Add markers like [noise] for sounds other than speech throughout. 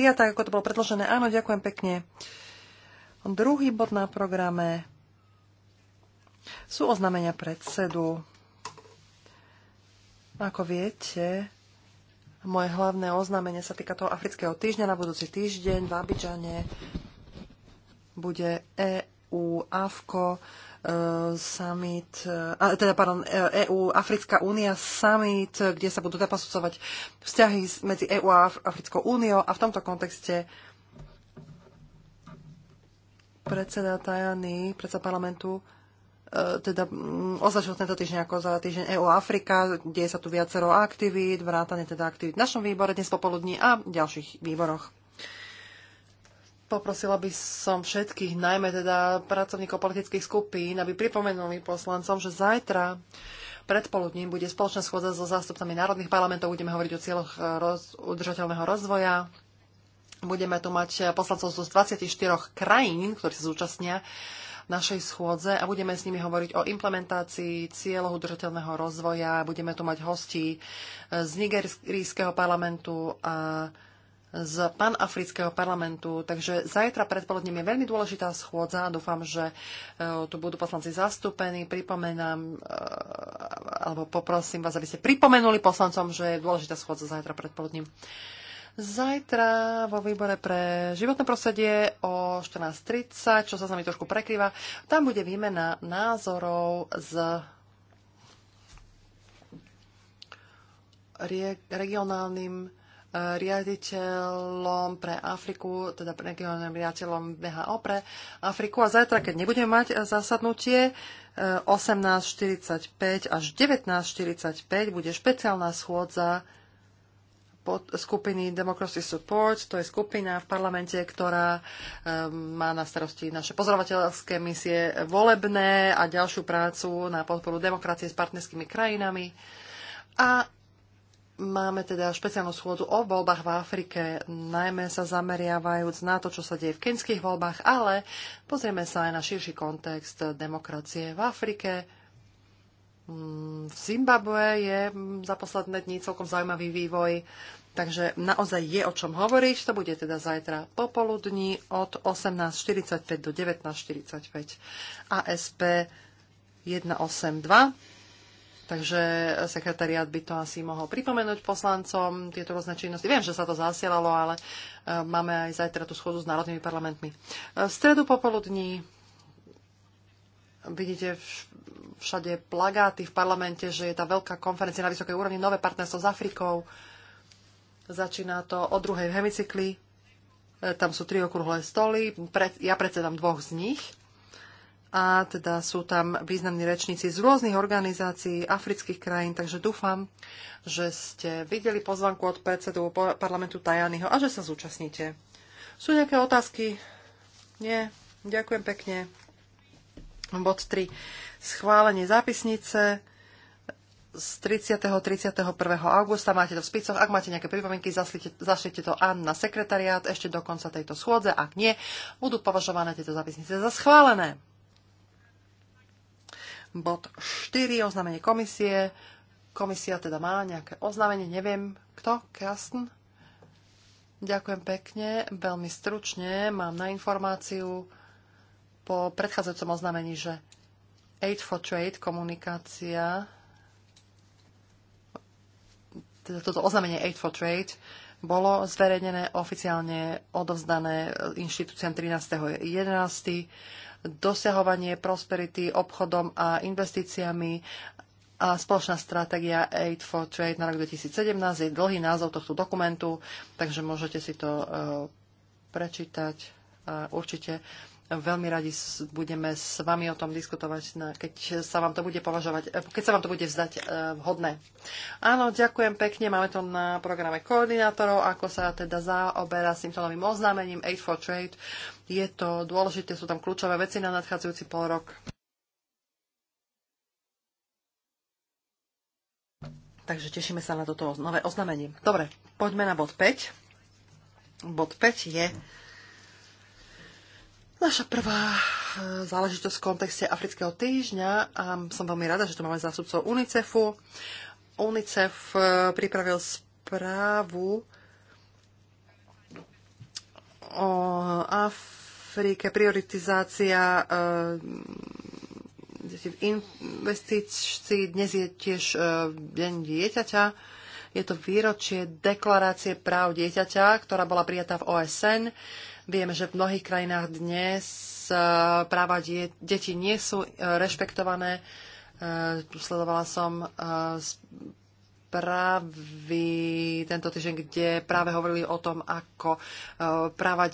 prijat, tak ako to bolo predložené. Áno, ďakujem pekne. Druhý bod na programe sú oznámenia predsedu. Ako viete, moje hlavné oznámenie sa týka toho afrického týždňa. Na budúci týždeň v Abidžane bude EU AFCO. Eh, summit, eh, teda pardon, EU, eh, e Africká únia summit, kde sa budú teda zapasúcovať vzťahy medzi EU a Africkou úniou a v tomto kontexte predseda Tajany, predseda parlamentu, teda mm, označil tento týždeň ako za týždeň EU Afrika, kde sa tu viacero aktivít, vrátane teda aktivít v našom výbore dnes popoludní a v ďalších výboroch. Poprosila by som všetkých, najmä teda pracovníkov politických skupín, aby pripomenuli poslancom, že zajtra predpoludním bude spoločná schôdza so zástupcami národných parlamentov, budeme hovoriť o cieľoch eh, roz, udržateľného rozvoja. Budeme tu mať eh, poslancov z 24 krajín, ktorí sa zúčastnia našej schôdze a budeme s nimi hovoriť o implementácii cieľov udržateľného rozvoja. Budeme tu mať hostí eh, z nigerijského parlamentu a z panafrického parlamentu. Takže zajtra predpoludním je veľmi dôležitá schôdza. Dúfam, že e, tu budú poslanci zastúpení. Pripomenám, e, alebo poprosím vás, aby ste pripomenuli poslancom, že je dôležitá schôdza zajtra predpoludním. Zajtra vo výbore pre životné prostredie o 14.30, čo sa s nami trošku prekrýva, tam bude výmena názorov z regionálnym Eh, riaditeľom pre Afriku, teda regionálnym riaditeľom VHO pre Afriku. A zajtra, keď nebudeme mať eh, zasadnutie 18.45 eh, až 19.45, bude špeciálna schôdza pod skupiny Democracy Support, to je skupina v parlamente, ktorá má na starosti naše pozorovateľské misie volebné a ďalšiu prácu na podporu demokracie s partnerskými krajinami. A Máme teda špeciálnu schôdzu o voľbách v Afrike, najmä sa zameriavajúc na to, čo sa deje v kenských voľbách, ale pozrieme sa aj na širší kontext demokracie v Afrike. V mm, Zimbabwe je mm, za posledné dní celkom zaujímavý vývoj, takže naozaj je o čom hovoriť. To bude teda zajtra popoludní od 18.45 do 19.45 ASP 182 Takže sekretariat by to asi mohol pripomenúť poslancom tieto rôzne činnosti. Viem, že sa to zasielalo, ale e, máme aj zajtra tú schodu s národnými parlamentmi. E, v stredu popoludní vidíte všade plagáty v parlamente, že je tá veľká konferencia na vysokej úrovni, nové partnerstvo s Afrikou. Začína to o druhej v hemicykli. E, tam sú tri okrúhle stoly. ja predsedám dvoch z nich a teda sú tam významní rečníci z rôznych organizácií afrických krajín, takže dúfam, že ste videli pozvanku od predsedu parlamentu Tajányho a že sa zúčastníte. Sú nejaké otázky? Nie? Ďakujem pekne. Bod 3. Schválenie zápisnice z 30. 31. augusta. Máte to v spicoch. Ak máte nejaké pripomienky, zašlite to Ann na sekretariát ešte do konca tejto schôdze. Ak nie, budú považované tieto zápisnice za schválené. Bod 4, oznámenie komisie. Komisia teda má nejaké oznámenie, neviem kto, Krasn. Ďakujem pekne, veľmi stručne mám na informáciu po predchádzajúcom oznámení, že Aid for Trade komunikácia teda toto oznámenie Aid for Trade bolo zverejnené oficiálne odovzdané inštitúciám 13.11 dosahovanie prosperity obchodom a investíciami a spoločná stratégia Aid for Trade na rok 2017 je dlhý názov tohto dokumentu, takže môžete si to e, prečítať. určite Veľmi radi budeme s vami o tom diskutovať, keď sa vám to bude považovať, eh, keď sa vám to bude vzdať eh, vhodné. Áno, ďakujem pekne. Máme to na programe koordinátorov, ako sa teda zaoberá s týmto novým oznámením Aid for Trade. Je to dôležité, sú tam kľúčové veci na nadchádzajúci pol rok. Takže tešíme sa na toto nové oznámenie. Dobre, poďme na bod 5. Bod 5 je Naša prvá e, záležitosť v kontexte Afrického týždňa a som veľmi rada, že tu máme zástupcov UNICEFu. UNICEF e, pripravil správu o Afrike, prioritizácia e, investícií. Dnes je tiež deň dieťaťa. Je to výročie deklarácie práv dieťaťa, ktorá bola prijatá v OSN Vieme, že v mnohých krajinách dnes eh, práva detí nie sú eh, rešpektované. Eh, sledovala som správy tento týždeň, kde práve hovorili o tom, ako práva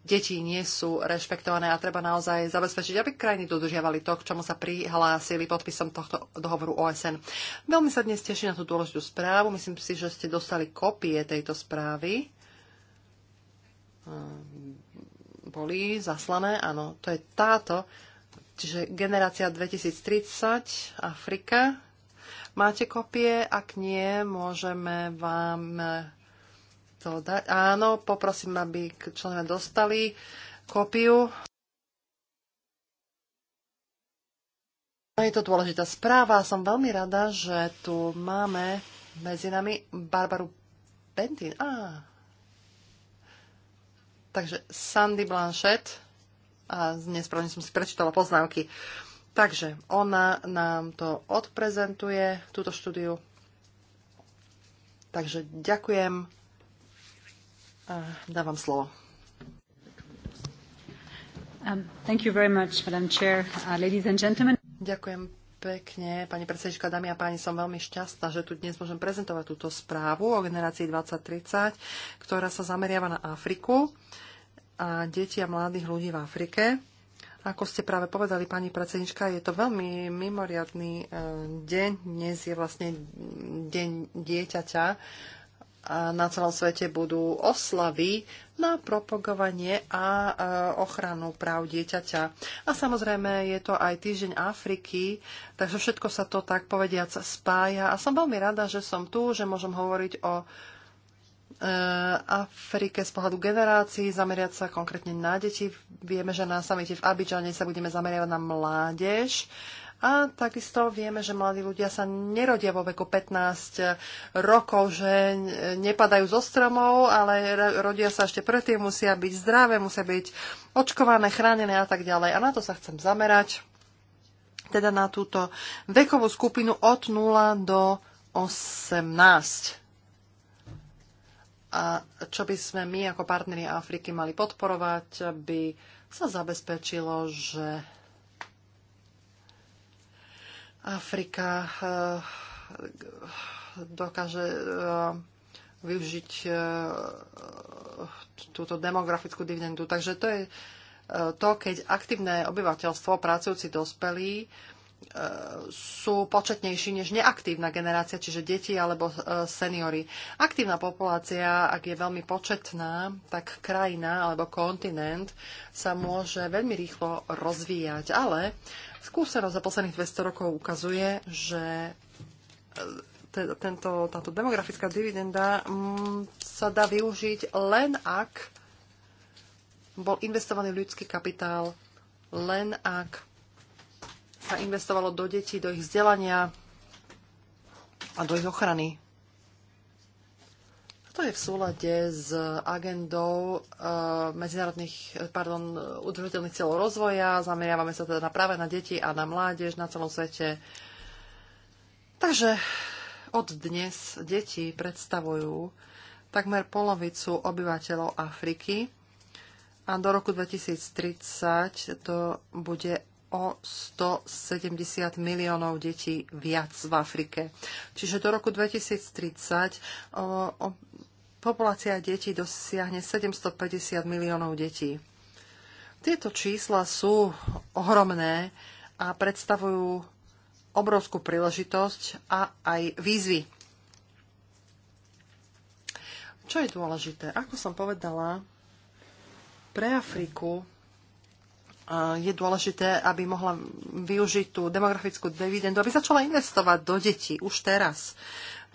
detí nie sú rešpektované a treba naozaj zabezpečiť, aby krajiny dodržiavali to, k čomu sa prihlásili podpisom tohto dohovoru OSN. Veľmi sa dnes teším na tú dôležitú správu. Myslím si, že ste dostali kopie tejto správy. Ehm, boli zaslané, áno, to je táto, čiže generácia 2030, Afrika. Máte kopie? Ak nie, môžeme vám to dať. Áno, poprosím, aby členovia dostali kopiu. No, je to dôležitá správa. Som veľmi rada, že tu máme medzi nami Barbaru Bentin. Á, Takže Sandy Blanchett, a nesprávne som si prečítala poznámky. Takže ona nám to odprezentuje, túto štúdiu. Takže ďakujem a dávam slovo. Um, thank you very much, Madam Chair, uh, ladies and gentlemen. Ďakujem pekne, pani predsednička, dámy a páni, som veľmi šťastná, že tu dnes môžem prezentovať túto správu o generácii 2030, ktorá sa zameriava na Afriku a deti a mladých ľudí v Afrike. Ako ste práve povedali, pani predsednička, je to veľmi mimoriadný eh, deň. Dnes je vlastne deň dieťaťa na celom svete budú oslavy na propagovanie a ochranu práv dieťaťa. A samozrejme je to aj týždeň Afriky, takže všetko sa to tak povediac spája. A som veľmi rada, že som tu, že môžem hovoriť o e, Afrike z pohľadu generácií, zameriať sa konkrétne na deti. Vieme, že na samite v Abidžane sa budeme zameriavať na mládež a takisto vieme, že mladí ľudia sa nerodia vo veku 15 rokov, že nepadajú zo stromov, ale rodia sa ešte predtým, musia byť zdravé, musia byť očkované, chránené a tak ďalej. A na to sa chcem zamerať, teda na túto vekovú skupinu od 0 do 18 a čo by sme my ako partneri Afriky mali podporovať, aby sa zabezpečilo, že Afrika eh, dokáže eh, využiť eh, túto demografickú dividendu. Takže to je to, keď aktívne obyvateľstvo, pracujúci dospelí, sú početnejší než neaktívna generácia, čiže deti alebo e, seniory. Aktívna populácia, ak je veľmi početná, tak krajina alebo kontinent sa môže veľmi rýchlo rozvíjať. Ale skúsenosť za posledných 200 rokov ukazuje, že e, tento, táto demografická dividenda mm, sa dá využiť len ak bol investovaný ľudský kapitál, len ak sa investovalo do detí, do ich vzdelania a do ich ochrany. To je v súlade s agendou eh, medzinárodných, pardon, udržateľných cieľov rozvoja. Zameriavame sa teda práve na deti a na mládež na celom svete. Takže od dnes deti predstavujú takmer polovicu obyvateľov Afriky a do roku 2030 to bude o 170 miliónov detí viac v Afrike. Čiže do roku 2030 o, o, populácia detí dosiahne 750 miliónov detí. Tieto čísla sú ohromné a predstavujú obrovskú príležitosť a aj výzvy. Čo je dôležité? Ako som povedala, pre Afriku Eh, je dôležité, aby mohla využiť tú demografickú dividendu, aby začala investovať do detí už teraz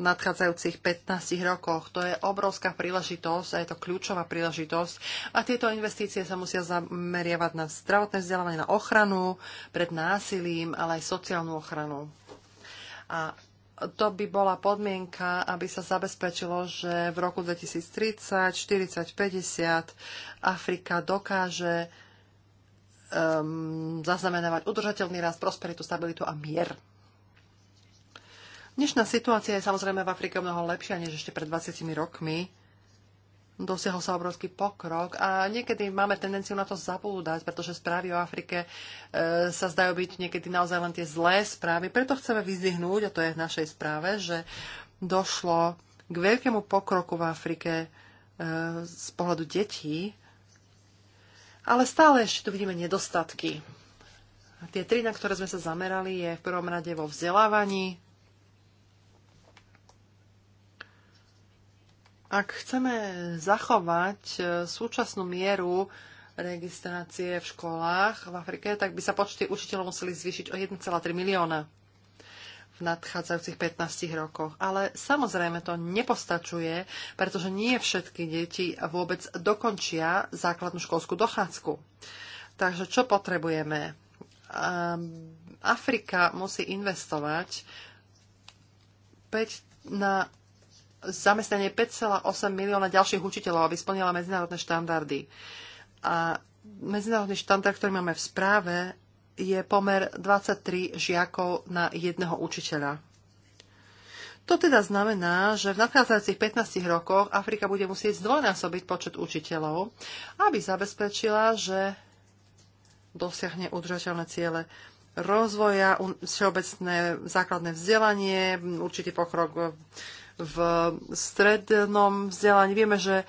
v nadchádzajúcich 15 rokoch. To je obrovská príležitosť a je to kľúčová príležitosť. A tieto investície sa musia zameriavať na zdravotné vzdelávanie, na ochranu pred násilím, ale aj sociálnu ochranu. A to by bola podmienka, aby sa zabezpečilo, že v roku 2030, 40, 50 Afrika dokáže um, zaznamenávať udržateľný rast, prosperitu, stabilitu a mier. Dnešná situácia je samozrejme v Afrike mnoho lepšia než ešte pred 20 rokmi. Dosiahol sa obrovský pokrok a niekedy máme tendenciu na to zabúdať, pretože správy o Afrike e, sa zdajú byť niekedy naozaj len tie zlé správy. Preto chceme vyzdihnúť, a to je v našej správe, že došlo k veľkému pokroku v Afrike e, z pohľadu detí ale stále ešte tu vidíme nedostatky. A tie tri, na ktoré sme sa zamerali, je v prvom rade vo vzdelávaní. Ak chceme zachovať e, súčasnú mieru registrácie v školách v Afrike, tak by sa počty učiteľov museli zvýšiť o 1,3 milióna v nadchádzajúcich 15 rokoch. Ale samozrejme to nepostačuje, pretože nie všetky deti vôbec dokončia základnú školskú dochádzku. Takže čo potrebujeme? Ehm, Afrika musí investovať 5 na zamestnanie 5,8 milióna ďalších učiteľov, aby splnila medzinárodné štandardy. A medzinárodný štandard, ktorý máme v správe, je pomer 23 žiakov na jedného učiteľa. To teda znamená, že v nadchádzajúcich 15 rokoch Afrika bude musieť zdvojnásobiť počet učiteľov, aby zabezpečila, že dosiahne udržateľné ciele rozvoja, všeobecné základné vzdelanie, určitý pokrok v strednom vzdelaní. Vieme, že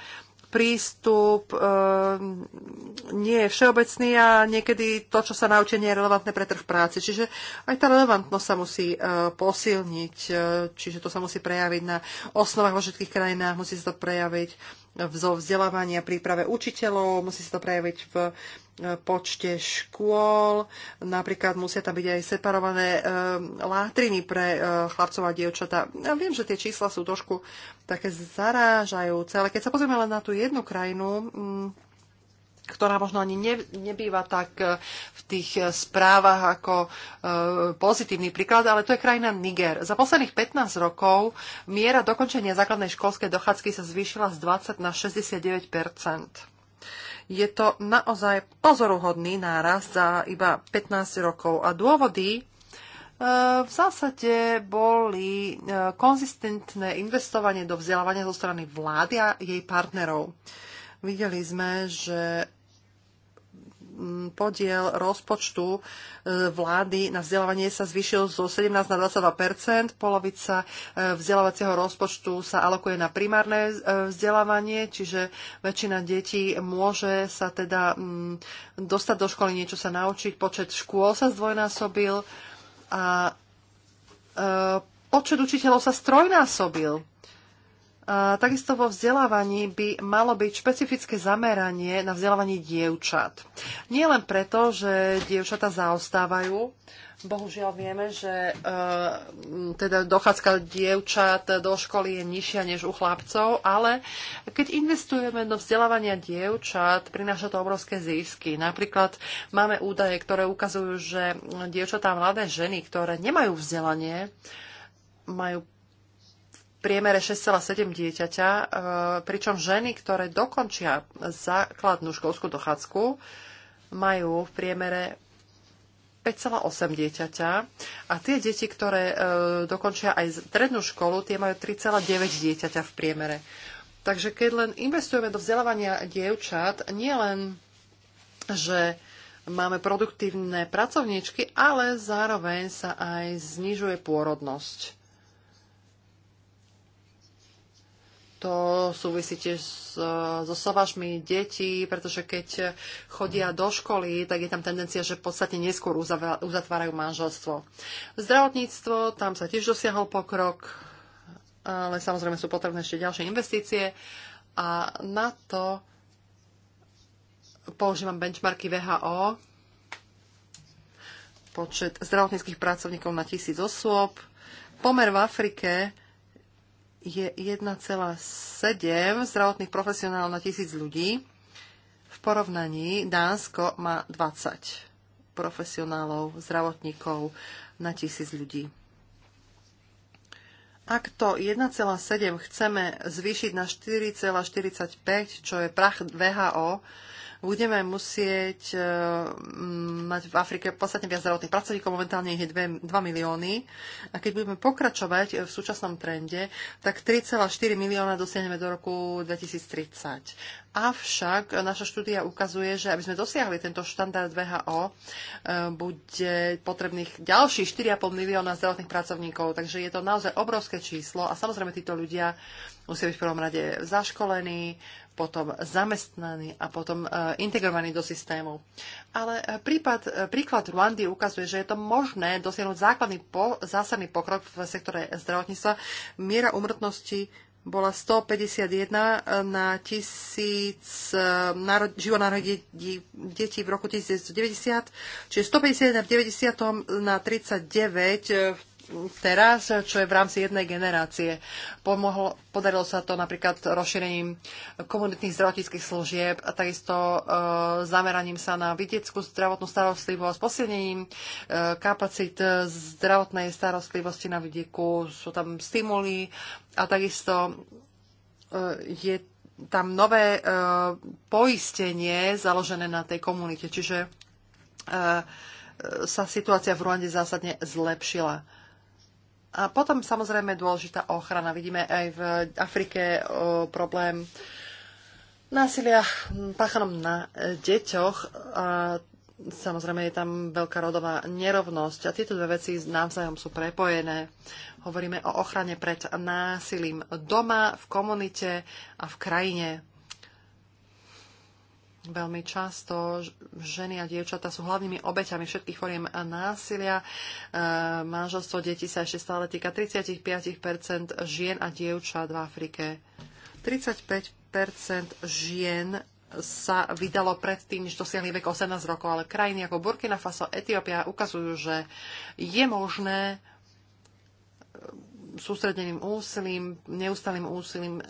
prístup e, nie je všeobecný a niekedy to, čo sa naučia, nie je relevantné pre trh práce. Čiže aj tá relevantnosť sa musí e, posilniť, e, čiže to sa musí prejaviť na osnovách vo všetkých krajinách, musí sa to prejaviť v, zo vzdelávania, príprave učiteľov, musí sa to prejaviť v počte škôl, napríklad musia tam byť aj separované e, látriny pre e, chlapcov a dievčatá. Ja viem, že tie čísla sú trošku také zarážajúce, ale keď sa pozrieme len na tú jednu krajinu, m, mm, ktorá možno ani ne, nebýva tak eh, v tých správach ako e, pozitívny príklad, ale to je krajina Niger. Za posledných 15 rokov miera dokončenia základnej školskej dochádzky sa zvýšila z 20 na 69 je to naozaj pozoruhodný náraz za iba 15 rokov a dôvody e, v zásade boli e, konzistentné investovanie do vzdelávania zo strany vlády a jej partnerov. Videli sme, že podiel rozpočtu e, vlády na vzdelávanie sa zvýšil zo 17 na 22 Polovica e, vzdelávacieho rozpočtu sa alokuje na primárne e, vzdelávanie, čiže väčšina detí môže sa teda dostať do školy, niečo sa naučiť. Počet škôl sa zdvojnásobil a počet učiteľov sa strojnásobil takisto vo vzdelávaní by malo byť špecifické zameranie na vzdelávanie dievčat. Nie len preto, že dievčata zaostávajú, bohužiaľ vieme, že e, teda dochádzka dievčat do školy je nižšia než u chlapcov, ale keď investujeme do vzdelávania dievčat, prináša to obrovské zisky. Napríklad máme údaje, ktoré ukazujú, že dievčatá mladé ženy, ktoré nemajú vzdelanie, majú priemere 6,7 dieťaťa, e, pričom ženy, ktoré dokončia základnú školskú dochádzku, majú v priemere 5,8 dieťaťa a tie deti, ktoré e, dokončia aj strednú školu, tie majú 3,9 dieťaťa v priemere. Takže keď len investujeme do vzdelávania dievčat, nie len, že máme produktívne pracovníčky, ale zároveň sa aj znižuje pôrodnosť. to súvisí tiež so, so sovažmi detí, pretože keď chodia do školy, tak je tam tendencia, že v podstate neskôr uzatvárajú manželstvo. Zdravotníctvo, tam sa tiež dosiahol pokrok, ale samozrejme sú potrebné ešte ďalšie investície a na to používam benchmarky VHO, počet zdravotníckých pracovníkov na tisíc osôb, pomer v Afrike je 1,7 zdravotných profesionálov na tisíc ľudí. V porovnaní Dánsko má 20 profesionálov, zdravotníkov na tisíc ľudí. Ak to 1,7 chceme zvýšiť na 4,45, čo je prach VHO, budeme musieť e, mať v Afrike podstatne viac zdravotných pracovníkov, momentálne ich je 2, 2 milióny. A keď budeme pokračovať e, v súčasnom trende, tak 3,4 milióna dosiahneme do roku 2030. Avšak naša štúdia ukazuje, že aby sme dosiahli tento štandard VHO, e, bude potrebných ďalších 4,5 milióna zdravotných pracovníkov. Takže je to naozaj obrovské číslo a samozrejme títo ľudia musia byť v prvom rade zaškolení, potom zamestnaní a potom e, integrovaní do systému. Ale e, prípad, e, príklad Rwandy ukazuje, že je to možné dosiahnuť základný po, zásadný pokrok v sektore zdravotníctva. Miera umrtnosti bola 151 na tisíc národ, živonárodí detí v roku 1990, čiže 151 v 90. na 39 v teraz, čo je v rámci jednej generácie. Pomohlo, podarilo sa to napríklad rozšírením komunitných zdravotníckých služieb a takisto e, zameraním sa na vidieckú zdravotnú starostlivosť, posilnením e, kapacit zdravotnej starostlivosti na vidieku. Sú tam stimuly a takisto e, je tam nové e, poistenie založené na tej komunite. Čiže e, e sa situácia v Ruande zásadne zlepšila a potom samozrejme dôležitá ochrana. Vidíme aj v Afrike o, e, problém násilia páchanom na deťoch. A samozrejme je tam veľká rodová nerovnosť a tieto dve veci navzájom sú prepojené. Hovoríme o ochrane pred násilím doma, v komunite a v krajine. Veľmi často ženy a dievčatá sú hlavnými obeťami všetkých foriem násilia. E, manželstvo detí sa ešte stále týka 35 žien a dievčat v Afrike. 35 žien sa vydalo predtým, než dosiahli vek 18 rokov, ale krajiny ako Burkina Faso, Etiópia ukazujú, že je možné sústredeným úsilím, neustalým úsilím e,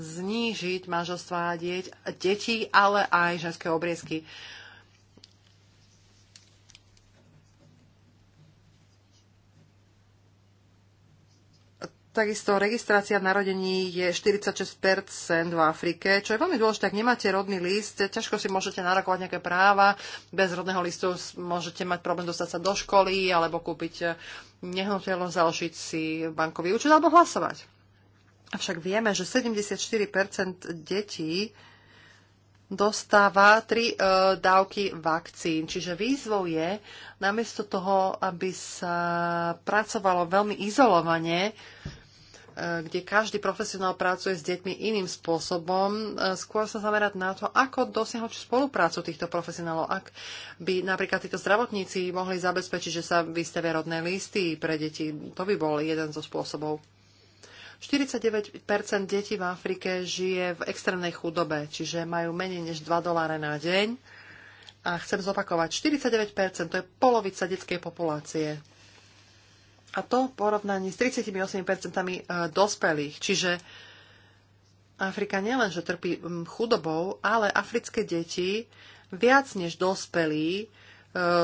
znížiť manželstvá detí, ale aj ženské obriezky. Takisto registrácia narodení je 46% v Afrike, čo je veľmi dôležité. Ak nemáte rodný list, ťažko si môžete narokovať nejaké práva. Bez rodného listu môžete mať problém dostať sa do školy alebo kúpiť nehnuteľnosť, založiť si bankový účet alebo hlasovať. Avšak vieme, že 74% detí dostáva tri e, dávky vakcín. Čiže výzvou je, namiesto toho, aby sa pracovalo veľmi izolovane, Eh, kde každý profesionál pracuje s deťmi iným spôsobom. Eh, skôr sa zamerať na to, ako dosiahnuť spoluprácu týchto profesionálov. Ak by napríklad títo zdravotníci mohli zabezpečiť, že sa vystavia rodné listy pre deti, to by bol jeden zo spôsobov. 49% detí v Afrike žije v extrémnej chudobe, čiže majú menej než 2 doláre na deň. A chcem zopakovať, 49% to je polovica detskej populácie a to v porovnaní s 38% e, dospelých. Čiže Afrika nielen, že trpí chudobou, ale africké deti viac než dospelí e,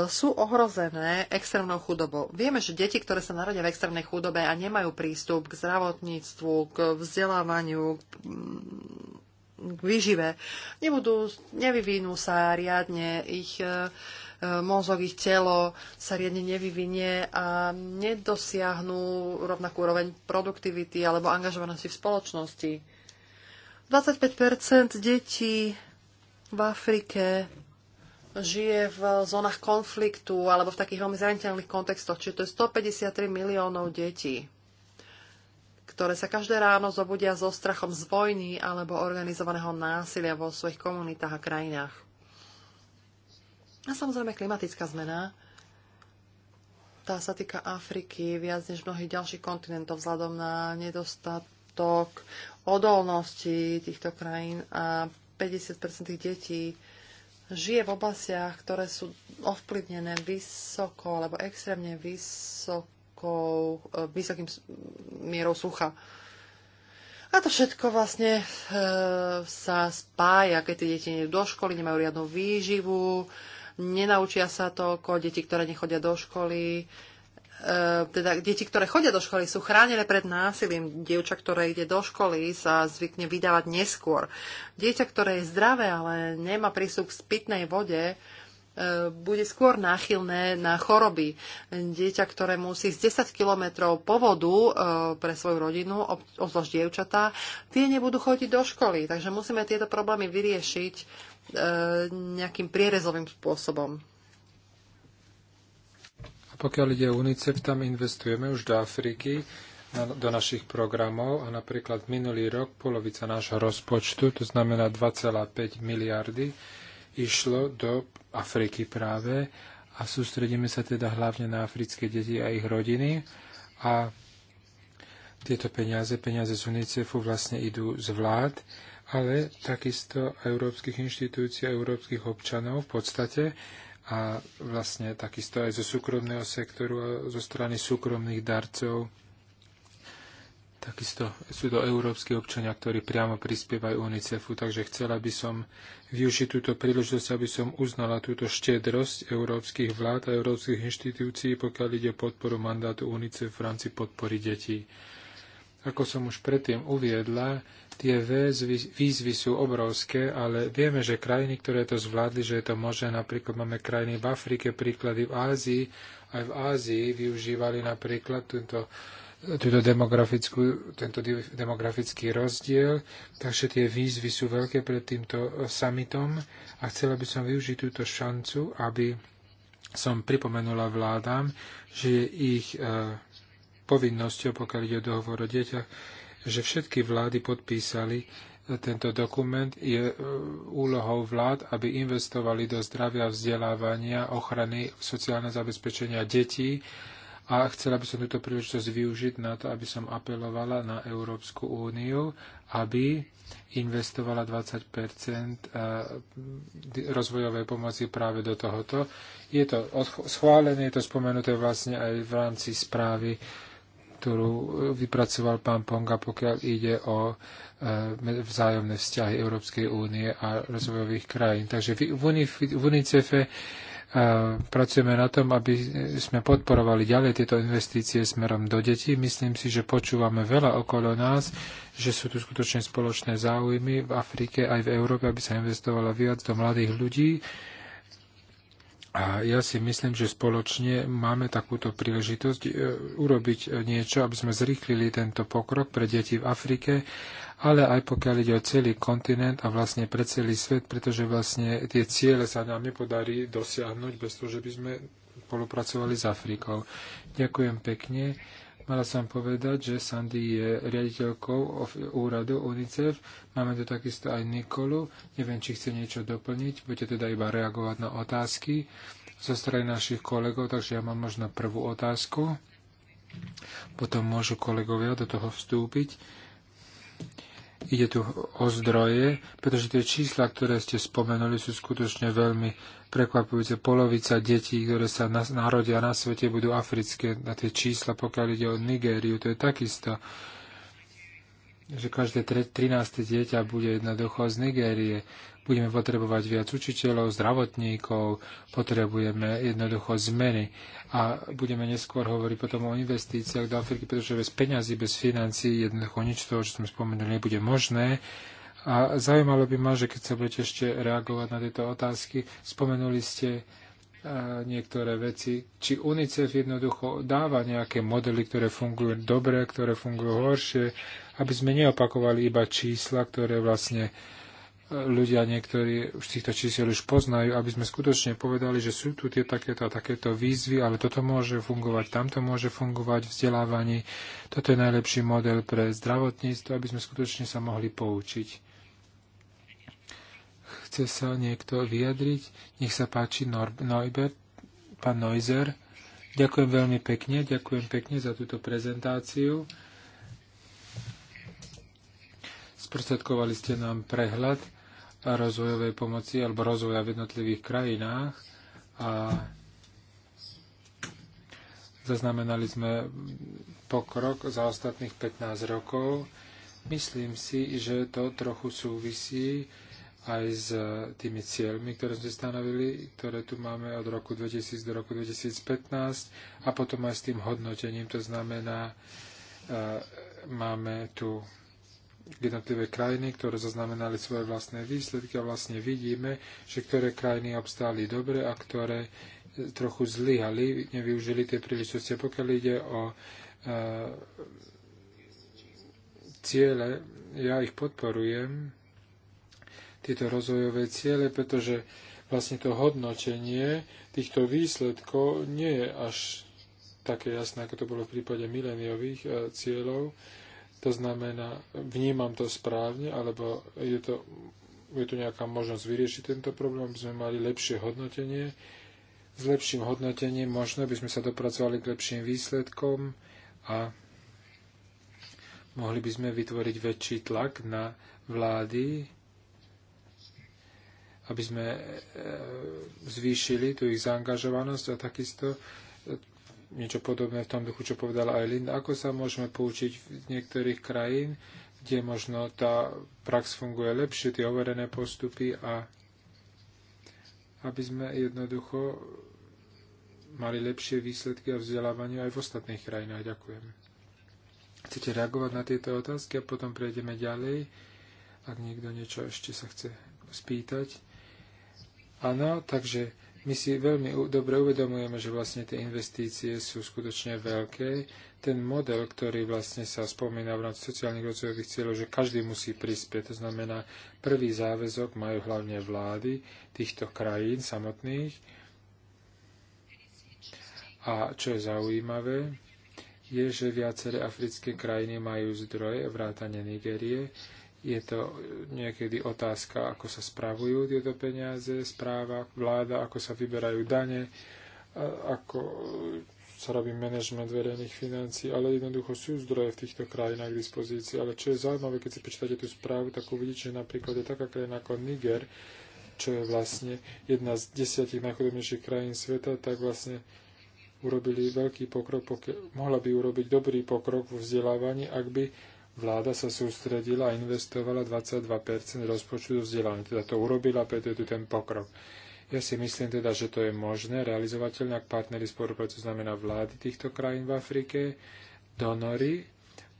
sú ohrozené extrémnou chudobou. Vieme, že deti, ktoré sa narodia v extrémnej chudobe a nemajú prístup k zdravotníctvu, k vzdelávaniu, k výžive, nebudú, nevyvinú sa riadne, ich e, mozog, ich telo sa riadne nevyvinie a nedosiahnu rovnakú úroveň produktivity alebo angažovanosti v spoločnosti. 25 detí v Afrike žije v zónach konfliktu alebo v takých veľmi zraniteľných kontextoch, čiže to je 153 miliónov detí ktoré sa každé ráno zobudia so strachom z vojny alebo organizovaného násilia vo svojich komunitách a krajinách. A samozrejme klimatická zmena. Tá sa týka Afriky viac než mnohých ďalších kontinentov vzhľadom na nedostatok odolnosti týchto krajín a 50% tých detí žije v oblastiach, ktoré sú ovplyvnené vysoko alebo extrémne vysokou, e, vysokým mierou sucha. A to všetko vlastne e, sa spája, keď tie deti nie do školy, nemajú riadnu výživu, nenaučia sa toľko, deti, ktoré nechodia do školy, e, teda deti, ktoré chodia do školy, sú chránené pred násilím. Dievča, ktoré ide do školy, sa zvykne vydávať neskôr. Dieťa, ktoré je zdravé, ale nemá prístup k spitnej vode, e, bude skôr náchylné na choroby. Dieťa, ktoré musí z 10 kilometrov po vodu e, pre svoju rodinu, obzvlášť dievčatá, tie nebudú chodiť do školy. Takže musíme tieto problémy vyriešiť nejakým prierezovým spôsobom. A pokiaľ ide o UNICEF, tam investujeme už do Afriky, na, do našich programov a napríklad minulý rok polovica nášho rozpočtu, to znamená 2,5 miliardy, išlo do Afriky práve a sústredíme sa teda hlavne na africké deti a ich rodiny a tieto peniaze, peniaze z UNICEFu vlastne idú z vlád ale takisto európskych inštitúcií, európskych občanov v podstate a vlastne takisto aj zo súkromného sektoru a zo strany súkromných darcov. Takisto sú to európsky občania, ktorí priamo prispievajú UNICEFu, takže chcela by som využiť túto príležitosť, aby som uznala túto štedrosť európskych vlád a európskych inštitúcií, pokiaľ ide o podporu mandátu UNICEF v rámci podpory detí. Ako som už predtým uviedla, tie výzvy, výzvy sú obrovské, ale vieme, že krajiny, ktoré to zvládli, že je to možné, napríklad máme krajiny v Afrike, príklady v Ázii, aj v Ázii využívali napríklad tento tento, demografickú, tento demografický rozdiel, takže tie výzvy sú veľké pred týmto eh, summitom a chcela by som využiť túto šancu, aby som pripomenula vládám, že ich ich eh, povinnosťou, pokiaľ ide o dohovor o deťach, že všetky vlády podpísali e, tento dokument. Je e, úlohou vlád, aby investovali do zdravia, vzdelávania, ochrany, sociálne zabezpečenia detí. A chcela by som túto príležitosť využiť na to, aby som apelovala na Európsku úniu, aby investovala 20 e, rozvojovej pomoci práve do tohoto. Je to schválené, je to spomenuté vlastne aj v rámci správy ktorú e, vypracoval pán Ponga, pokiaľ ide o e, vzájomné vzťahy Európskej únie a rozvojových krajín. Takže v, UNIF- UNICEFE e, pracujeme na tom, aby sme podporovali ďalej tieto investície smerom do detí. Myslím si, že počúvame veľa okolo nás, že sú tu skutočne spoločné záujmy v Afrike aj v Európe, aby sa investovalo viac do mladých ľudí, a ja si myslím, že spoločne máme takúto príležitosť e, urobiť e, niečo, aby sme zrýchlili tento pokrok pre deti v Afrike, ale aj pokiaľ ide o celý kontinent a vlastne pre celý svet, pretože vlastne tie ciele sa nám nepodarí dosiahnuť bez toho, že by sme spolupracovali s Afrikou. Ďakujem pekne. Mala som povedať, že Sandy je riaditeľkou úradu UNICEF. Máme tu takisto aj Nikolu. Neviem, či chce niečo doplniť. Budete teda iba reagovať na otázky zo strany našich kolegov, takže ja mám možno prvú otázku. Potom môžu kolegovia do toho vstúpiť. Ide tu o zdroje, pretože tie čísla, ktoré ste spomenuli, sú skutočne veľmi prekvapujúce. Polovica detí, ktoré sa narodia na svete, budú africké. A tie čísla, pokiaľ ide o Nigériu, to je takisto že každé 13. dieťa bude jednoducho z Nigérie. Budeme potrebovať viac učiteľov, zdravotníkov, potrebujeme jednoducho zmeny a budeme neskôr hovoriť potom o investíciách do Afriky, pretože bez peňazí, bez financií jednoducho nič toho, čo sme spomenuli, nebude možné. A zaujímalo by ma, že keď sa budete ešte reagovať na tieto otázky, spomenuli ste e, niektoré veci. Či UNICEF jednoducho dáva nejaké modely, ktoré fungujú dobre, ktoré fungujú horšie, aby sme neopakovali iba čísla, ktoré vlastne uh, ľudia niektorí už týchto čísel už poznajú, aby sme skutočne povedali, že sú tu tie takéto a takéto výzvy, ale toto môže fungovať, tamto môže fungovať vzdelávanie, vzdelávaní. Toto je najlepší model pre zdravotníctvo, aby sme skutočne sa mohli poučiť. Chce sa niekto vyjadriť? Nech sa páči Nor- Neubert, pán Neuser. Ďakujem veľmi pekne, ďakujem pekne za túto prezentáciu. Sprostredkovali ste nám prehľad rozvojovej pomoci alebo rozvoja v jednotlivých krajinách a zaznamenali sme pokrok za ostatných 15 rokov. Myslím si, že to trochu súvisí aj s tými cieľmi, ktoré sme stanovili, ktoré tu máme od roku 2000 do roku 2015 a potom aj s tým hodnotením. To znamená, e, máme tu jednotlivé krajiny, ktoré zaznamenali svoje vlastné výsledky a vlastne vidíme, že ktoré krajiny obstáli dobre a ktoré eh, trochu zlyhali, nevyužili tie príležitosti. Pokiaľ ide o e, ciele, ja ich podporujem, tieto rozvojové ciele, pretože vlastne to hodnotenie týchto výsledkov nie je až také jasné, ako to bolo v prípade mileniových e, cieľov. E, to znamená, vnímam to správne, alebo je, to, je tu nejaká možnosť vyriešiť tento problém, aby sme mali lepšie hodnotenie. S lepším hodnotením možno by sme sa dopracovali k lepším výsledkom a mohli by sme vytvoriť väčší tlak na vlády, aby sme e, zvýšili tú ich zaangažovanosť a takisto niečo podobné v tom duchu, čo povedala aj Linda. Ako sa môžeme poučiť z niektorých krajín, kde možno tá prax funguje lepšie, tie overené postupy a aby sme jednoducho mali lepšie výsledky a vzdelávanie aj v ostatných krajinách. Ďakujem. Chcete reagovať na tieto otázky a potom prejdeme ďalej, ak niekto niečo ešte sa chce spýtať. Áno, takže my si veľmi dobre uvedomujeme, že vlastne tie investície sú skutočne veľké. Ten model, ktorý vlastne sa spomína v rámci sociálnych rozvojových cieľov, že každý musí prispieť, to znamená, prvý záväzok majú hlavne vlády týchto krajín samotných. A čo je zaujímavé, je, že viaceré africké krajiny majú zdroje, vrátane Nigérie, je to niekedy otázka, ako sa spravujú tieto peniaze, správa, vláda, ako sa vyberajú dane, ako sa robí manažment verejných financií, ale jednoducho sú zdroje v týchto krajinách k dispozícii. Ale čo je zaujímavé, keď si prečítate tú správu, tak uvidíte, že napríklad je taká krajina ako Niger, čo je vlastne jedna z desiatich najchudobnejších krajín sveta, tak vlastne urobili veľký pokrok, pokiaľ, mohla by urobiť dobrý pokrok vo vzdelávaní, ak by vláda sa sústredila a investovala 22% rozpočtu do vzdelania. Teda to urobila, preto je tu ten pokrok. Ja si myslím teda, že to je možné, realizovateľné, ak partnery spolupracujú, znamená vlády týchto krajín v Afrike, donory,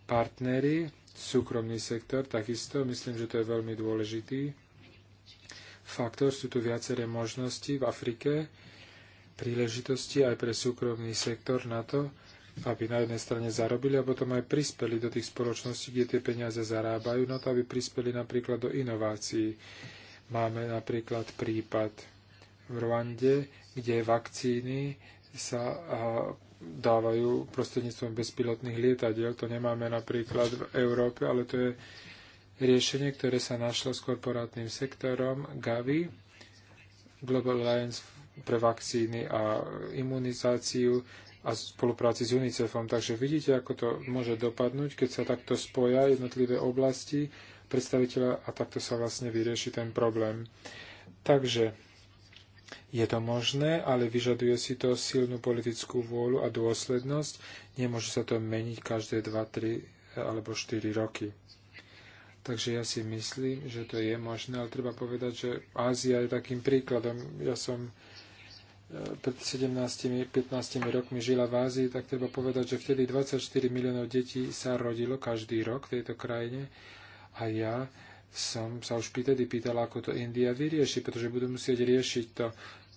partnery, súkromný sektor takisto. Myslím, že to je veľmi dôležitý faktor. Sú tu viaceré možnosti v Afrike, príležitosti aj pre súkromný sektor na to, aby na jednej strane zarobili a potom aj prispeli do tých spoločností, kde tie peniaze zarábajú, na to, aby prispeli napríklad do inovácií. Máme napríklad prípad v Rwande, kde vakcíny sa dávajú prostredníctvom bezpilotných lietadiel. To nemáme napríklad v Európe, ale to je riešenie, ktoré sa našlo s korporátnym sektorom Gavi, Global Alliance pre vakcíny a imunizáciu a spolupráci s UNICEFom. Takže vidíte, ako to môže dopadnúť, keď sa takto spoja jednotlivé oblasti predstaviteľa a takto sa vlastne vyrieši ten problém. Takže je to možné, ale vyžaduje si to silnú politickú vôľu a dôslednosť. Nemôže sa to meniť každé 2, 3 eh, alebo 4 roky. Takže ja si myslím, že to je možné, ale treba povedať, že Ázia je takým príkladom. Ja som pred 17-15 rokmi žila v Ázii, tak treba povedať, že vtedy 24 miliónov detí sa rodilo každý rok v tejto krajine a ja som sa už vtedy pýtala, ako to India vyrieši, pretože budú musieť riešiť to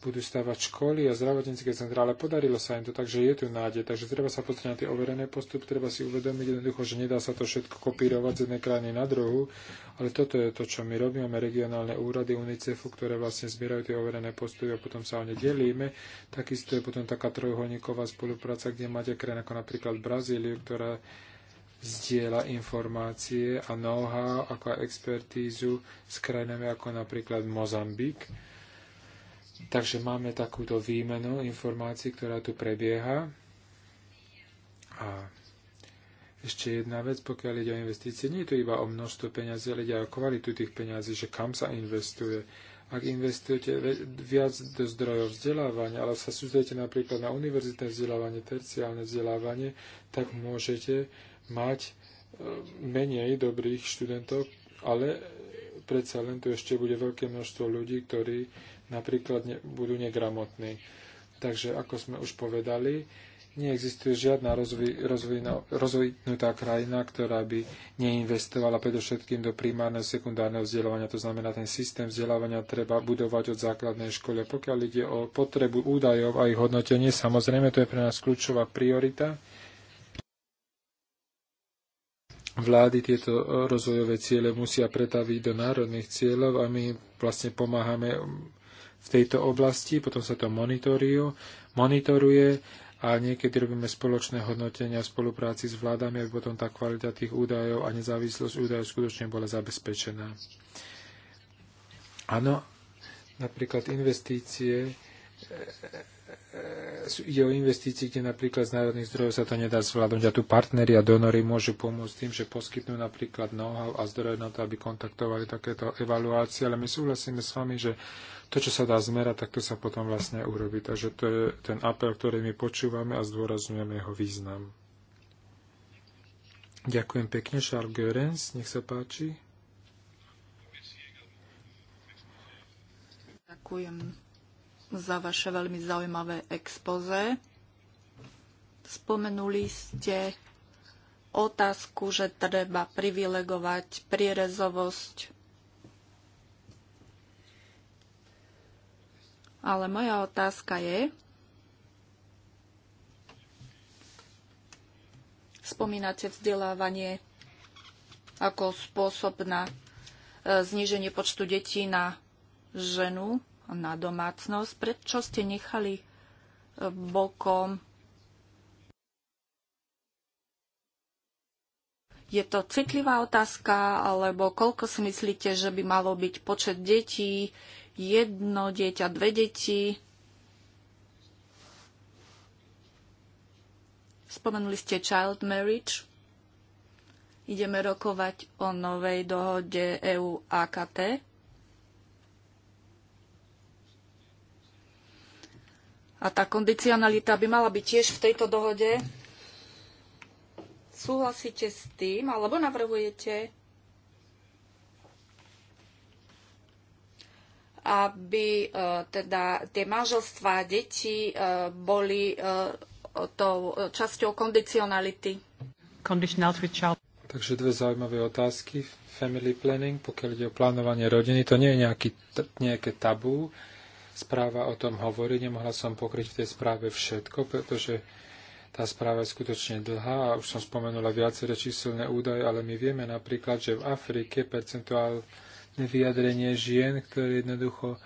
budú stavať školy a zdravotnícke centrále. Podarilo sa im to, takže je tu nádej. Takže treba sa pozrieť na tie overené postupy, treba si uvedomiť jednoducho, že nedá sa to všetko kopírovať z jednej krajiny na druhu, ale toto je to, čo my robíme. Máme regionálne úrady UNICEFu, ktoré vlastne zbierajú tie overené postupy a potom sa o ne delíme. Takisto je potom taká trojuholníková spolupráca, kde máte krajiny ako napríklad Brazíliu, ktorá zdieľa informácie a know-how ako aj expertízu s krajinami ako napríklad Mozambik Takže máme takúto výmenu informácií, ktorá tu prebieha. A ešte jedna vec, pokiaľ ide o investície, nie je to iba o množstvo peňazí, ale ide aj o kvalitu tých peňazí, že kam sa investuje. Ak investujete viac do zdrojov vzdelávania, ale sa sústredíte napríklad na univerzitné vzdelávanie, terciálne vzdelávanie, tak môžete mať e, menej dobrých študentov, ale predsa len tu ešte bude veľké množstvo ľudí, ktorí napríklad ne, budú negramotní. Takže, ako sme už povedali, neexistuje žiadna rozvi, rozvino, rozvinutá krajina, ktorá by neinvestovala predovšetkým do primárneho sekundárneho vzdelávania. To znamená, ten systém vzdelávania treba budovať od základnej školy. Pokiaľ ide o potrebu údajov a ich hodnotenie, samozrejme, to je pre nás kľúčová priorita vlády tieto rozvojové ciele musia pretaviť do národných cieľov a my vlastne pomáhame v tejto oblasti, potom sa to monitoruje a niekedy robíme spoločné hodnotenia v spolupráci s vládami, aby potom tá kvalita tých údajov a nezávislosť údajov skutočne bola zabezpečená. Áno, napríklad investície E, ide o investície, kde napríklad z národných zdrojov sa to nedá zvládnuť a tu partneri a donory môžu pomôcť tým, že poskytnú napríklad know-how a zdroje na to, aby kontaktovali takéto evaluácie, ale my súhlasíme s vami, že to, čo sa dá zmerať, tak to sa potom vlastne urobí. Takže to je ten apel, ktorý my počúvame a zdôrazňujeme jeho význam. Ďakujem pekne, Charles Görens, nech sa páči. Ďakujem za vaše veľmi zaujímavé expoze. Spomenuli ste otázku, že treba privilegovať prierezovosť. Ale moja otázka je, spomínate vzdelávanie ako spôsob na e, zníženie počtu detí na ženu na domácnosť, prečo ste nechali e, bokom Je to citlivá otázka, alebo koľko si myslíte, že by malo byť počet detí, jedno dieťa, dve deti? Spomenuli ste child marriage. Ideme rokovať o novej dohode EU-AKT A tá kondicionalita by mala byť tiež v tejto dohode. Súhlasíte s tým, alebo navrhujete, aby e, teda tie manželstvá detí e, boli e, tou časťou kondicionality? Takže dve zaujímavé otázky. Family planning, pokiaľ ide o plánovanie rodiny, to nie je nejaký, nejaké tabú správa o tom hovorí. Nemohla som pokryť v tej správe všetko, pretože tá správa je skutočne dlhá a už som spomenula viaceré číselné údaje, ale my vieme napríklad, že v Afrike percentuálne vyjadrenie žien, ktoré jednoducho eh,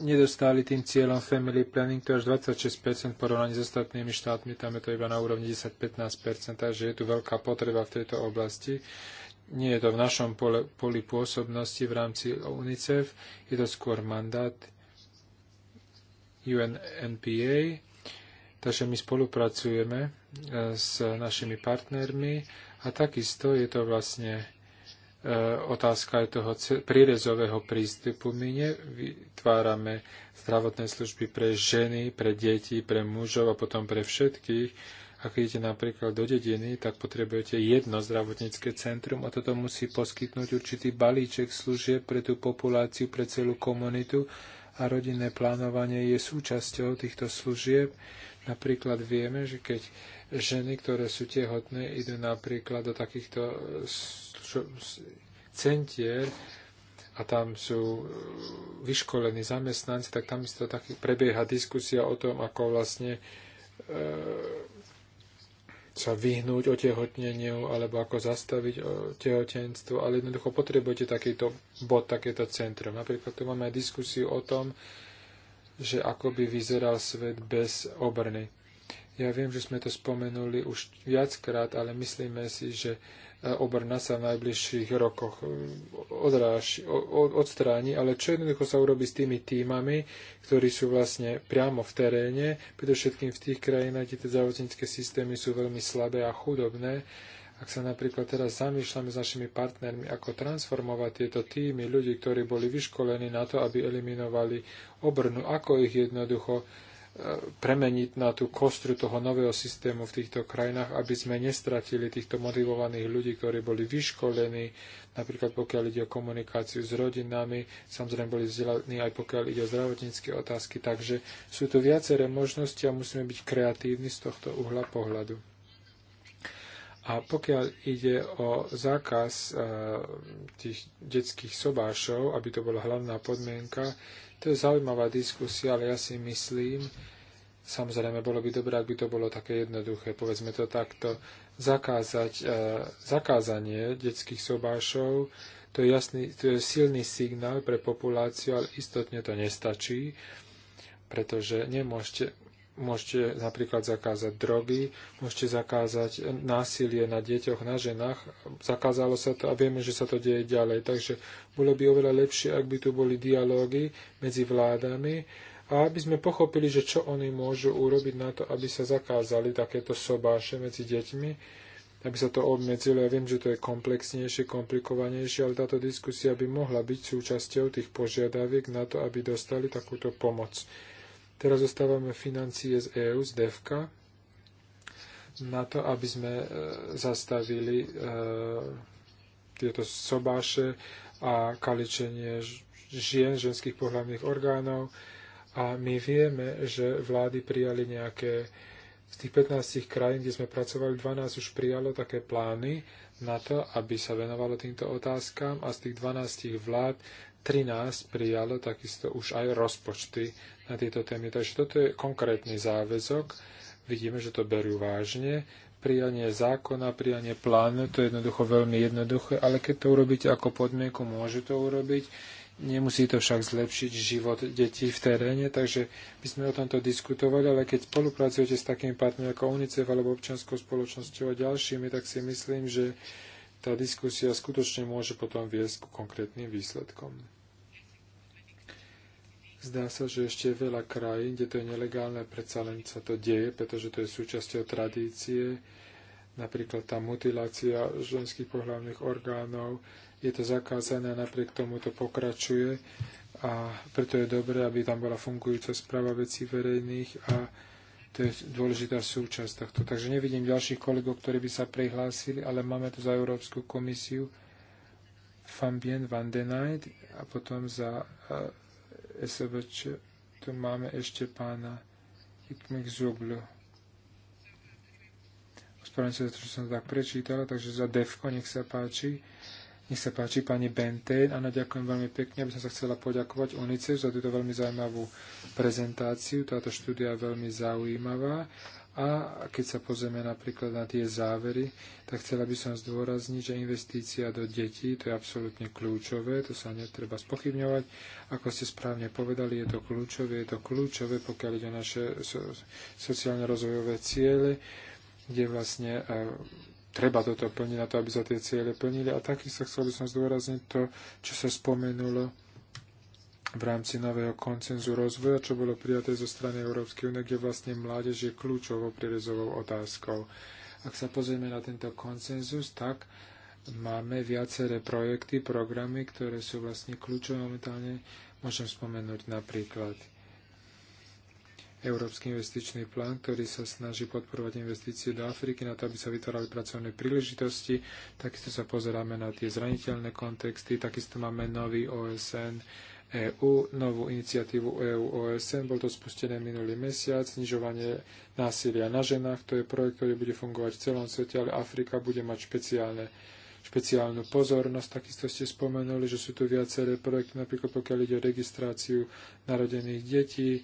nedostali tým cieľom family planning, to až 26% porovnaní s ostatnými štátmi, tam je to iba na úrovni 10-15%, takže je tu veľká potreba v tejto oblasti nie je to v našom pole, poli pôsobnosti v rámci UNICEF, je to skôr mandát UNNPA, takže my spolupracujeme eh, s našimi partnermi a takisto je to vlastne eh, otázka aj toho prírezového prístupu. My nevytvárame zdravotné služby pre ženy, pre deti, pre mužov a potom pre všetkých, ak idete napríklad do dediny, tak potrebujete jedno zdravotnícke centrum a toto musí poskytnúť určitý balíček služieb pre tú populáciu, pre celú komunitu a rodinné plánovanie je súčasťou týchto služieb. Napríklad vieme, že keď ženy, ktoré sú tehotné, idú napríklad do takýchto centier, a tam sú vyškolení zamestnanci, tak tam isto taký prebieha diskusia o tom, ako vlastne e, sa vyhnúť otehotneniu alebo ako zastaviť tehotenstvo, ale jednoducho potrebujete takýto bod, takéto centrum. Napríklad tu máme aj diskusiu o tom, že ako by vyzeral svet bez obrny. Ja viem, že sme to spomenuli už viackrát, ale myslíme si, že obrna sa v najbližších rokoch e, odráž, odstráni, ale čo jednoducho sa urobí s tými týmami, ktorí sú vlastne priamo v teréne, predovšetkým v tých krajinách, kde tie zdravotnícke systémy sú veľmi slabé a chudobné. Ak sa napríklad teraz zamýšľame s našimi partnermi, ako transformovať tieto týmy ľudí, ktorí boli vyškolení na to, aby eliminovali obrnu, ako ich jednoducho premeniť na tú kostru toho nového systému v týchto krajinách, aby sme nestratili týchto motivovaných ľudí, ktorí boli vyškolení, napríklad pokiaľ ide o komunikáciu s rodinami, samozrejme boli vzdelaní aj pokiaľ ide o zdravotnícke otázky. Takže sú tu viaceré možnosti a musíme byť kreatívni z tohto uhla pohľadu. A pokiaľ ide o zákaz eh, tých detských sobášov, aby to bola hlavná podmienka, to je zaujímavá diskusia, ale ja si myslím, samozrejme, bolo by dobré, ak by to bolo také jednoduché, povedzme to takto, zakázať, eh, zakázanie detských sobášov, to je, jasný, to je silný signál pre populáciu, ale istotne to nestačí, pretože nemôžete Môžete napríklad zakázať drogy, môžete zakázať násilie na deťoch, na ženách. Zakázalo sa to a vieme, že sa to deje ďalej. Takže bolo by oveľa lepšie, ak by tu boli dialógy medzi vládami a aby sme pochopili, že čo oni môžu urobiť na to, aby sa zakázali takéto sobáše medzi deťmi, aby sa to obmedzilo. Ja viem, že to je komplexnejšie, komplikovanejšie, ale táto diskusia by mohla byť súčasťou tých požiadaviek na to, aby dostali takúto pomoc. Teraz zostávame financie z EU, z DEVKA, na to, aby sme e, zastavili e, tieto sobáše a kaličenie žien, ženských pohľadných orgánov. A my vieme, že vlády prijali nejaké z tých 15 krajín, kde sme pracovali, 12 už prijalo také plány na to, aby sa venovalo týmto otázkam a z tých 12 vlád 13 prijalo takisto už aj rozpočty na tieto témy. Takže toto je konkrétny záväzok. Vidíme, že to berú vážne. Prijanie zákona, prijanie plánu, to je jednoducho veľmi jednoduché, ale keď to urobíte ako podmienku, môže to urobiť. Nemusí to však zlepšiť život detí v teréne, takže by sme o tomto diskutovali, ale keď spolupracujete s takými partnermi ako UNICEF alebo občianskou spoločnosťou a ďalšími, tak si myslím, že tá diskusia skutočne môže potom viesť ku konkrétnym výsledkom. Zdá sa, že ešte je veľa krajín, kde to je nelegálne, predsa len sa to deje, pretože to je súčasťou tradície, napríklad tá mutilácia ženských pohľavných orgánov, je to zakázané a napriek tomu to pokračuje a preto je dobré, aby tam bola fungujúca správa vecí verejných a to je dôležitá súčasť tohto. Takže nevidím ďalších kolegov, ktorí by sa prihlásili, ale máme tu za Európsku komisiu Fambien van den Eyde a potom za eh, SVČ. Tu máme ešte pána Ipmek Zublu. Ospravedlňujem sa, že som to tak prečítala, takže za Devko nech sa páči. Nech sa páči pani Bentejn. Áno, ďakujem veľmi pekne. Aby som sa chcela poďakovať UNICEF za túto veľmi zaujímavú prezentáciu. Táto štúdia je veľmi zaujímavá a keď sa pozrieme napríklad na tie závery, tak chcela by som zdôrazniť, že investícia do detí, to je absolútne kľúčové, to sa netreba spochybňovať. Ako ste správne povedali, je to kľúčové, je to kľúčové, pokiaľ ide o naše sociálne-rozvojové ciele, kde vlastne treba toto plniť na to, aby sa tie ciele plnili. A takisto chcel by som zdôrazniť to, čo sa spomenulo v rámci nového koncenzu rozvoja, čo bolo prijaté zo strany Európskej únie, kde vlastne mládež je kľúčovou prierezovou otázkou. Ak sa pozrieme na tento koncenzus, tak máme viaceré projekty, programy, ktoré sú vlastne kľúčové momentálne. Môžem spomenúť napríklad Európsky investičný plán, ktorý sa snaží podporovať investície do Afriky na to, aby sa vytvárali pracovné príležitosti. Takisto sa pozeráme na tie zraniteľné kontexty, takisto máme nový OSN EÚ, novú iniciatívu EÚ OSN. Bol to spustené minulý mesiac, znižovanie násilia na ženách. To je projekt, ktorý bude fungovať v celom svete, ale Afrika bude mať špeciálne špeciálnu pozornosť. Takisto ste spomenuli, že sú tu viaceré projekty, napríklad pokiaľ ide o registráciu narodených detí.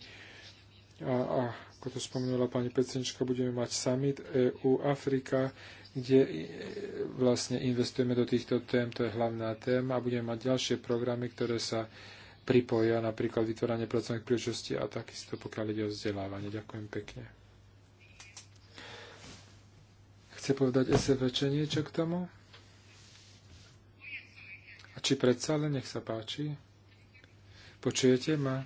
A, a ako to spomenula pani predsednička, budeme mať summit EU-Afrika, kde e, vlastne investujeme do týchto tém, to je hlavná téma a budeme mať ďalšie programy, ktoré sa pripoja napríklad vytváranie pracovných príležitostí a takisto pokiaľ ide o vzdelávanie. Ďakujem pekne. Chce povedať SFČ niečo k tomu? A či predsa len nech sa páči? Počujete ma?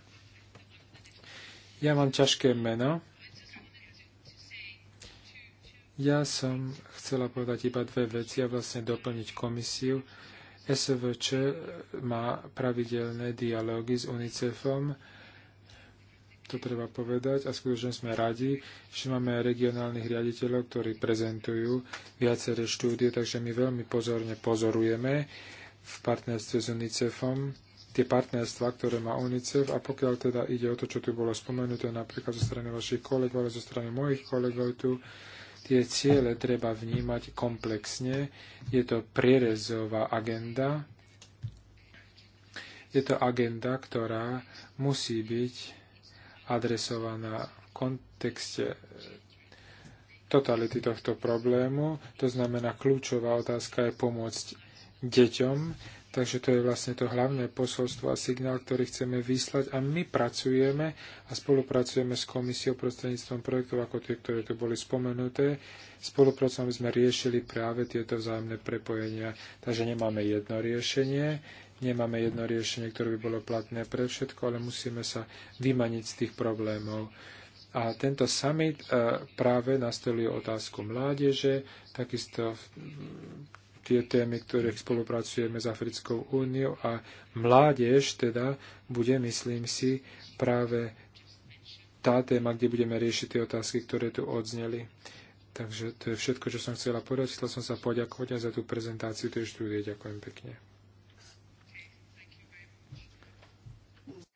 Ja mám ťažké meno. Ja som chcela povedať iba dve veci a vlastne doplniť komisiu. SVČ má pravidelné dialógy s UNICEFom, to treba povedať, a skutočne sme radi, že máme regionálnych riaditeľov, ktorí prezentujú viaceré štúdie, takže my veľmi pozorne pozorujeme v partnerstve s UNICEFom tie partnerstva, ktoré má UNICEF a pokiaľ teda ide o to, čo tu bolo spomenuté napríklad zo strany vašich kolegov, ale zo strany mojich kolegov tu, Tie ciele treba vnímať komplexne. Je to prierezová agenda. Je to agenda, ktorá musí byť adresovaná v kontexte totality tohto problému. To znamená, kľúčová otázka je pomôcť deťom, Takže to je vlastne to hlavné posolstvo a signál, ktorý chceme vyslať. A my pracujeme a spolupracujeme s komisiou prostredníctvom projektov ako tie, ktoré tu boli spomenuté. Spolupracujeme sme riešili práve tieto vzájomné prepojenia. Takže nemáme jedno riešenie, nemáme jedno riešenie, ktoré by bolo platné pre všetko, ale musíme sa vymaniť z tých problémov. A tento summit e, práve nastoluje otázku mládeže, takisto tie témy, ktoré spolupracujeme s Africkou úniou a mládež teda bude, myslím si, práve tá téma, kde budeme riešiť tie otázky, ktoré tu odzneli. Takže to je všetko, čo som chcela povedať. Chcel som sa poďakovať aj za tú prezentáciu tej štúdie. Ďakujem pekne.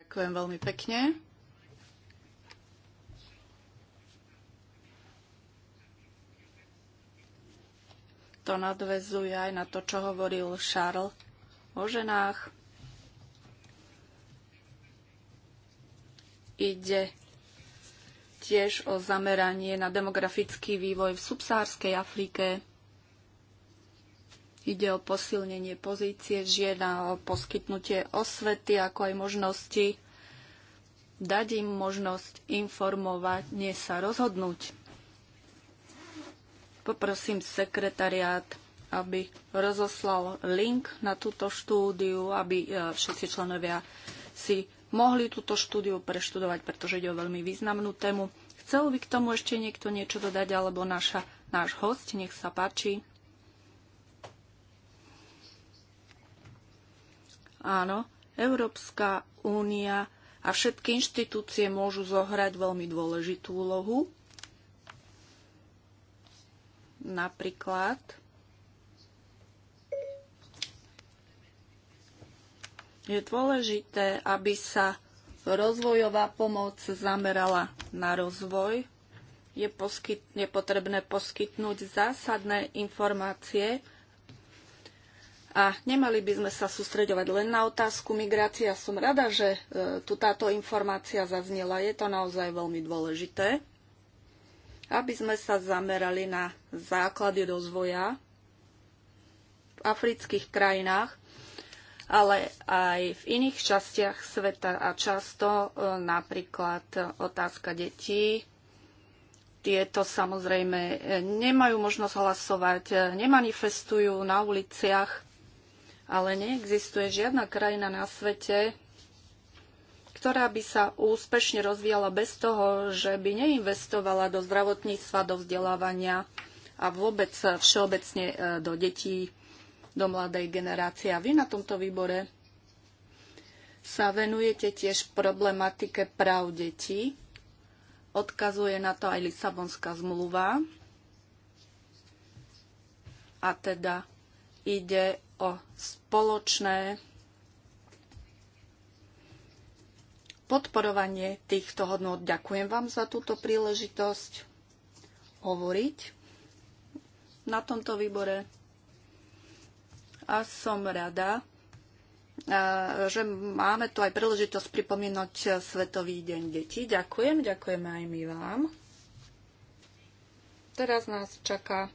Ďakujem veľmi pekne. To nadvezuje aj na to, čo hovoril Charles o ženách. Ide tiež o zameranie na demografický vývoj v subsárskej Afrike. Ide o posilnenie pozície žien a o poskytnutie osvety, ako aj možnosti dať im možnosť informovať, nie sa rozhodnúť. Poprosím sekretariát, aby rozoslal link na túto štúdiu, aby e, všetci členovia si mohli túto štúdiu preštudovať, pretože ide o veľmi významnú tému. Chcel by k tomu ešte niekto niečo dodať, alebo naša, náš host, nech sa páči. Áno, Európska únia a všetky inštitúcie môžu zohrať veľmi dôležitú úlohu Napríklad je dôležité, aby sa rozvojová pomoc zamerala na rozvoj. Je, poskyt, je potrebné poskytnúť zásadné informácie a nemali by sme sa sústreďovať len na otázku migrácie. Ja som rada, že e, tu táto informácia zaznela. Je to naozaj veľmi dôležité aby sme sa zamerali na základy rozvoja v afrických krajinách, ale aj v iných častiach sveta a často e, napríklad e, otázka detí. Tieto samozrejme e, nemajú možnosť hlasovať, nemanifestujú na uliciach, ale neexistuje žiadna krajina na svete, ktorá by sa úspešne rozvíjala bez toho, že by neinvestovala do zdravotníctva, do vzdelávania a vôbec všeobecne e, do detí, do mladej generácie. A vy na tomto výbore sa venujete tiež problematike práv detí. Odkazuje na to aj Lisabonská zmluva. A teda ide o spoločné podporovanie týchto hodnot. Ďakujem vám za túto príležitosť hovoriť na tomto výbore. A som rada, že máme tu aj príležitosť pripomínať Svetový deň detí. Ďakujem, ďakujeme aj my vám. Teraz nás čaká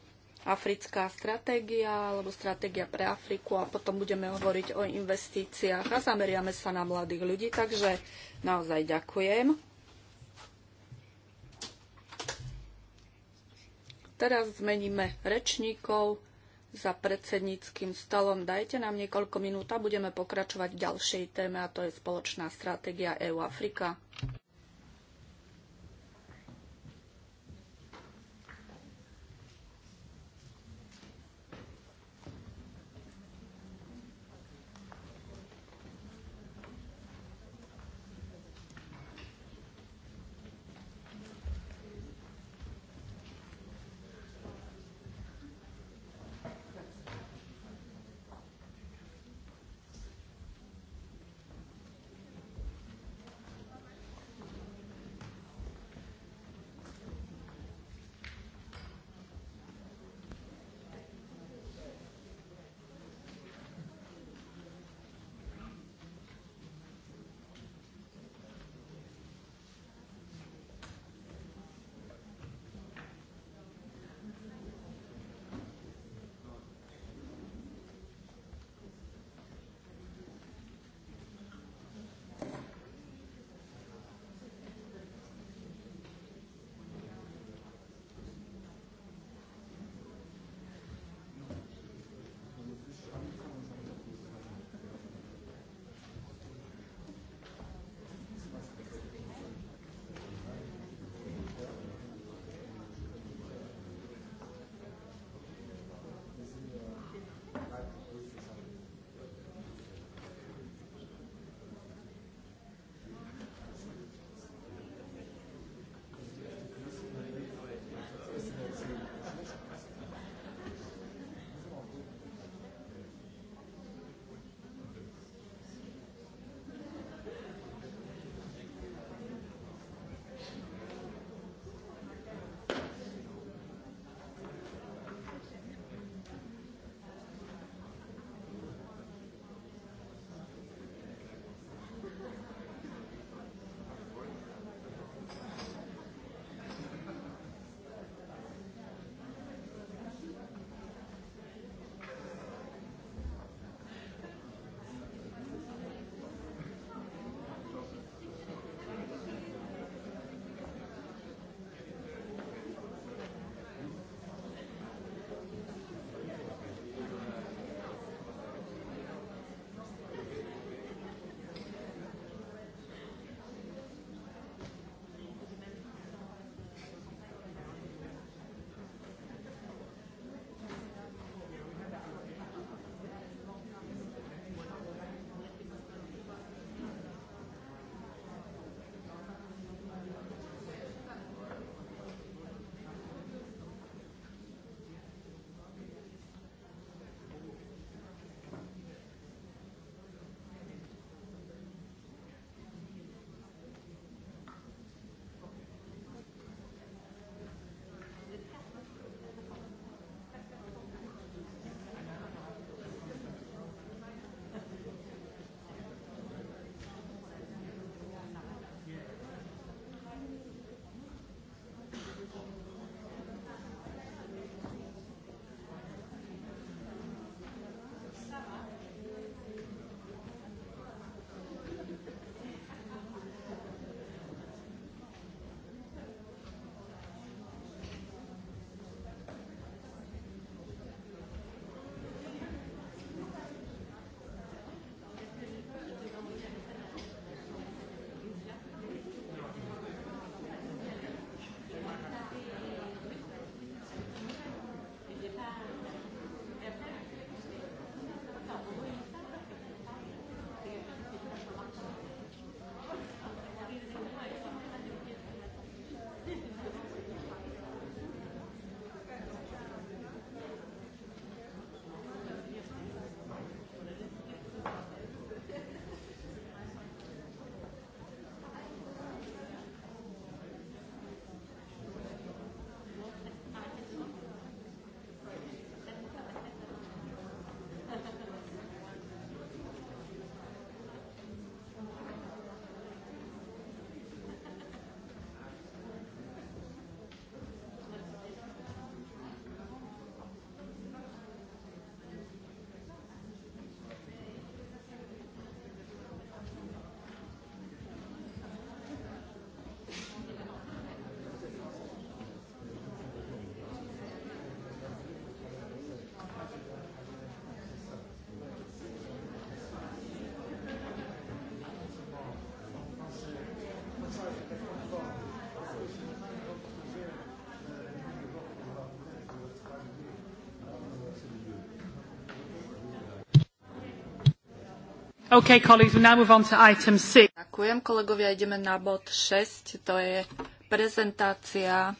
africká stratégia alebo stratégia pre Afriku a potom budeme hovoriť o investíciách a zameriame sa na mladých ľudí. Takže naozaj ďakujem. Teraz zmeníme rečníkov za predsedníckým stolom. Dajte nám niekoľko minút a budeme pokračovať v ďalšej téme a to je spoločná stratégia EU-Afrika. Okay, colleagues, we now move on to item Ďakujem, kolegovia, ideme na bod 6. To je prezentácia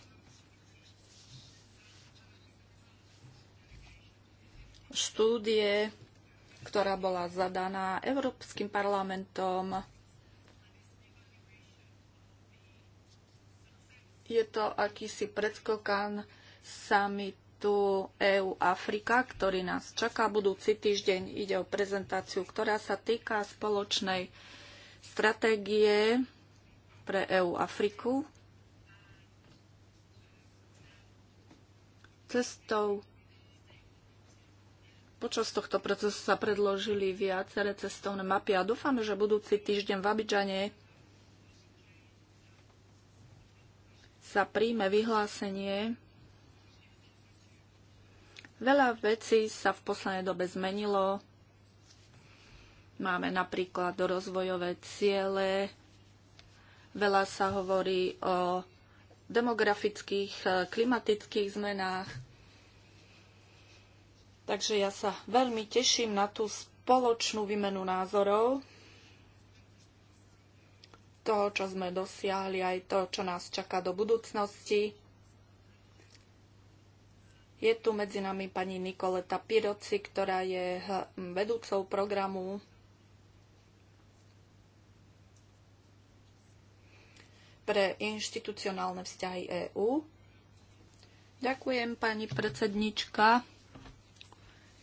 štúdie, ktorá bola zadaná Európskym parlamentom. Je to akýsi predskokan summit projektu EU-Afrika, ktorý nás čaká budúci týždeň. Ide o prezentáciu, ktorá sa týka spoločnej stratégie pre EU-Afriku. Cestou Počas tohto procesu sa predložili viaceré cestovné mapy a dúfame, že budúci týždeň v Abidžane sa príjme vyhlásenie Veľa vecí sa v poslednej dobe zmenilo. Máme napríklad rozvojové ciele. Veľa sa hovorí o demografických, eh, klimatických zmenách. Takže ja sa veľmi teším na tú spoločnú výmenu názorov, toho, čo sme dosiahli, aj to, čo nás čaká do budúcnosti. Je tu medzi nami pani Nikoleta Piroci, ktorá je vedúcou programu pre inštitucionálne vzťahy EÚ. Ďakujem, pani predsednička.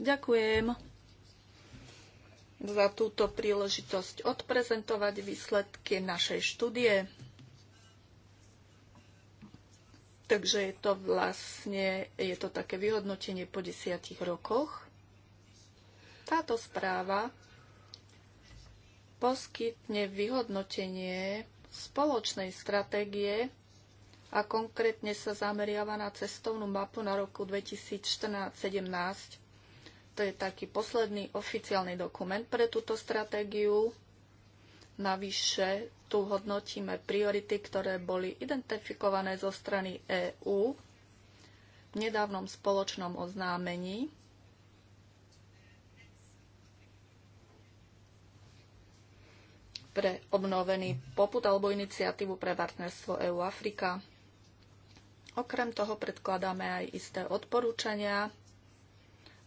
Ďakujem za túto príležitosť odprezentovať výsledky našej štúdie. Takže je to vlastne, je to také vyhodnotenie po desiatich rokoch. Táto správa poskytne vyhodnotenie spoločnej stratégie a konkrétne sa zameriava na cestovnú mapu na roku 2014 2017 To je taký posledný oficiálny dokument pre túto stratégiu. Navyše tu hodnotíme priority, ktoré boli identifikované zo strany EÚ v nedávnom spoločnom oznámení. pre obnovený poput alebo iniciatívu pre partnerstvo EU-Afrika. Okrem toho predkladáme aj isté odporúčania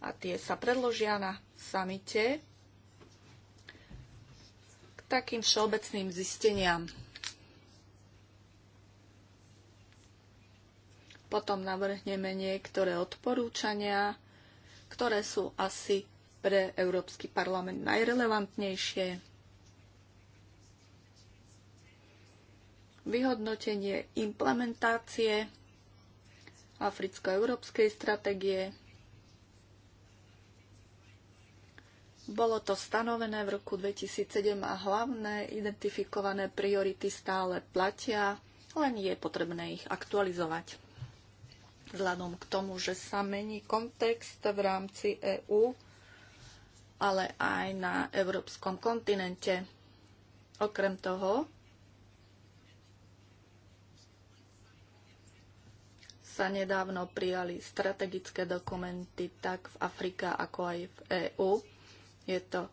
a tie sa predložia na samite takým všeobecným zisteniam. Potom navrhneme niektoré odporúčania, ktoré sú asi pre Európsky parlament najrelevantnejšie. Vyhodnotenie implementácie africko-európskej stratégie Bolo to stanovené v roku 2007 a hlavné identifikované priority stále platia, len je potrebné ich aktualizovať. Vzhľadom k tomu, že sa mení kontext v rámci EÚ, ale aj na európskom kontinente. Okrem toho, sa nedávno prijali strategické dokumenty tak v Afrika ako aj v EÚ je to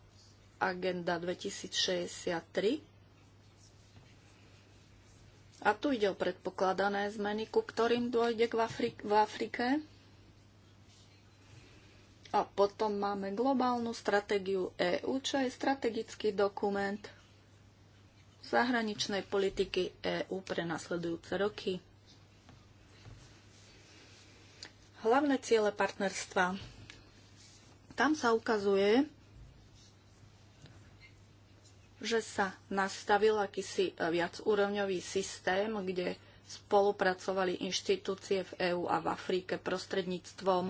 agenda 2063. A tu ide o predpokladané zmeny, ku ktorým dôjde k Afri- v Afrike. A potom máme globálnu stratégiu EÚ, čo je strategický dokument zahraničnej politiky EÚ pre nasledujúce roky. Hlavné ciele partnerstva. Tam sa ukazuje, že sa nastavil akýsi e, viacúrovňový systém, kde spolupracovali inštitúcie v EÚ a v Afrike prostredníctvom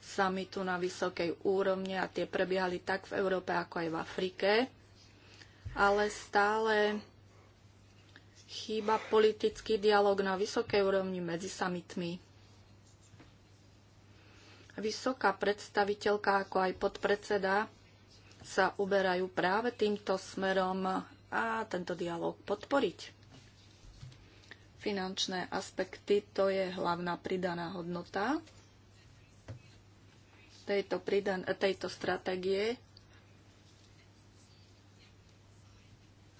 samitu na vysokej úrovni a tie prebiehali tak v Európe, ako aj v Afrike. Ale stále chýba politický dialog na vysokej úrovni medzi samitmi. Vysoká predstaviteľka, ako aj podpredseda sa uberajú práve týmto smerom a tento dialog podporiť. Finančné aspekty to je hlavná pridaná hodnota tejto, pridan- tejto stratégie,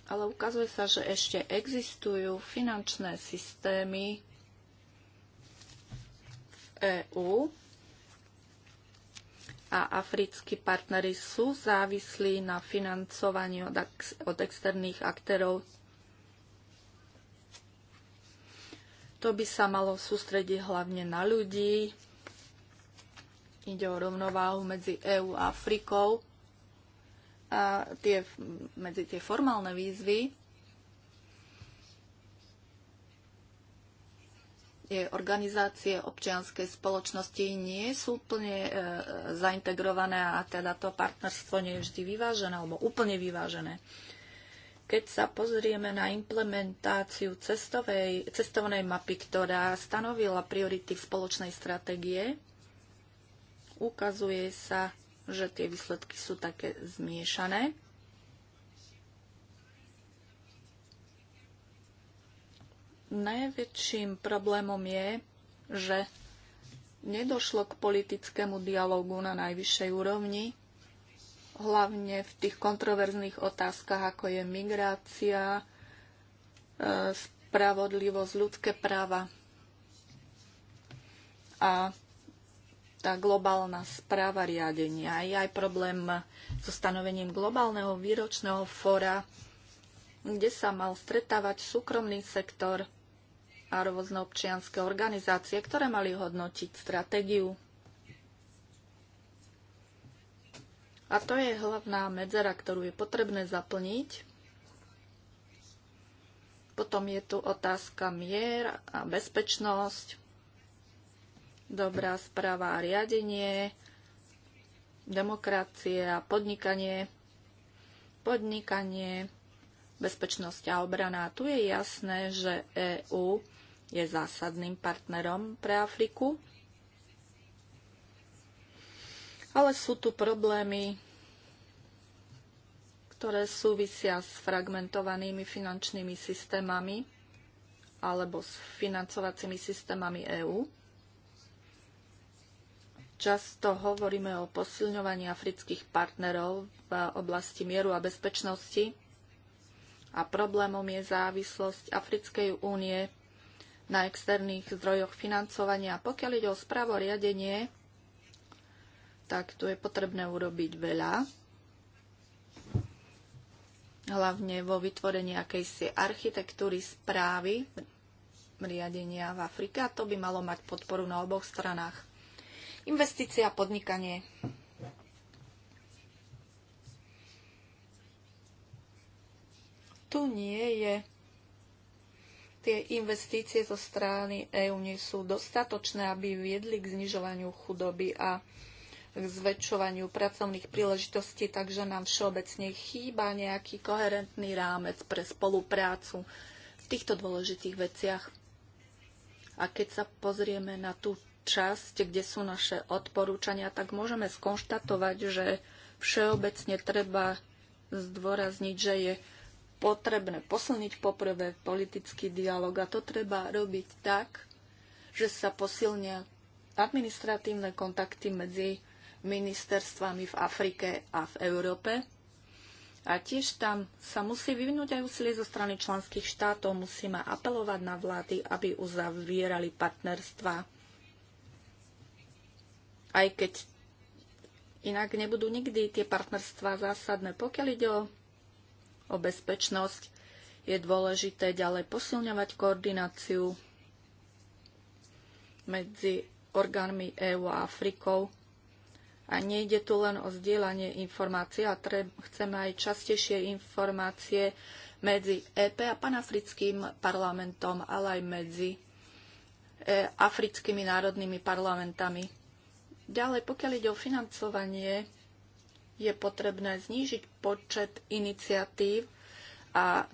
ale ukazuje sa, že ešte existujú finančné systémy v EÚ, a africkí partnery sú závislí na financovaní od, ex- od externých aktérov. To by sa malo sústrediť hlavne na ľudí. Ide o rovnováhu medzi EÚ a Afrikou a tie, medzi tie formálne výzvy tie organizácie občianskej spoločnosti nie sú úplne e, zaintegrované a teda to partnerstvo nie je vždy vyvážené alebo úplne vyvážené. Keď sa pozrieme na implementáciu cestovej, cestovnej mapy, ktorá stanovila priority v spoločnej stratégie, ukazuje sa, že tie výsledky sú také zmiešané Najväčším problémom je, že nedošlo k politickému dialogu na najvyššej úrovni, hlavne v tých kontroverzných otázkach, ako je migrácia, e, spravodlivosť, ľudské práva a tá globálna správa riadenia. Je aj problém so stanovením globálneho výročného fóra, kde sa mal stretávať súkromný sektor a rôzne občianské organizácie, ktoré mali hodnotiť stratégiu. A to je hlavná medzera, ktorú je potrebné zaplniť. Potom je tu otázka mier a bezpečnosť, dobrá správa a riadenie, demokracie a podnikanie, podnikanie, bezpečnosť a obrana. Tu je jasné, že EÚ je zásadným partnerom pre Afriku. Ale sú tu problémy, ktoré súvisia s fragmentovanými finančnými systémami alebo s financovacími systémami EÚ. Často hovoríme o posilňovaní afrických partnerov v oblasti mieru a bezpečnosti a problémom je závislosť Africkej únie na externých zdrojoch financovania. Pokiaľ ide o riadenie, tak tu je potrebné urobiť veľa, hlavne vo vytvorení akejsi architektúry správy riadenia v Afrike a to by malo mať podporu na oboch stranách. Investícia a podnikanie. Tu nie je tie investície zo strany EÚ nie sú dostatočné, aby viedli k znižovaniu chudoby a k zväčšovaniu pracovných príležitostí, takže nám všeobecne chýba nejaký koherentný rámec pre spoluprácu v týchto dôležitých veciach. A keď sa pozrieme na tú časť, kde sú naše odporúčania, tak môžeme skonštatovať, že všeobecne treba zdôrazniť, že je potrebné posilniť poprvé politický dialog a to treba robiť tak, že sa posilnia administratívne kontakty medzi ministerstvami v Afrike a v Európe. A tiež tam sa musí vyvinúť aj úsilie zo strany členských štátov. Musíme apelovať na vlády, aby uzavierali partnerstva. Aj keď inak nebudú nikdy tie partnerstva zásadné. Pokiaľ ide o o bezpečnosť, je dôležité ďalej posilňovať koordináciu medzi orgánmi EÚ a Afrikou. A nejde tu len o zdieľanie informácií, a chceme aj častejšie informácie medzi EP a panafrickým parlamentom, ale aj medzi e, africkými národnými parlamentami. Ďalej, pokiaľ ide o financovanie, je potrebné znížiť počet iniciatív a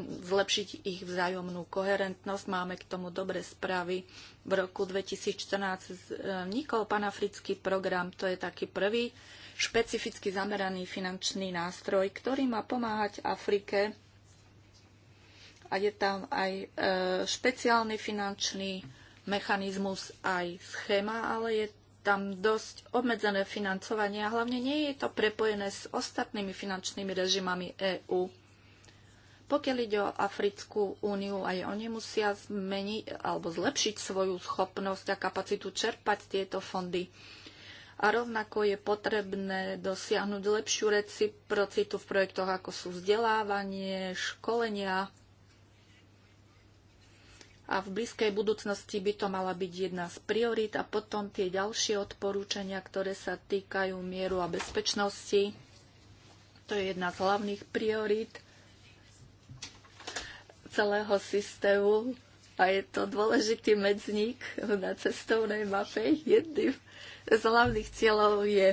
zlepšiť ich vzájomnú koherentnosť. Máme k tomu dobré správy. V roku 2014 vznikol panafrický program, to je taký prvý špecificky zameraný finančný nástroj, ktorý má pomáhať Afrike a je tam aj e, špeciálny finančný mechanizmus, aj schéma, ale je tam dosť obmedzené financovanie a hlavne nie je to prepojené s ostatnými finančnými režimami EÚ. Pokiaľ ide o Africkú úniu, aj oni musia zmeniť alebo zlepšiť svoju schopnosť a kapacitu čerpať tieto fondy. A rovnako je potrebné dosiahnuť lepšiu reciprocitu v projektoch, ako sú vzdelávanie, školenia, a v blízkej budúcnosti by to mala byť jedna z priorít a potom tie ďalšie odporúčania, ktoré sa týkajú mieru a bezpečnosti. To je jedna z hlavných priorít celého systému a je to dôležitý medzník na cestovnej mape. Jedným z hlavných cieľov je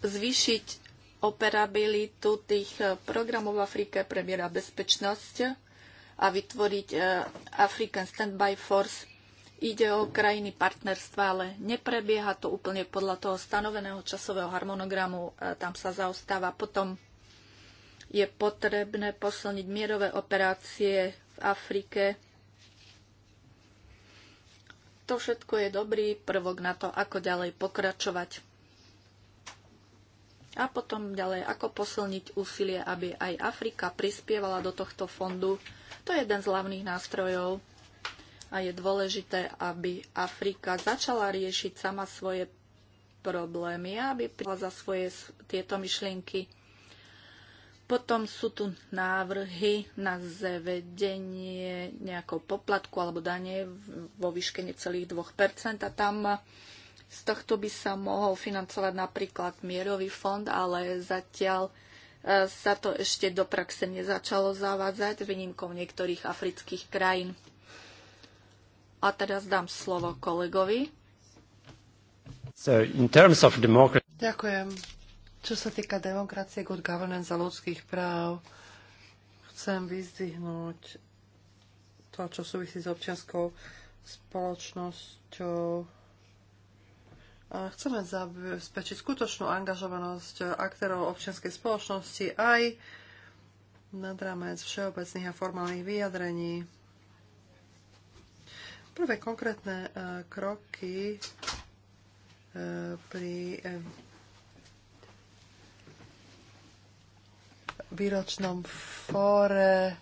zvýšiť operabilitu tých programov v Afrike pre miera bezpečnosť a vytvoriť e, African Standby Force. Ide o krajiny partnerstva, ale neprebieha to úplne podľa toho stanoveného časového harmonogramu. E, tam sa zaostáva. Potom je potrebné posilniť mierové operácie v Afrike. To všetko je dobrý prvok na to, ako ďalej pokračovať. A potom ďalej, ako posilniť úsilie, aby aj Afrika prispievala do tohto fondu to je jeden z hlavných nástrojov a je dôležité, aby Afrika začala riešiť sama svoje problémy a aby prišla za svoje tieto myšlienky. Potom sú tu návrhy na zavedenie nejakou poplatku alebo dane vo výške necelých 2% a tam z tohto by sa mohol financovať napríklad mierový fond, ale zatiaľ sa to ešte do praxe nezačalo zavádzať výnimkou niektorých afrických krajín. A teraz dám slovo kolegovi. So in terms of democracy... Ďakujem. Čo sa týka demokracie, good governance a ľudských práv, chcem vyzdvihnúť to, čo súvisí s občianskou spoločnosťou, Chceme zabezpečiť skutočnú angažovanosť aktérov občianskej spoločnosti aj nad rámec všeobecných a formálnych vyjadrení. Prvé konkrétne e, kroky e, pri e, výročnom fóre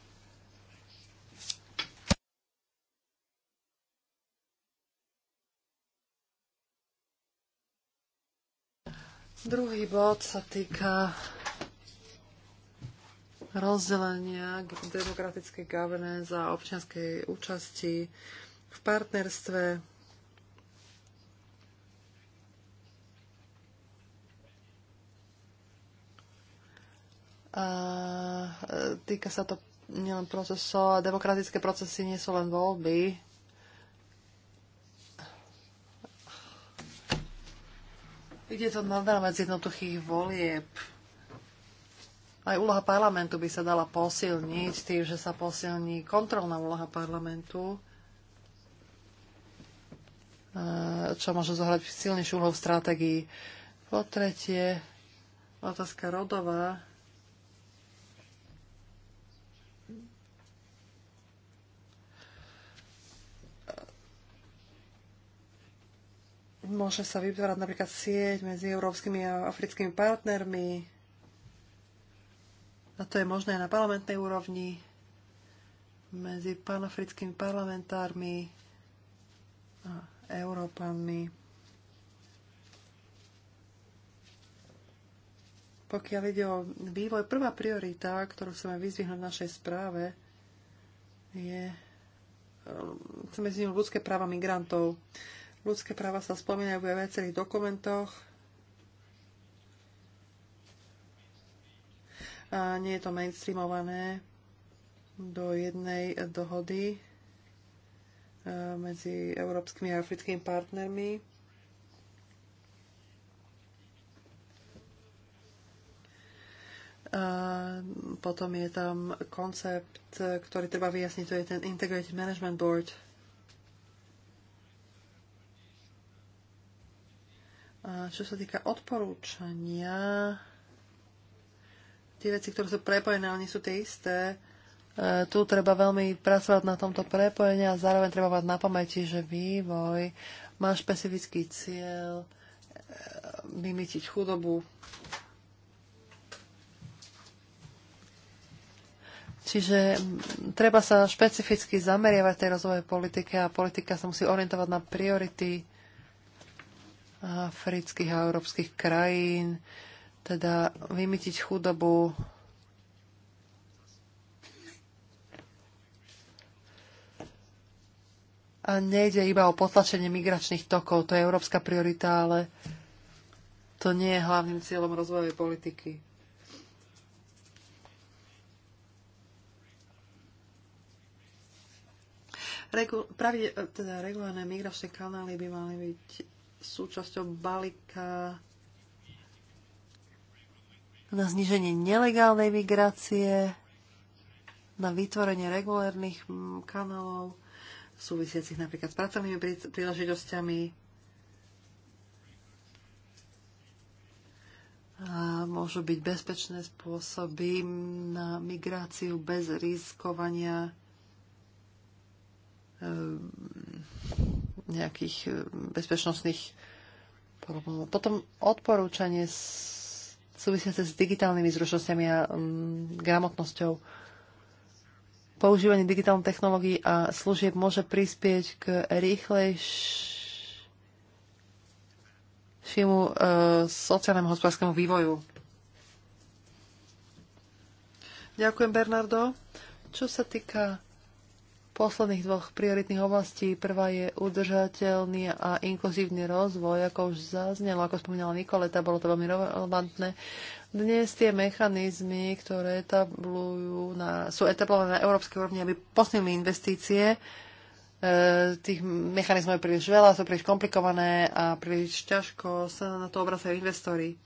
Druhý bod sa týka rozdelenia demokratickej governance a občianskej účasti v partnerstve a e, týka sa to nielen procesov a demokratické procesy nie sú len voľby, Ide to nad rámec jednoduchých volieb. Aj úloha parlamentu by sa dala posilniť tým, že sa posilní kontrolná úloha parlamentu, e, čo môže zohrať silnejšiu úlohu v stratégii. Po tretie, otázka rodová. Môže sa vytvárať napríklad sieť medzi európskymi a africkými partnermi. A to je možné aj na parlamentnej úrovni medzi panafrickými parlamentármi a Európanmi. Pokiaľ ide o vývoj, prvá priorita, ktorú chceme vyzvihnúť v našej správe, je um, chceme znižiť ľudské práva migrantov. Ľudské práva sa spomínajú vo viacerých dokumentoch. A nie je to mainstreamované do jednej dohody e, medzi európskymi a africkými partnermi. Potom je tam koncept, ktorý treba vyjasniť, to je ten Integrated Management Board, A čo sa týka odporúčania, tie veci, ktoré sú prepojené, oni sú tie isté. E, tu treba veľmi pracovať na tomto prepojení a zároveň treba mať na pamäti, že vývoj má špecifický cieľ e, vymytiť chudobu. Čiže treba sa špecificky zameriavať tej rozvojovej politike a politika sa musí orientovať na priority afrických a európskych krajín, teda vymytiť chudobu. A nejde iba o potlačenie migračných tokov, to je európska priorita, ale to nie je hlavným cieľom rozvojovej politiky. Regu- pravde- teda regulárne migračné kanály by mali byť súčasťou balíka eh, na zniženie nelegálnej migrácie, na vytvorenie regulérnych mm, kanálov súvisiacich napríklad s pracovnými príležitosťami. A môžu byť bezpečné spôsoby na migráciu bez riskovania ehm, nejakých e, bezpečnostných problémov. Potom odporúčanie súvisiace s digitálnymi zručnosťami a mm, gramotnosťou. Používanie digitálnych technológií a služieb môže prispieť k rýchlejšiemu e, sociálnemu hospodárskému vývoju. Ďakujem, Bernardo. Čo sa týka posledných dvoch prioritných oblastí. Prvá je udržateľný a inkluzívny rozvoj, ako už zaznelo, ako spomínala Nikoleta, bolo to veľmi relevantné. Dnes tie mechanizmy, ktoré etablujú na, sú etablované na európskej úrovni, aby posilnili investície, e, tých mechanizmov je príliš veľa, sú príliš komplikované a príliš ťažko sa na to obracajú investori.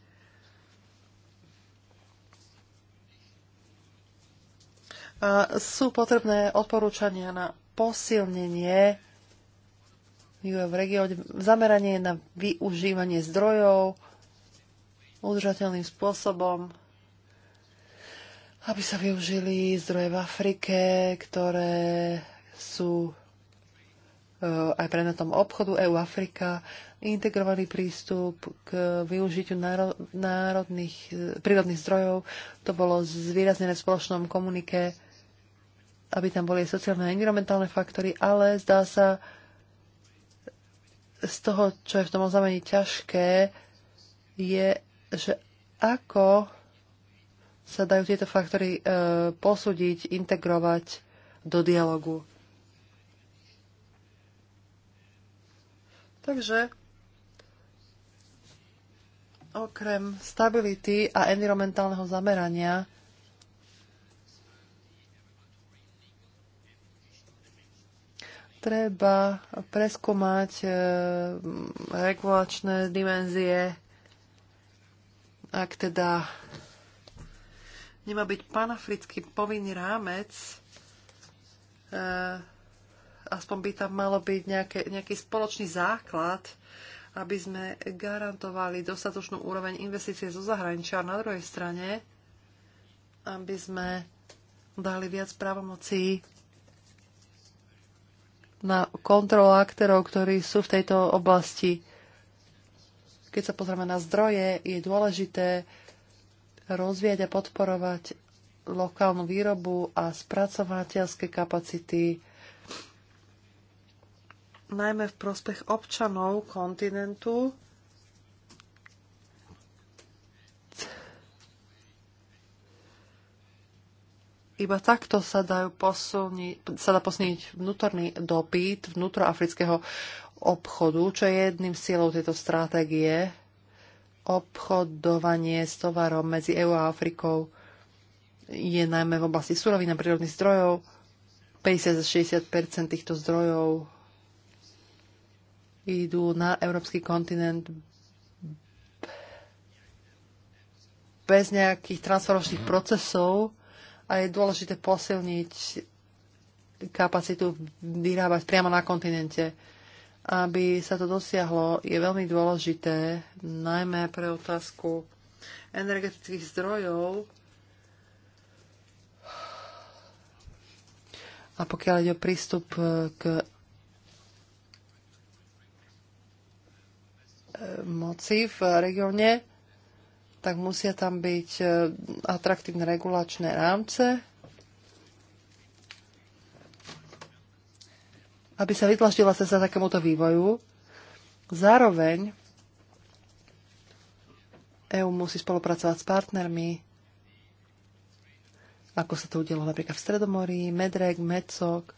a sú potrebné odporúčania na posilnenie v regióne, zameranie na využívanie zdrojov udržateľným spôsobom, aby sa využili zdroje v Afrike, ktoré sú e, aj predmetom obchodu EU-Afrika, integrovaný prístup k využitiu národných, e, prírodných zdrojov. To bolo zvýraznené v spoločnom komunike aby tam boli sociálne a environmentálne faktory, ale zdá sa z toho, čo je v tom oznámení ťažké, je, že ako sa dajú tieto faktory e, posúdiť, integrovať do dialogu. Takže okrem stability a environmentálneho zamerania treba preskúmať e, regulačné dimenzie, ak teda nemá byť panafrický povinný rámec, e, aspoň by tam malo byť nejaké, nejaký spoločný základ, aby sme garantovali dostatočnú úroveň investície zo zahraničia. A na druhej strane, aby sme dali viac právomocí na kontrola aktérov, ktorí sú v tejto oblasti. Keď sa pozrieme na zdroje, je dôležité rozvíjať a podporovať lokálnu výrobu a spracovateľské kapacity, najmä v prospech občanov kontinentu Iba takto sa, dajú posilni, sa dá posunieť vnútorný dopyt vnútroafrického obchodu, čo je jedným z cieľov tejto stratégie obchodovanie s tovarom medzi EU a Afrikou je najmä v oblasti surovín a prírodných zdrojov. 50-60 týchto zdrojov idú na európsky kontinent bez nejakých transformačných procesov a je dôležité posilniť kapacitu vyrábať priamo na kontinente. Aby sa to dosiahlo, je veľmi dôležité, najmä pre otázku energetických zdrojov. A pokiaľ ide o prístup eh, k eh, moci v regióne, tak musia tam byť e, atraktívne regulačné rámce, aby sa vytlaštila cesta takémuto vývoju. Zároveň EÚ musí spolupracovať s partnermi, ako sa to udialo napríklad v Stredomorí, Medreg, Medcok.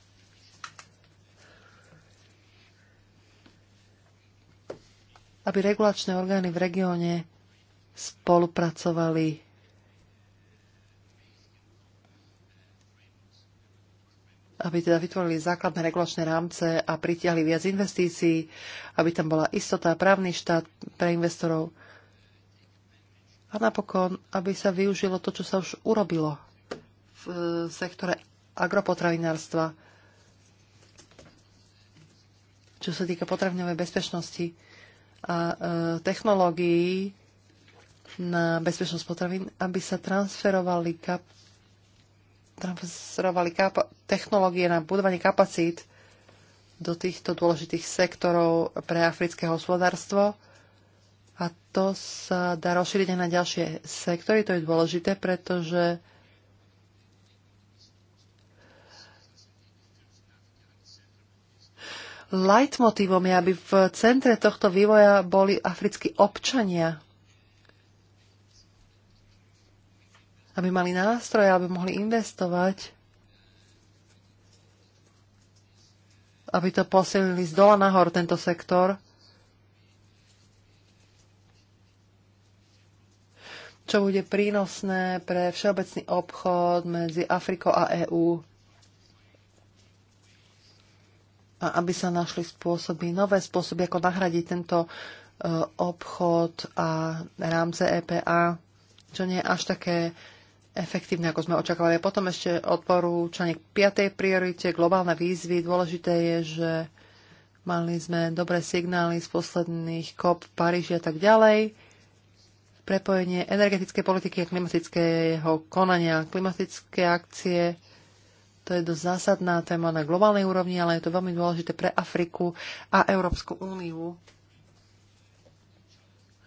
Aby regulačné orgány v regióne spolupracovali aby teda vytvorili základné regulačné rámce a pritiahli viac investícií, aby tam bola istota právny štát pre investorov a napokon, aby sa využilo to, čo sa už urobilo v e, sektore agropotravinárstva, čo sa týka potravňovej bezpečnosti a e, technológií, na bezpečnosť potravín, aby sa transferovali, kap, transferovali kap, technológie na budovanie kapacít do týchto dôležitých sektorov pre africké hospodárstvo. A to sa dá rozšíriť aj na ďalšie sektory. To je dôležité, pretože leitmotívom je, aby v centre tohto vývoja boli africkí občania. aby mali nástroje, aby mohli investovať, aby to posilnili z dola nahor tento sektor, čo bude prínosné pre všeobecný obchod medzi Afrikou a EÚ a aby sa našli spôsoby, nové spôsoby, ako nahradiť tento e, obchod a rámce EPA, čo nie je až také efektívne, ako sme očakávali. A potom ešte odporúčanie k piatej priorite, globálne výzvy. Dôležité je, že mali sme dobré signály z posledných kop v Paríži a tak ďalej. Prepojenie energetickej politiky a klimatického konania, klimatické akcie. To je dosť zásadná téma na globálnej úrovni, ale je to veľmi dôležité pre Afriku a Európsku úniu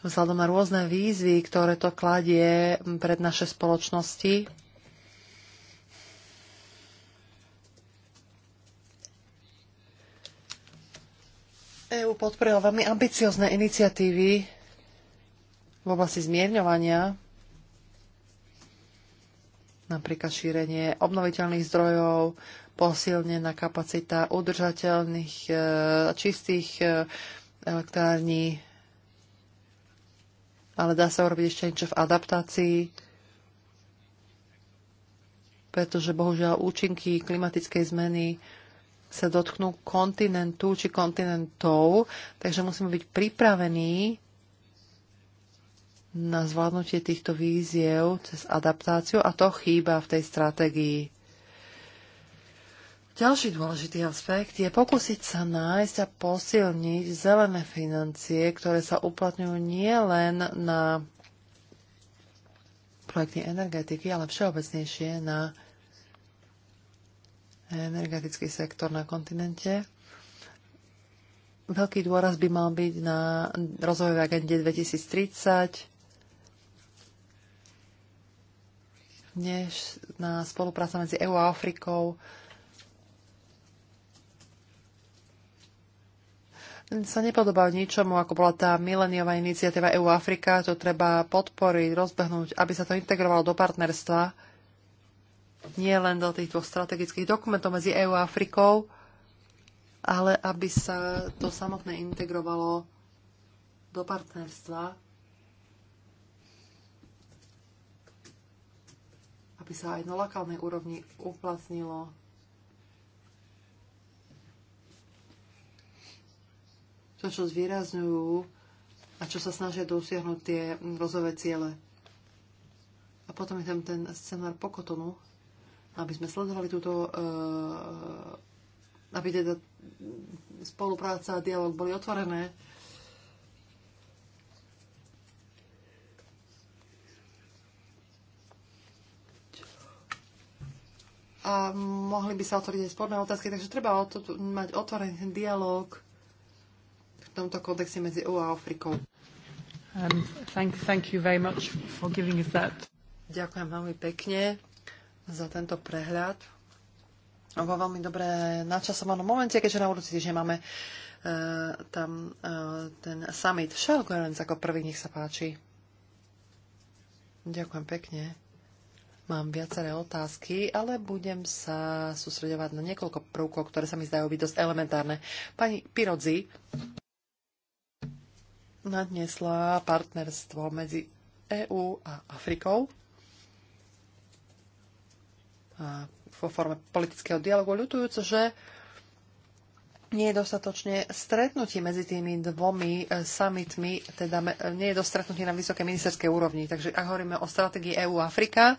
vzhľadom na rôzne výzvy, ktoré to kladie pred naše spoločnosti. EÚ podporila veľmi ambiciozne iniciatívy v oblasti zmierňovania, napríklad šírenie obnoviteľných zdrojov, posilnená kapacita udržateľných e, čistých e, elektrární, ale dá sa urobiť ešte niečo v adaptácii, pretože bohužiaľ účinky klimatickej zmeny sa dotknú kontinentu či kontinentov, takže musíme byť pripravení na zvládnutie týchto víziev cez adaptáciu a to chýba v tej stratégii. Ďalší dôležitý aspekt je pokúsiť sa nájsť a posilniť zelené financie, ktoré sa uplatňujú nielen na projekty energetiky, ale všeobecnejšie na energetický sektor na kontinente. Veľký dôraz by mal byť na rozvojovej agende 2030, než na spolupráca medzi EU a Afrikou sa nepodobá ničomu, ako bola tá mileniová iniciatíva EU Afrika, to treba podporiť, rozbehnúť, aby sa to integrovalo do partnerstva, nie len do tých dvoch strategických dokumentov medzi EU a Afrikou, ale aby sa to samotné integrovalo do partnerstva, aby sa aj na lokálnej úrovni uplatnilo to, čo zvýrazňujú a čo sa snažia dosiahnuť tie rozové ciele. A potom je tam ten scenár pokotonu, aby sme sledovali túto, eh, aby teda spolupráca a dialog boli otvorené. A mohli by sa otvoriť aj sporné otázky, takže treba mať otvorený dialog tomto kódexe medzi EU a Afrikou. Um, thank, thank you very much for giving us that. Ďakujem veľmi pekne za tento prehľad. Vo veľmi dobre načasovanom momente, keďže na budúci týždeň máme uh, tam uh, ten summit. Charles Goerens ako prvý, nech sa páči. Ďakujem pekne. Mám viaceré otázky, ale budem sa sústredovať na niekoľko prvkov, ktoré sa mi zdajú byť dosť elementárne. Pani Pirodzi, nadnesla partnerstvo medzi EÚ a Afrikou a vo forme politického dialogu ľutujúc, že nie je dostatočne stretnutie medzi tými dvomi e, summitmi, teda e, nie je dostretnutie na vysokej ministerskej úrovni. Takže ak hovoríme o stratégii EÚ afrika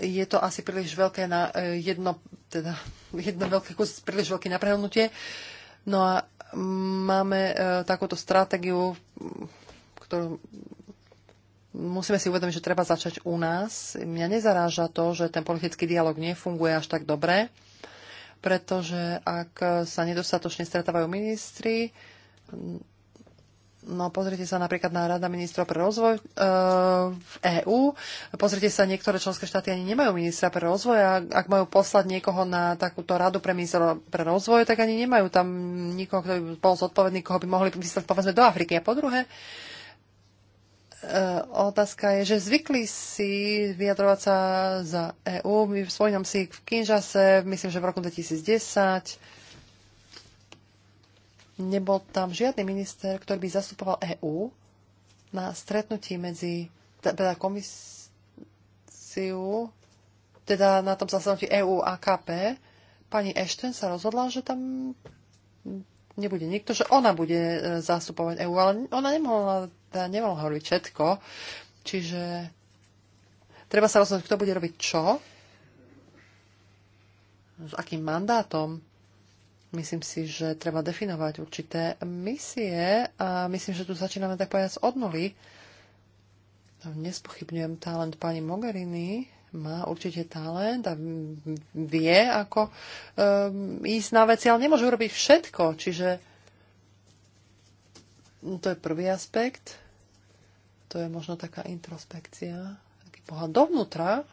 je to asi príliš veľké na e, jedno, teda [laughs] jedno veľké kus, príliš veľké naprehnutie. Uh, No a máme e, takúto stratégiu, ktorú musíme si uvedomiť, že treba začať u nás. Mňa nezaráža to, že ten politický dialog nefunguje až tak dobre, pretože ak sa nedostatočne stretávajú ministri, No pozrite sa napríklad na Rada ministrov pre rozvoj e, v EÚ. Pozrite sa, niektoré členské štáty ani nemajú ministra pre rozvoj a ak majú poslať niekoho na takúto radu pre ministra pre rozvoj, tak ani nemajú tam nikoho, kto by bol zodpovedný, koho by mohli vyslať povedzme do Afriky. A po druhé, e, otázka je, že zvykli si vyjadrovať sa za EÚ. Spomínam si v Kinžase, myslím, že v roku 2010 nebol tam žiadny minister, ktorý by zastupoval EÚ na stretnutí medzi teda komisiu, teda na tom zastanutí EÚ a KP. Pani Ashton sa rozhodla, že tam nebude nikto, že ona bude e, zastupovať EÚ, ale ona nemohla, teda nemohla hovoriť všetko. Čiže treba sa rozhodnúť, kto bude robiť čo, s akým mandátom Myslím si, že treba definovať určité misie a myslím, že tu začíname tak povedať od nuly. No, nespochybňujem talent pani Mogherini, má určite talent a vie, ako um, ísť na veci, ale nemôže urobiť všetko. Čiže to je prvý aspekt. To je možno taká introspekcia, taký pohľad dovnútra,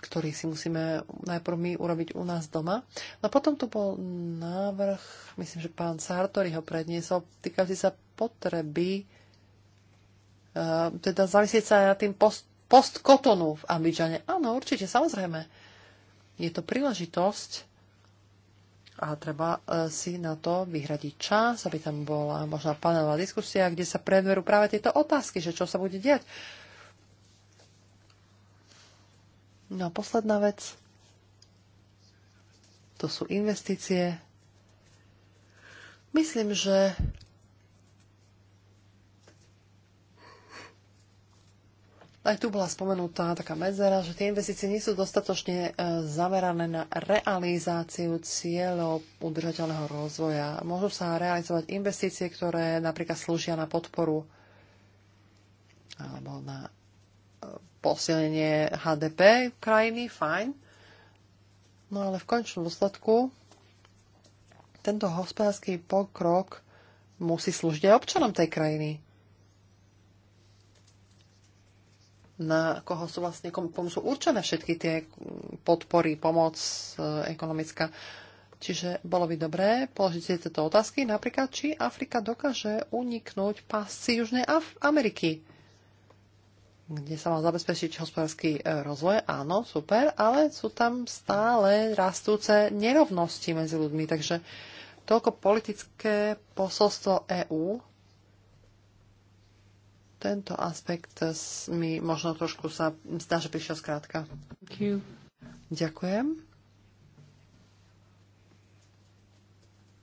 ktorý si musíme najprv my urobiť u nás doma. No potom tu bol návrh, myslím, že pán Sartori ho predniesol, si sa potreby eh, teda zavisieť sa na tým post, postkotonu v Abidžane. Áno, určite, samozrejme. Je to príležitosť a treba eh, si na to vyhradiť čas, aby tam bola možná panelová diskusia, kde sa predverú práve tieto otázky, že čo sa bude diať. No a posledná vec, to sú investície. Myslím, že Aj tu bola spomenutá taká medzera, že tie investície nie sú dostatočne e, zamerané na realizáciu cieľov udržateľného rozvoja. Môžu sa realizovať investície, ktoré napríklad slúžia na podporu alebo na e, posilnenie HDP krajiny, fajn. No ale v končnom dôsledku tento hospodársky pokrok musí slúžiť aj občanom tej krajiny. Na koho sú vlastne, komu sú určené všetky tie podpory, pomoc eh, ekonomická. Čiže bolo by dobré položiť si tieto otázky, napríklad, či Afrika dokáže uniknúť pasci Južnej Af- Ameriky kde sa mal zabezpečiť hospodársky e, rozvoj, áno, super, ale sú tam stále rastúce nerovnosti medzi ľuďmi, takže toľko politické posolstvo EÚ. Tento aspekt mi možno trošku sa zdá, že prišiel skrátka. Ďakujem.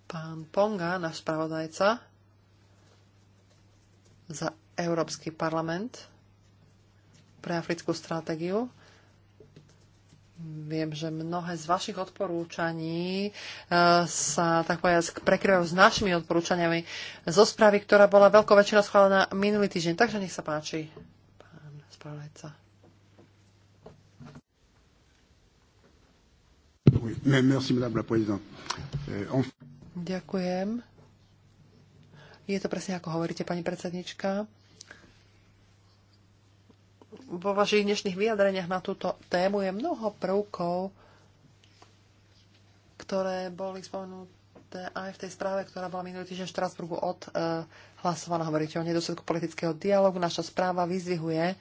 Pán Ponga, náš spravodajca za Európsky parlament pre africkú stratégiu. Viem, že mnohé z vašich odporúčaní eh, sa, tak povedať, prekryvajú s našimi odporúčaniami zo správy, ktorá bola veľkou väčšinou schválená minulý týždeň. Takže nech sa páči, pán spravodajca. Euh, Ďakujem. Je to presne ako hovoríte, pani predsednička vo vašich dnešných vyjadreniach na túto tému je mnoho prvkov, ktoré boli spomenuté aj v tej správe, ktorá bola minulý týždeň v Štrasburgu od uh, hlasovaná. Hovoríte o nedostatku politického dialogu. Naša správa vyzvihuje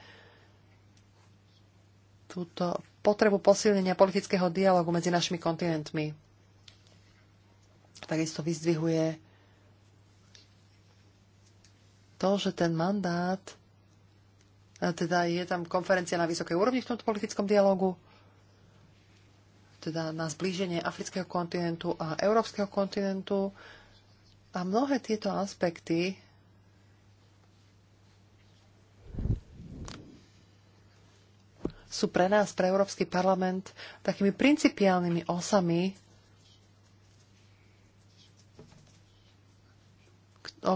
túto potrebu posilnenia politického dialogu medzi našimi kontinentmi. Takisto vyzdvihuje to, že ten mandát E, teda je tam konferencia na vysokej úrovni v tomto politickom dialogu, teda na zblíženie afrického kontinentu a európskeho kontinentu. A mnohé tieto aspekty sú pre nás, pre Európsky parlament, takými principiálnymi osami, o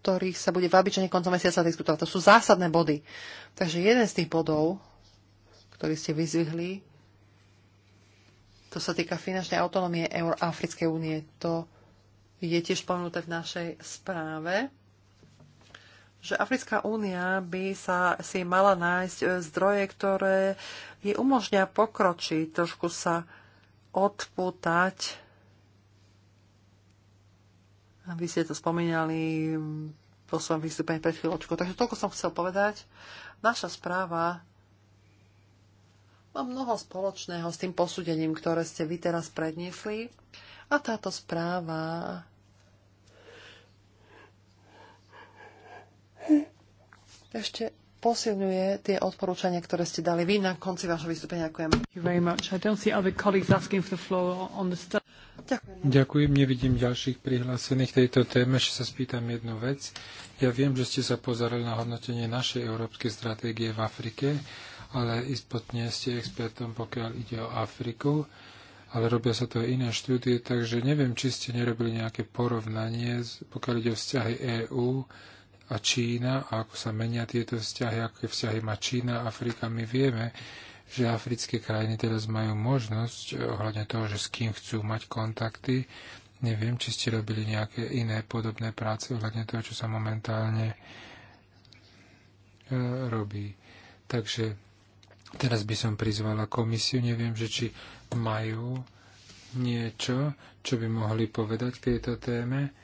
ktorých sa bude v abyčení koncom mesiaca diskutovať. To sú zásadné body. Takže jeden z tých bodov, ktorý ste vyzvihli, to sa týka finančnej autonómie Euroafrickej únie. To je tiež spomenuté v našej správe že Africká únia by sa si mala nájsť e, zdroje, ktoré jej umožňa pokročiť, trošku sa odputať vy ste to spomínali po svojom vystúpení pred chvíľočkou. Takže toľko som chcel povedať. Naša správa má mnoho spoločného s tým posúdením, ktoré ste vy teraz predniesli. A táto správa ešte posilňuje tie odporúčania, ktoré ste dali vy na konci vášho vystúpenia. Ďakujem. Ďakujem, nevidím ďalších prihlásených tejto téme. Ešte sa spýtam jednu vec. Ja viem, že ste sa pozerali na hodnotenie našej európskej stratégie v Afrike, ale istotne ste expertom, pokiaľ ide o Afriku, ale robia sa to aj iné štúdie, takže neviem, či ste nerobili nejaké porovnanie, pokiaľ ide o vzťahy EÚ a Čína, a ako sa menia tieto vzťahy, aké vzťahy má Čína, Afrika, my vieme, že africké krajiny teraz majú možnosť eh, ohľadne toho, že s kým chcú mať kontakty. Neviem, či ste robili nejaké iné podobné práce ohľadne toho, čo sa momentálne eh, robí. Takže teraz by som prizvala komisiu, neviem, že či majú niečo, čo by mohli povedať k tejto téme.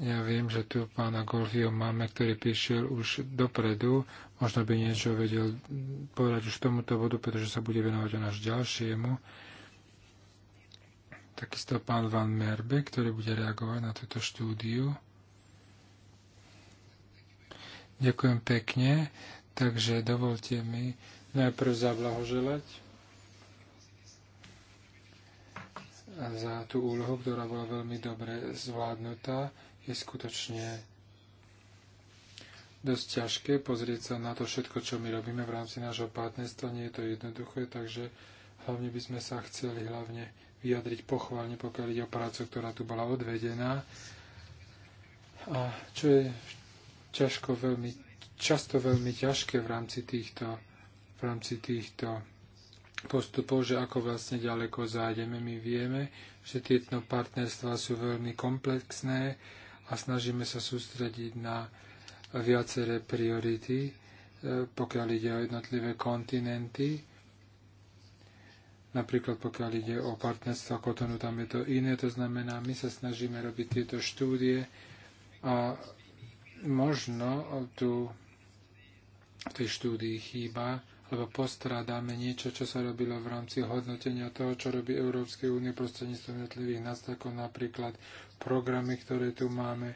Ja viem, že tu pána Golfio máme, ktorý prišiel už dopredu možno by niečo vedel povedať už tomuto bodu, pretože sa bude venovať o náš ďalšiemu. Takisto pán Van Merbe, ktorý bude reagovať na túto štúdiu. Ďakujem pekne, takže dovolte mi najprv zablahoželať za tú úlohu, ktorá bola veľmi dobre zvládnutá. Je skutočne dosť ťažké pozrieť sa na to všetko, čo my robíme v rámci nášho partnerstva. Nie je to jednoduché, takže hlavne by sme sa chceli hlavne vyjadriť pochválne, pokiaľ ide o prácu, ktorá tu bola odvedená. A čo je ťažko veľmi, často veľmi ťažké v rámci týchto, v rámci týchto postupov, že ako vlastne ďaleko zájdeme. My vieme, že tieto partnerstva sú veľmi komplexné a snažíme sa sústrediť na viaceré priority, e, pokiaľ ide o jednotlivé kontinenty. Napríklad pokiaľ ide o partnerstvo kotonu, tam je to iné. To znamená, my sa snažíme robiť tieto štúdie a možno tu v tej štúdii chýba, lebo postrádame niečo, čo sa robilo v rámci hodnotenia toho, čo robí Európskej únie prostredníctvom jednotlivých nástrojov, napríklad programy, ktoré tu máme,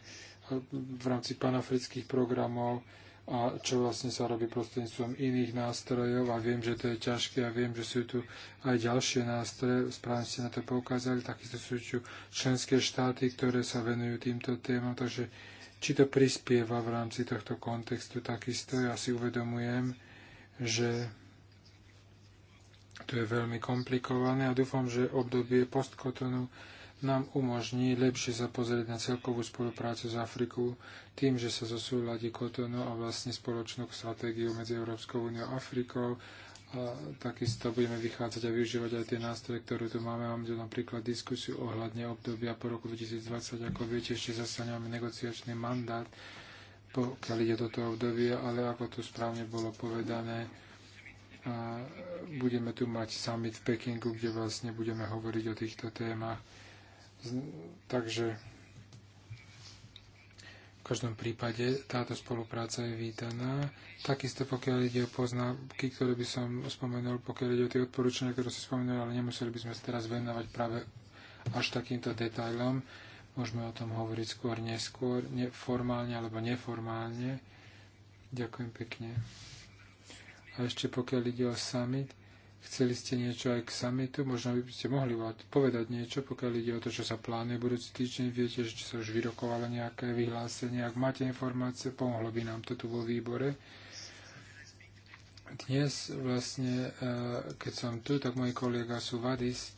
v rámci panafrických programov a čo vlastne sa robí prostredníctvom iných nástrojov a viem, že to je ťažké a viem, že sú tu aj ďalšie nástroje, správne ste na to poukázali, takisto sú tu členské štáty, ktoré sa venujú týmto témam, takže či to prispieva v rámci tohto kontextu takisto, ja si uvedomujem, že to je veľmi komplikované a dúfam, že obdobie postkotonu nám umožní lepšie sa pozrieť na celkovú spoluprácu s Afrikou tým, že sa zosúľadí Kotonu a vlastne spoločnú stratégiu medzi Európskou úniou a Afrikou. A takisto budeme vychádzať a využívať aj tie nástroje, ktoré tu máme. Máme tu napríklad diskusiu ohľadne obdobia po roku 2020. Ako viete, ešte zase nemáme negociačný mandát, pokiaľ ide toto obdobie, ale ako tu správne bolo povedané, a budeme tu mať summit v Pekingu, kde vlastne budeme hovoriť o týchto témach. Takže v každom prípade táto spolupráca je vítaná. Takisto pokiaľ ide o poznámky, ktoré by som spomenul, pokiaľ ide o tie odporúčania, ktoré si spomenul, ale nemuseli by sme sa teraz venovať práve až takýmto detailom. Môžeme o tom hovoriť skôr neskôr, formálne alebo neformálne. Ďakujem pekne. A ešte pokiaľ ide o summit, Chceli ste niečo aj k samitu? Možno by ste mohli povedať niečo, pokiaľ ide o to, čo sa plánuje budúci týždeň. Viete, že sa už vyrokovalo nejaké vyhlásenie. Ak máte informácie, pomohlo by nám to tu vo výbore. Dnes vlastne, e, keď som tu, tak môj kolega sú Vadis,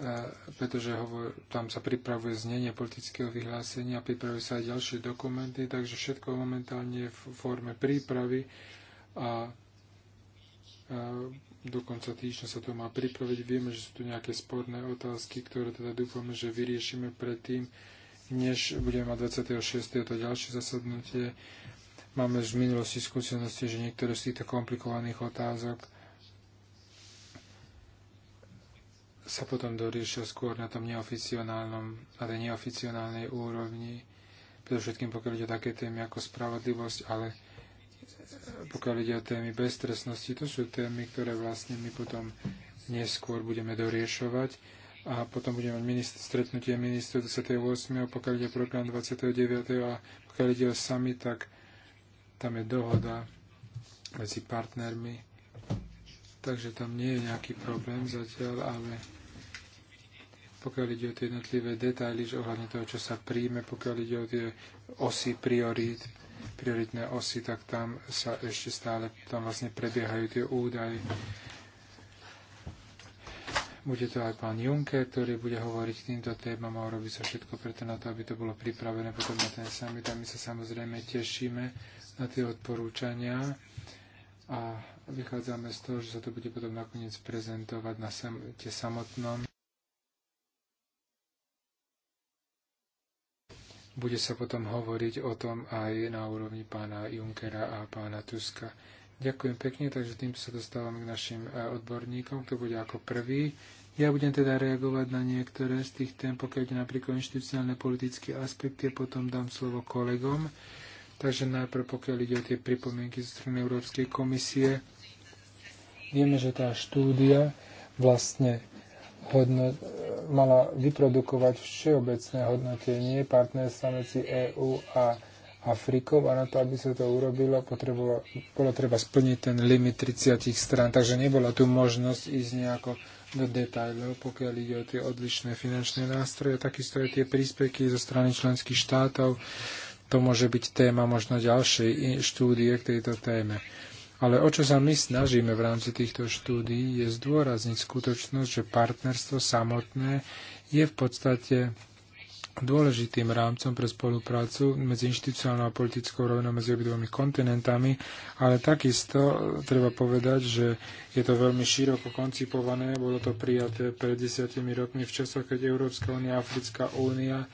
e, pretože hovor, tam sa pripravuje znenie politického vyhlásenia, pripravujú sa aj ďalšie dokumenty, takže všetko momentálne je v forme prípravy a e, do konca týždňa sa to má pripraviť. Vieme, že sú tu nejaké sporné otázky, ktoré teda dúfame, že vyriešime predtým, než budeme mať 26. to ďalšie zasadnutie. Máme z minulosti skúsenosti, že niektoré z týchto komplikovaných otázok sa potom doriešia skôr na tom neoficionálnom, na tej neoficionálnej úrovni, predovšetkým pokiaľ ide také témy ako spravodlivosť, ale pokiaľ ide o témy beztresnosti, to sú témy, ktoré vlastne my potom neskôr budeme doriešovať a potom budeme mať minister, stretnutie ministrov 28. pokiaľ ide program 29. a pokiaľ ide o sami, tak tam je dohoda medzi partnermi, takže tam nie je nejaký problém zatiaľ, ale pokiaľ ide o tie jednotlivé detaily, že ohľadne toho, čo sa príjme, pokiaľ ide o tie osy priorít, prioritné osy, tak tam sa ešte stále, tam vlastne prebiehajú tie údaje. Bude to aj pán Juncker, ktorý bude hovoriť k týmto témam a urobiť sa všetko preto na to, aby to bolo pripravené potom na ten summit. A my sa samozrejme tešíme na tie odporúčania a vychádzame z toho, že sa to bude potom nakoniec prezentovať na samote samotnom. Bude sa potom hovoriť o tom aj na úrovni pána Junkera a pána Tuska. Ďakujem pekne, takže tým sa dostávam k našim e, odborníkom, kto bude ako prvý. Ja budem teda reagovať na niektoré z tých tém, pokiaľ ide napríklad inštitucionálne politické aspekty, a potom dám slovo kolegom. Takže najprv, pokiaľ ide o tie pripomienky zo strany Európskej komisie, vieme, že tá štúdia vlastne hodno, mala vyprodukovať všeobecné hodnotenie partnerstva medzi EÚ a Afrikou a na to, aby sa to urobilo, bolo treba splniť ten limit 30 strán, takže nebola tu možnosť ísť nejako do detajlov, pokiaľ ide o tie odlišné finančné nástroje, takisto aj tie príspeky zo strany členských štátov. To môže byť téma možno ďalšej štúdie k tejto téme. Ale o čo sa my snažíme v rámci týchto štúdií je zdôrazniť skutočnosť, že partnerstvo samotné je v podstate dôležitým rámcom pre spoluprácu medzi inštitucionálnou a politickou rovinou medzi obidvomi kontinentami, ale takisto treba povedať, že je to veľmi široko koncipované. Bolo to prijaté pred desiatimi rokmi v časoch, keď Európska únia a Africká únia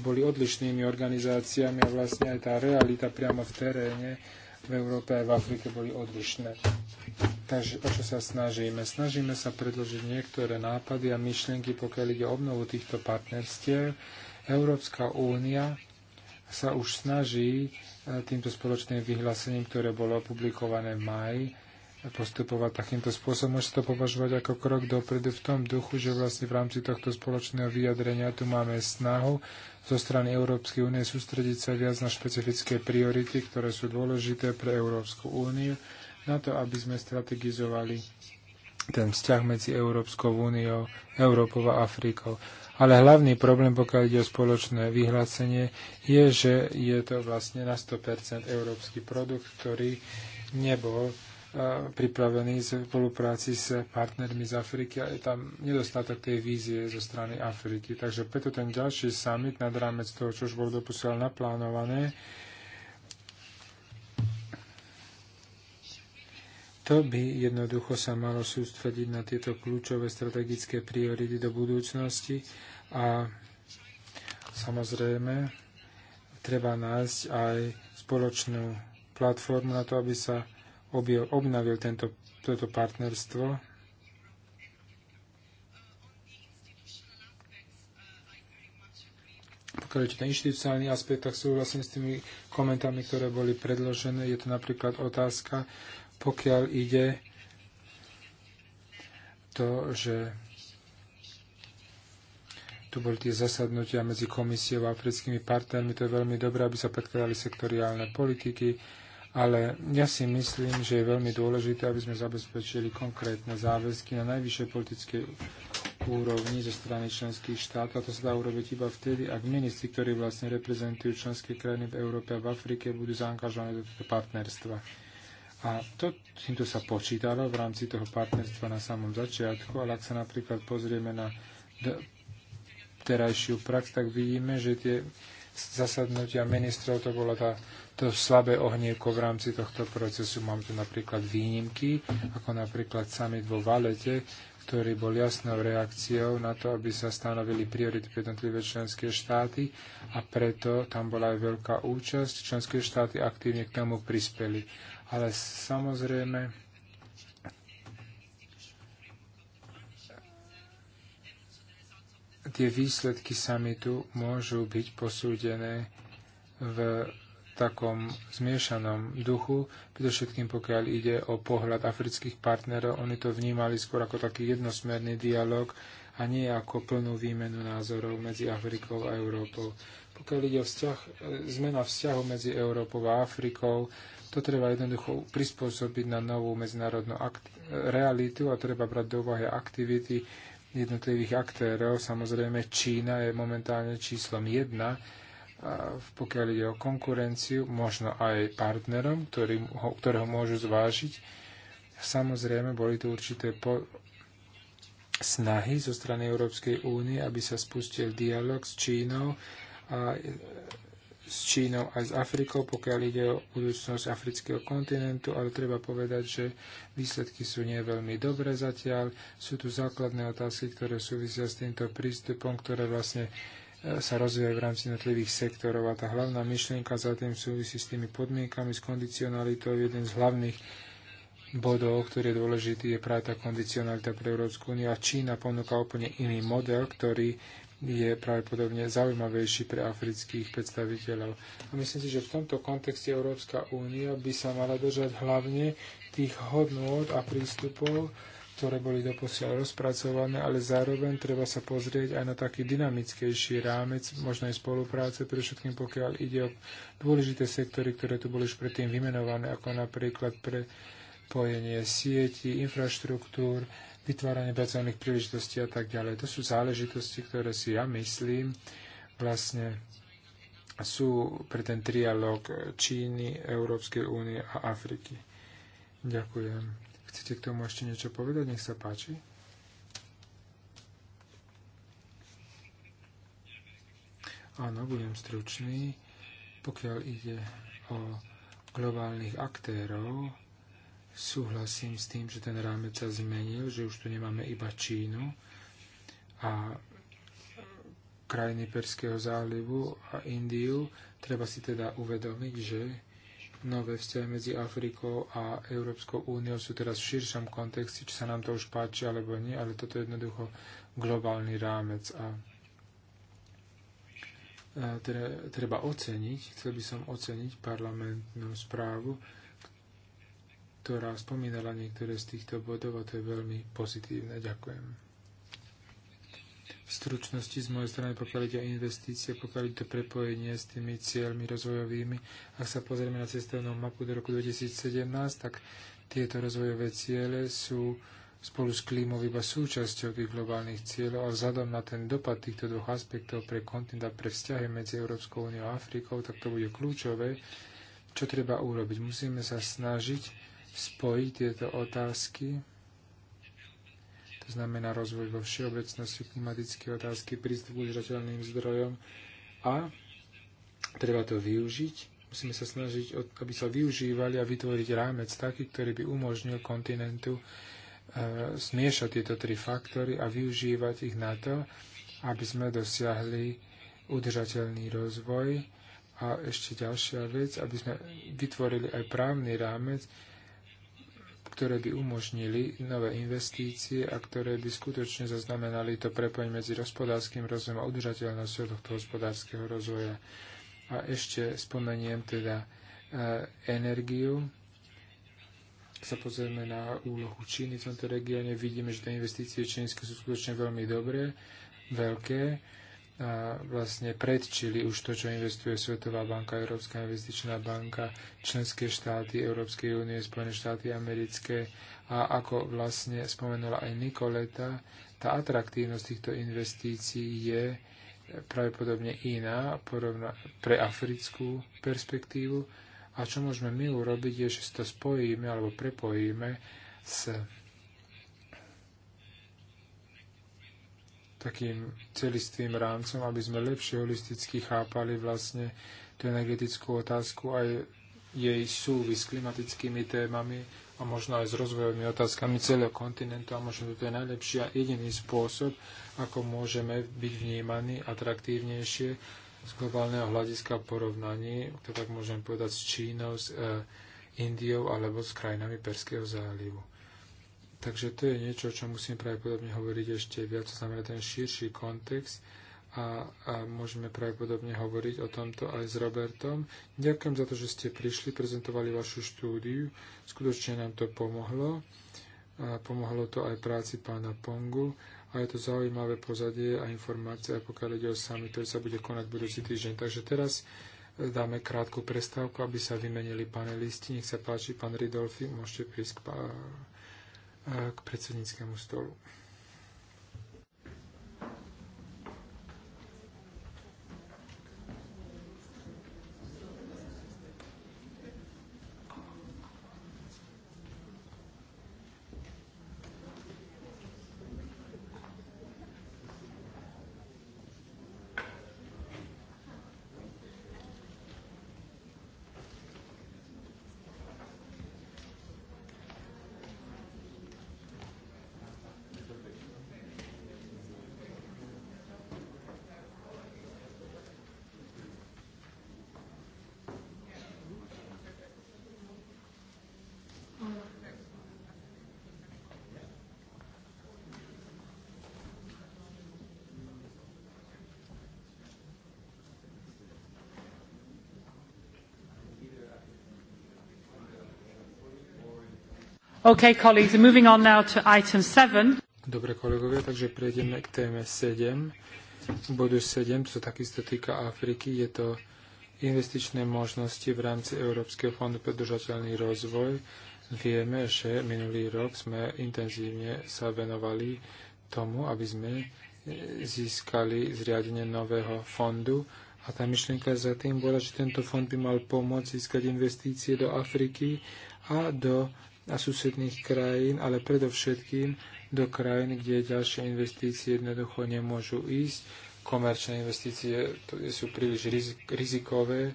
boli odlišnými organizáciami a vlastne aj tá realita priamo v teréne v Európe aj v Afrike boli odlišné. Takže o čo sa snažíme? Snažíme sa predložiť niektoré nápady a myšlienky, pokiaľ ide o obnovu týchto partnerstiev. Európska únia sa už snaží e, týmto spoločným vyhlásením, ktoré bolo publikované v maji, postupovať takýmto spôsobom. Môže to považovať ako krok dopredu v tom duchu, že vlastne v rámci tohto spoločného vyjadrenia tu máme snahu zo strany Európskej únie sústrediť sa viac na špecifické priority, ktoré sú dôležité pre Európsku úniu, na to, aby sme strategizovali ten vzťah medzi Európskou úniou, Európou a Afrikou. Ale hlavný problém, pokiaľ ide o spoločné vyhlásenie, je, že je to vlastne na 100% európsky produkt, ktorý nebol pripravení v spolupráci s partnermi z Afriky a je tam nedostatok tej vízie zo strany Afriky. Takže preto ten ďalší summit nad rámec toho, čo už bolo doposiaľ naplánované, To by jednoducho sa malo sústrediť na tieto kľúčové strategické priority do budúcnosti a samozrejme treba nájsť aj spoločnú platformu na to, aby sa objel, obnavil tento, toto partnerstvo. Pokiaľ je ten inštitucionálny aspekt, tak súhlasím s tými komentami, ktoré boli predložené. Je to napríklad otázka, pokiaľ ide to, že tu boli tie zasadnutia medzi komisiou a africkými partnermi, to je veľmi dobré, aby sa predkladali sektoriálne politiky, ale ja si myslím, že je veľmi dôležité, aby sme zabezpečili konkrétne záväzky na najvyššej politickej úrovni zo strany členských štátov. A to sa dá urobiť iba vtedy, ak ministri, ktorí vlastne reprezentujú členské krajiny v Európe a v Afrike, budú zaangažovaní do tohto partnerstva. A to, týmto sa počítalo v rámci toho partnerstva na samom začiatku, ale ak sa napríklad pozrieme na terajšiu prax, tak vidíme, že tie zasadnutia ministrov to bolo tá, to slabé ohnieko v rámci tohto procesu. Mám tu napríklad výnimky, ako napríklad sami vo Valete, ktorý bol jasnou reakciou na to, aby sa stanovili priority pre jednotlivé členské štáty a preto tam bola aj veľká účasť. Členské štáty aktívne k tomu prispeli. Ale samozrejme, tie výsledky samitu môžu byť posúdené v takom zmiešanom duchu, predovšetkým pokiaľ ide o pohľad afrických partnerov. Oni to vnímali skôr ako taký jednosmerný dialog a nie ako plnú výmenu názorov medzi Afrikou a Európou. Pokiaľ ide o vzťah, e, zmena vzťahu medzi Európou a Afrikou, to treba jednoducho prispôsobiť na novú medzinárodnú e, realitu a treba brať do úvahy aktivity jednotlivých aktérov. Samozrejme, Čína je momentálne číslom jedna, pokiaľ ide o konkurenciu, možno aj partnerom, ktorý, ktorého môžu zvážiť. Samozrejme, boli tu určité po- snahy zo strany Európskej únie, aby sa spustil dialog s Čínou a s Čínou aj s Afrikou, pokiaľ ide o budúcnosť afrického kontinentu, ale treba povedať, že výsledky sú nie veľmi dobré zatiaľ. Sú tu základné otázky, ktoré súvisia s týmto prístupom, ktoré vlastne e, sa rozvíja v rámci jednotlivých sektorov a tá hlavná myšlienka za tým súvisí s tými podmienkami, s kondicionalitou. Jeden z hlavných bodov, ktorý je dôležitý, je práve tá kondicionalita pre Európsku úniu a Čína ponúka úplne iný model, ktorý je pravdepodobne zaujímavejší pre afrických predstaviteľov. A myslím si, že v tomto kontexte Európska únia by sa mala držať hlavne tých hodnôt a prístupov, ktoré boli doposiaľ rozpracované, ale zároveň treba sa pozrieť aj na taký dynamickejší rámec možnej spolupráce, pre všetkým pokiaľ ide o dôležité sektory, ktoré tu boli už predtým vymenované, ako napríklad pre pojenie sieti, infraštruktúr, vytváranie pracovných príležitostí a tak ďalej. To sú záležitosti, ktoré si ja myslím vlastne sú pre ten trialog Číny, Európskej únie a Afriky. Ďakujem. Chcete k tomu ešte niečo povedať? Nech sa páči. Áno, budem stručný. Pokiaľ ide o globálnych aktérov, súhlasím s tým, že ten rámec sa zmenil, že už tu nemáme iba Čínu a krajiny Perského zálivu a Indiu. Treba si teda uvedomiť, že nové vzťahy medzi Afrikou a Európskou úniou sú teraz v širšom kontexte, či sa nám to už páči alebo nie, ale toto je jednoducho globálny rámec a e, teda treba oceniť, chcel by som oceniť parlamentnú správu, ktorá spomínala niektoré z týchto bodov a to je veľmi pozitívne. Ďakujem. V stručnosti z mojej strany, pokiaľ ide o investície, pokiaľ ide o prepojenie s tými cieľmi rozvojovými, ak sa pozrieme na cestovnú mapu do roku 2017, tak tieto rozvojové ciele sú spolu s klímou iba súčasťou tých globálnych cieľov a vzhľadom na ten dopad týchto dvoch aspektov pre kontinent a pre vzťahy medzi Európskou úniou a Afrikou, tak to bude kľúčové, čo treba urobiť. Musíme sa snažiť spojiť tieto otázky, to znamená rozvoj vo všeobecnosti klimatické otázky, prístup k udržateľným zdrojom a treba to využiť. Musíme sa snažiť, aby sa využívali a vytvoriť rámec taký, ktorý by umožnil kontinentu e, smiešať tieto tri faktory a využívať ich na to, aby sme dosiahli udržateľný rozvoj a ešte ďalšia vec, aby sme vytvorili aj právny rámec, ktoré by umožnili nové investície a ktoré by skutočne zaznamenali to prepojenie medzi hospodárskym rozvojom a udržateľnosťou tohto hospodárskeho rozvoja. A ešte spomeniem teda e, energiu. Ak sa pozrieme na úlohu Číny v tomto regióne, vidíme, že tie investície čínske sú skutočne veľmi dobré, veľké vlastne predčili už to, čo investuje Svetová banka, Európska investičná banka, členské štáty Európskej únie, Spojené štáty americké a ako vlastne spomenula aj Nikoleta, tá atraktívnosť týchto investícií je pravdepodobne iná porovna, pre africkú perspektívu a čo môžeme my urobiť je, že si to spojíme alebo prepojíme s takým celistvým rámcom, aby sme lepšie holisticky chápali vlastne tú energetickú otázku aj jej súvis s klimatickými témami a možno aj s rozvojovými otázkami celého kontinentu a možno to je najlepší a jediný spôsob, ako môžeme byť vnímaní atraktívnejšie z globálneho hľadiska porovnaní, to tak môžem povedať, s Čínou, s e, Indiou alebo s krajinami Perského zálivu. Takže to je niečo, o čo musím pravdepodobne hovoriť ešte viac, to znamená ten širší kontext a, a môžeme pravdepodobne hovoriť o tomto aj s Robertom. Ďakujem za to, že ste prišli, prezentovali vašu štúdiu, skutočne nám to pomohlo. A pomohlo to aj práci pána Pongu a je to zaujímavé pozadie a informácie, aj pokiaľ ide o summit, ktorý sa bude konať budúci týždeň. Takže teraz e, dáme krátku prestávku, aby sa vymenili panelisti. Nech sa páči, pán Ridolfi, môžete prísť k k predsedníckému stolu. Okay, colleagues, moving on now to item 7. Dobre kolegovia, takže prejdeme k téme 7. Bodu 7, čo takisto týka Afriky, je to investičné možnosti v rámci Európskeho fondu pre držateľný rozvoj. Vieme, že minulý rok sme intenzívne sa venovali tomu, aby sme získali zriadenie nového fondu, a tá myšlienka za tým bola, že tento fond by mal pomôcť získať investície do Afriky a do a susedných krajín, ale predovšetkým do krajín, kde ďalšie investície jednoducho nemôžu ísť. Komerčné investície sú príliš rizikové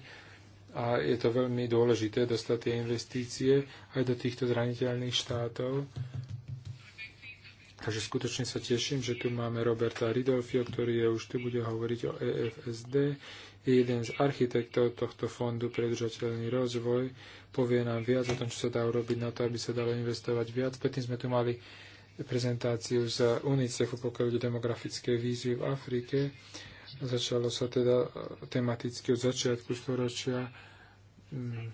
a je to veľmi dôležité dostať tie investície aj do týchto zraniteľných štátov. Takže skutočne sa teším, že tu máme Roberta Ridolfio, ktorý je už tu, bude hovoriť o EFSD. Je jeden z architektov tohto fondu pre rozvoj. Povie nám viac o tom, čo sa dá urobiť na to, aby sa dalo investovať viac. Predtým sme tu mali prezentáciu z UNICEF o ide demografické vízie v Afrike. Začalo sa teda tematicky od začiatku storočia. Mm.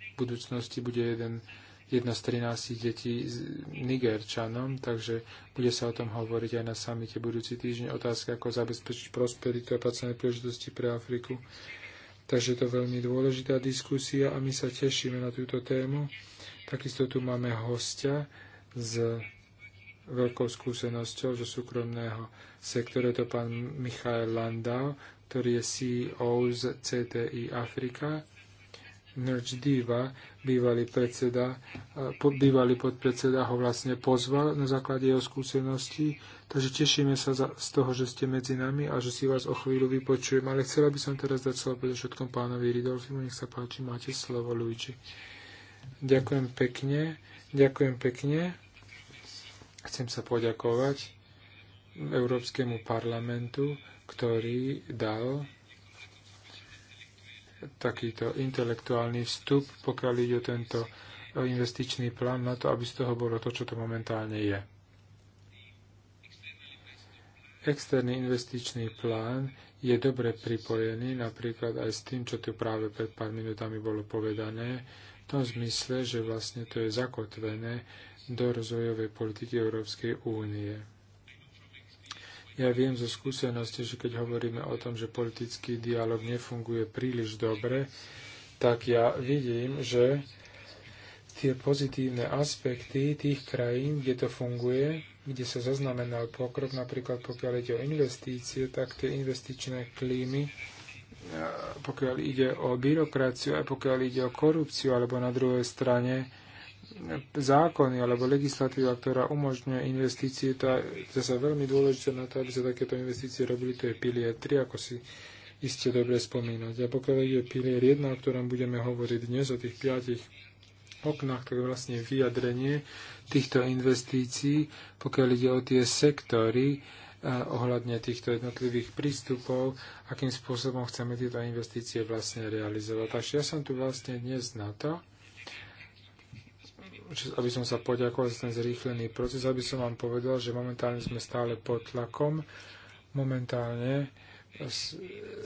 V budúcnosti bude jeden jedno z 13 detí s Nigerčanom, takže bude sa o tom hovoriť aj na samite budúci týždeň. Otázka, ako zabezpečiť prosperitu a pracovné príležitosti pre Afriku. Takže je to veľmi dôležitá diskusia a my sa tešíme na túto tému. Takisto tu máme hostia s veľkou skúsenosťou zo súkromného sektora. Je to pán Michael Landau, ktorý je CEO z CTI Afrika Nurčdíva, bývalý, predseda, bývalý podpredseda, ho vlastne pozval na základe jeho skúseností. Takže tešíme sa za, z toho, že ste medzi nami a že si vás o chvíľu vypočujem. Ale chcela by som teraz dať slovo predovšetkom pánovi Ridolfimu. Nech sa páči, máte slovo, Luigi. Ďakujem pekne. Ďakujem pekne. Chcem sa poďakovať Európskemu parlamentu, ktorý dal takýto intelektuálny vstup, pokiaľ ide o tento e, investičný plán na to, aby z toho bolo to, čo to momentálne je. Externý investičný plán je dobre pripojený napríklad aj s tým, čo tu práve pred pár minútami bolo povedané, v tom zmysle, že vlastne to je zakotvené do rozvojovej politiky Európskej únie. Ja viem zo skúsenosti, že keď hovoríme o tom, že politický dialog nefunguje príliš dobre, tak ja vidím, že tie pozitívne aspekty tých krajín, kde to funguje, kde sa zaznamenal pokrok, napríklad pokiaľ ide o investície, tak tie investičné klímy e, pokiaľ ide o byrokraciu, aj pokiaľ ide o korupciu, alebo na druhej strane zákony alebo legislatíva, ktorá umožňuje investície, to je zase veľmi dôležité na to, aby sa takéto investície robili, to je pilier 3, ako si iste dobre spomínať. A pokiaľ je pilier 1, o ktorom budeme hovoriť dnes, o tých piatich oknách, to je vlastne vyjadrenie týchto investícií, pokiaľ ide o tie sektory, eh, ohľadne týchto jednotlivých prístupov, akým spôsobom chceme tieto investície vlastne realizovať. Takže ja som tu vlastne dnes na to, aby som sa poďakoval za ten zrýchlený proces, aby som vám povedal, že momentálne sme stále pod tlakom. Momentálne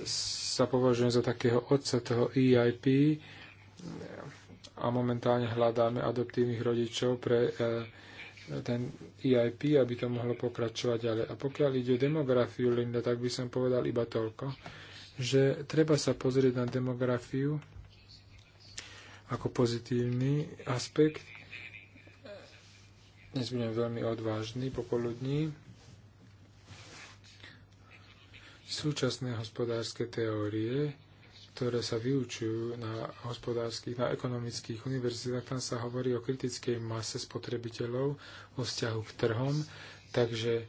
sa považujem za takého otca toho EIP a momentálne hľadáme adoptívnych rodičov pre eh, ten EIP, aby to mohlo pokračovať ďalej. A pokiaľ ide o demografiu, Linda, tak by som povedal iba toľko, že treba sa pozrieť na demografiu ako pozitívny aspekt dnes budem veľmi odvážny popoludní. Súčasné hospodárske teórie, ktoré sa vyučujú na hospodárskych, na ekonomických univerzitách, tam sa hovorí o kritickej mase spotrebiteľov vo vzťahu k trhom, takže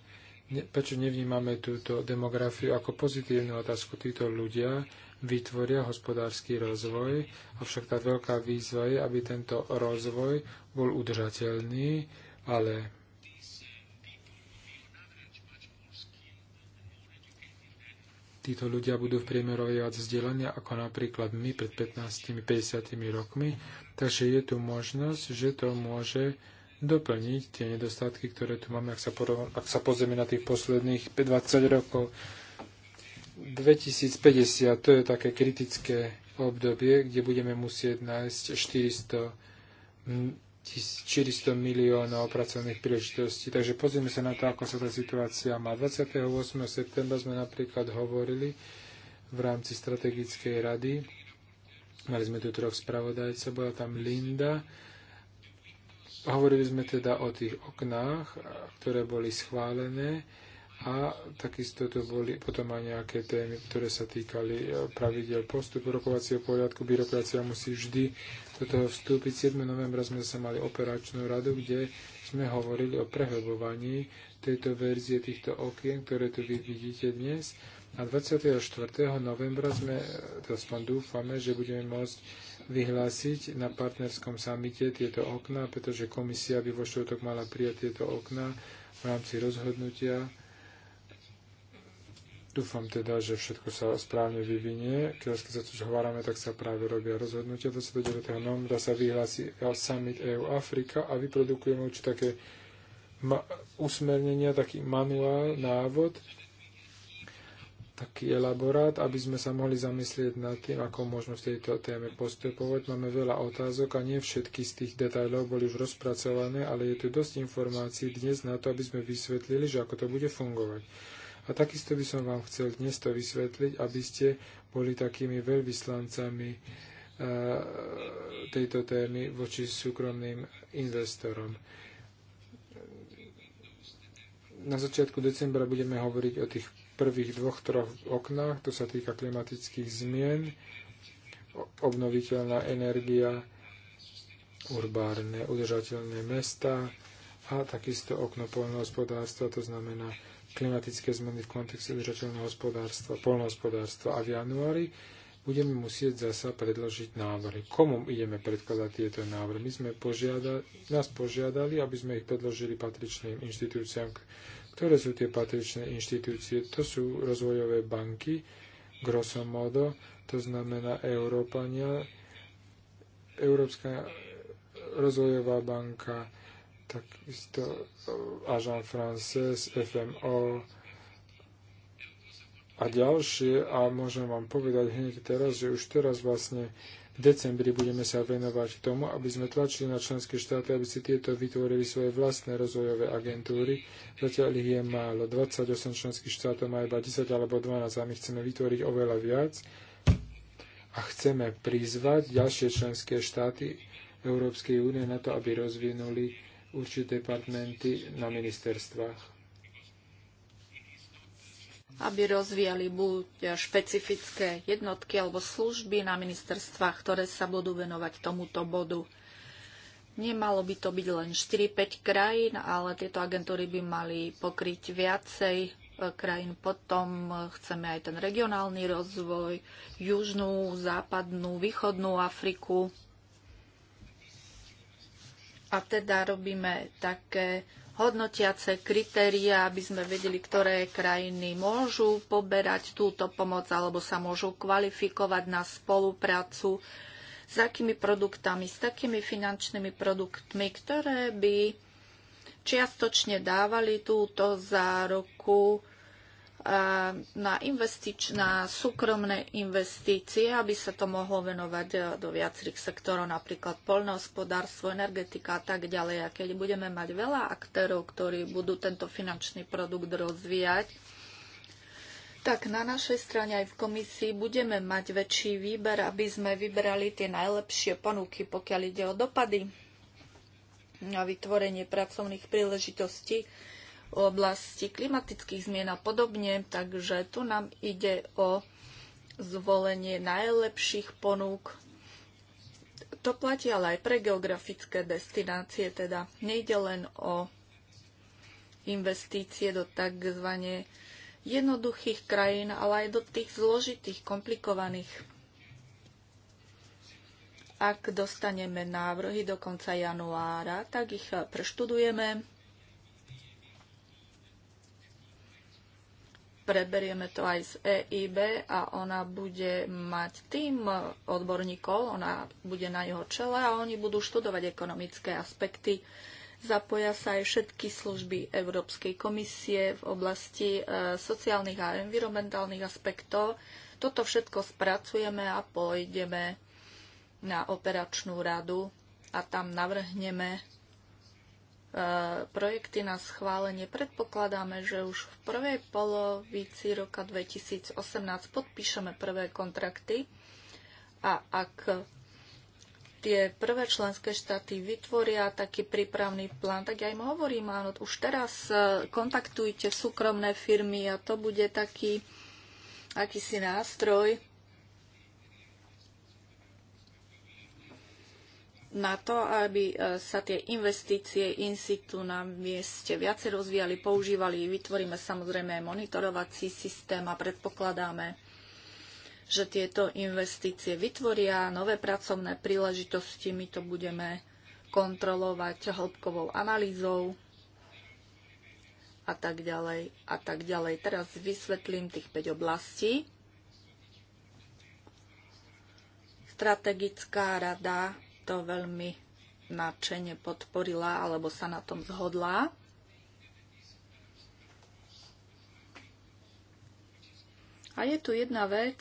ne, prečo nevnímame túto demografiu ako pozitívnu otázku títo ľudia, vytvoria hospodársky rozvoj, avšak tá veľká výzva je, aby tento rozvoj bol udržateľný ale títo ľudia budú v priemere viac vzdelaní ako napríklad my pred 15-50 rokmi. Takže je tu možnosť, že to môže doplniť tie nedostatky, ktoré tu máme, ak sa, ak sa pozrieme na tých posledných 20 rokov. 2050 to je také kritické obdobie, kde budeme musieť nájsť 400 400 miliónov pracovných príležitostí. Takže pozrieme sa na to, ako sa tá situácia má. 28. septembra sme napríklad hovorili v rámci strategickej rady. Mali sme tu troch spravodajcov, bola tam Linda. Hovorili sme teda o tých oknách, ktoré boli schválené a takisto to boli potom aj nejaké témy, ktoré sa týkali e, pravidel postupu rokovacieho poriadku. Byrokracia musí vždy do toho vstúpiť. 7. novembra sme sa mali operačnú radu, kde sme hovorili o prehlbovaní tejto verzie týchto okien, ktoré tu vy vidíte dnes. A 24. novembra sme, to e, aspoň dúfame, že budeme môcť vyhlásiť na partnerskom samite tieto okná, pretože komisia by vo štvrtok mala prijať tieto okná v rámci rozhodnutia Dúfam teda, že všetko sa správne vyvinie. keď sa tu hovárame, tak sa práve robia rozhodnutia. 29. novembra sa vyhlási summit EU-Afrika a vyprodukujeme určite také usmernenia, taký manuál, návod, taký elaborát, aby sme sa mohli zamyslieť nad tým, ako môžeme v tejto téme postupovať. Máme veľa otázok a nie všetky z tých detajlov boli už rozpracované, ale je tu dosť informácií dnes na to, aby sme vysvetlili, že ako to bude fungovať. A takisto by som vám chcel dnes to vysvetliť, aby ste boli takými veľvyslancami eh, tejto témy voči súkromným investorom. Na začiatku decembra budeme hovoriť o tých prvých dvoch, troch oknách, to sa týka klimatických zmien, obnoviteľná energia, urbárne, udržateľné mesta a takisto okno poľnohospodárstva, to znamená klimatické zmeny v kontexte udržateľného hospodárstva, polnohospodárstva a v januári budeme musieť zasa predložiť návrhy. Komu ideme predkladať tieto návrhy? My sme požiadali, nás požiadali, aby sme ich predložili patričným inštitúciám. Ktoré sú tie patričné inštitúcie? To sú rozvojové banky, grosso modo, to znamená Európania, Európska rozvojová banka, takisto eh, Agent Frances, FMO a ďalšie a môžem vám povedať hneď teraz, že už teraz vlastne v decembri budeme sa venovať tomu, aby sme tlačili na členské štáty, aby si tieto vytvorili svoje vlastné rozvojové agentúry. Zatiaľ ich je málo. 28 členských štátov má iba 10 alebo 12 a my chceme vytvoriť oveľa viac a chceme prizvať ďalšie členské štáty Európskej únie na to, aby rozvinuli určité departmenty na ministerstvách. Aby rozvíjali buď špecifické jednotky alebo služby na ministerstvách, ktoré sa budú venovať tomuto bodu. Nemalo by to byť len 4-5 krajín, ale tieto agentúry by mali pokryť viacej e, krajín. Potom e, chceme aj ten regionálny rozvoj, južnú, západnú, východnú Afriku a teda robíme také hodnotiace kritéria, aby sme vedeli, ktoré krajiny môžu poberať túto pomoc alebo sa môžu kvalifikovať na spoluprácu s akými produktami, s takými finančnými produktmi, ktoré by čiastočne dávali túto záruku Eh, na, investič, na súkromné investície, aby sa to mohlo venovať eh, do viacerých sektorov, napríklad poľnohospodárstvo, energetika a tak ďalej. A keď budeme mať veľa aktérov, ktorí budú tento finančný produkt rozvíjať, tak na našej strane aj v komisii budeme mať väčší výber, aby sme vybrali tie najlepšie ponuky, pokiaľ ide o dopady na vytvorenie pracovných príležitostí oblasti klimatických zmien a podobne, takže tu nám ide o zvolenie najlepších ponúk. To platí ale aj pre geografické destinácie, teda nejde len o investície do tzv. jednoduchých krajín, ale aj do tých zložitých, komplikovaných. Ak dostaneme návrhy do konca januára, tak ich preštudujeme preberieme to aj z EIB a ona bude mať tým odborníkov, ona bude na jeho čele a oni budú študovať ekonomické aspekty. Zapoja sa aj všetky služby Európskej komisie v oblasti e, sociálnych a environmentálnych aspektov. Toto všetko spracujeme a pôjdeme na operačnú radu a tam navrhneme E, projekty na schválenie. Predpokladáme, že už v prvej polovici roka 2018 podpíšeme prvé kontrakty a ak tie prvé členské štáty vytvoria taký prípravný plán, tak ja im hovorím, áno, už teraz e, kontaktujte súkromné firmy a to bude taký akýsi nástroj, na to, aby e, sa tie investície in situ na mieste viacej rozvíjali, používali. Vytvoríme samozrejme monitorovací systém a predpokladáme, že tieto investície vytvoria nové pracovné príležitosti. My to budeme kontrolovať hĺbkovou analýzou a tak ďalej a tak ďalej. Teraz vysvetlím tých 5 oblastí. Strategická rada to veľmi nadšene podporila alebo sa na tom zhodla. A je tu jedna vec,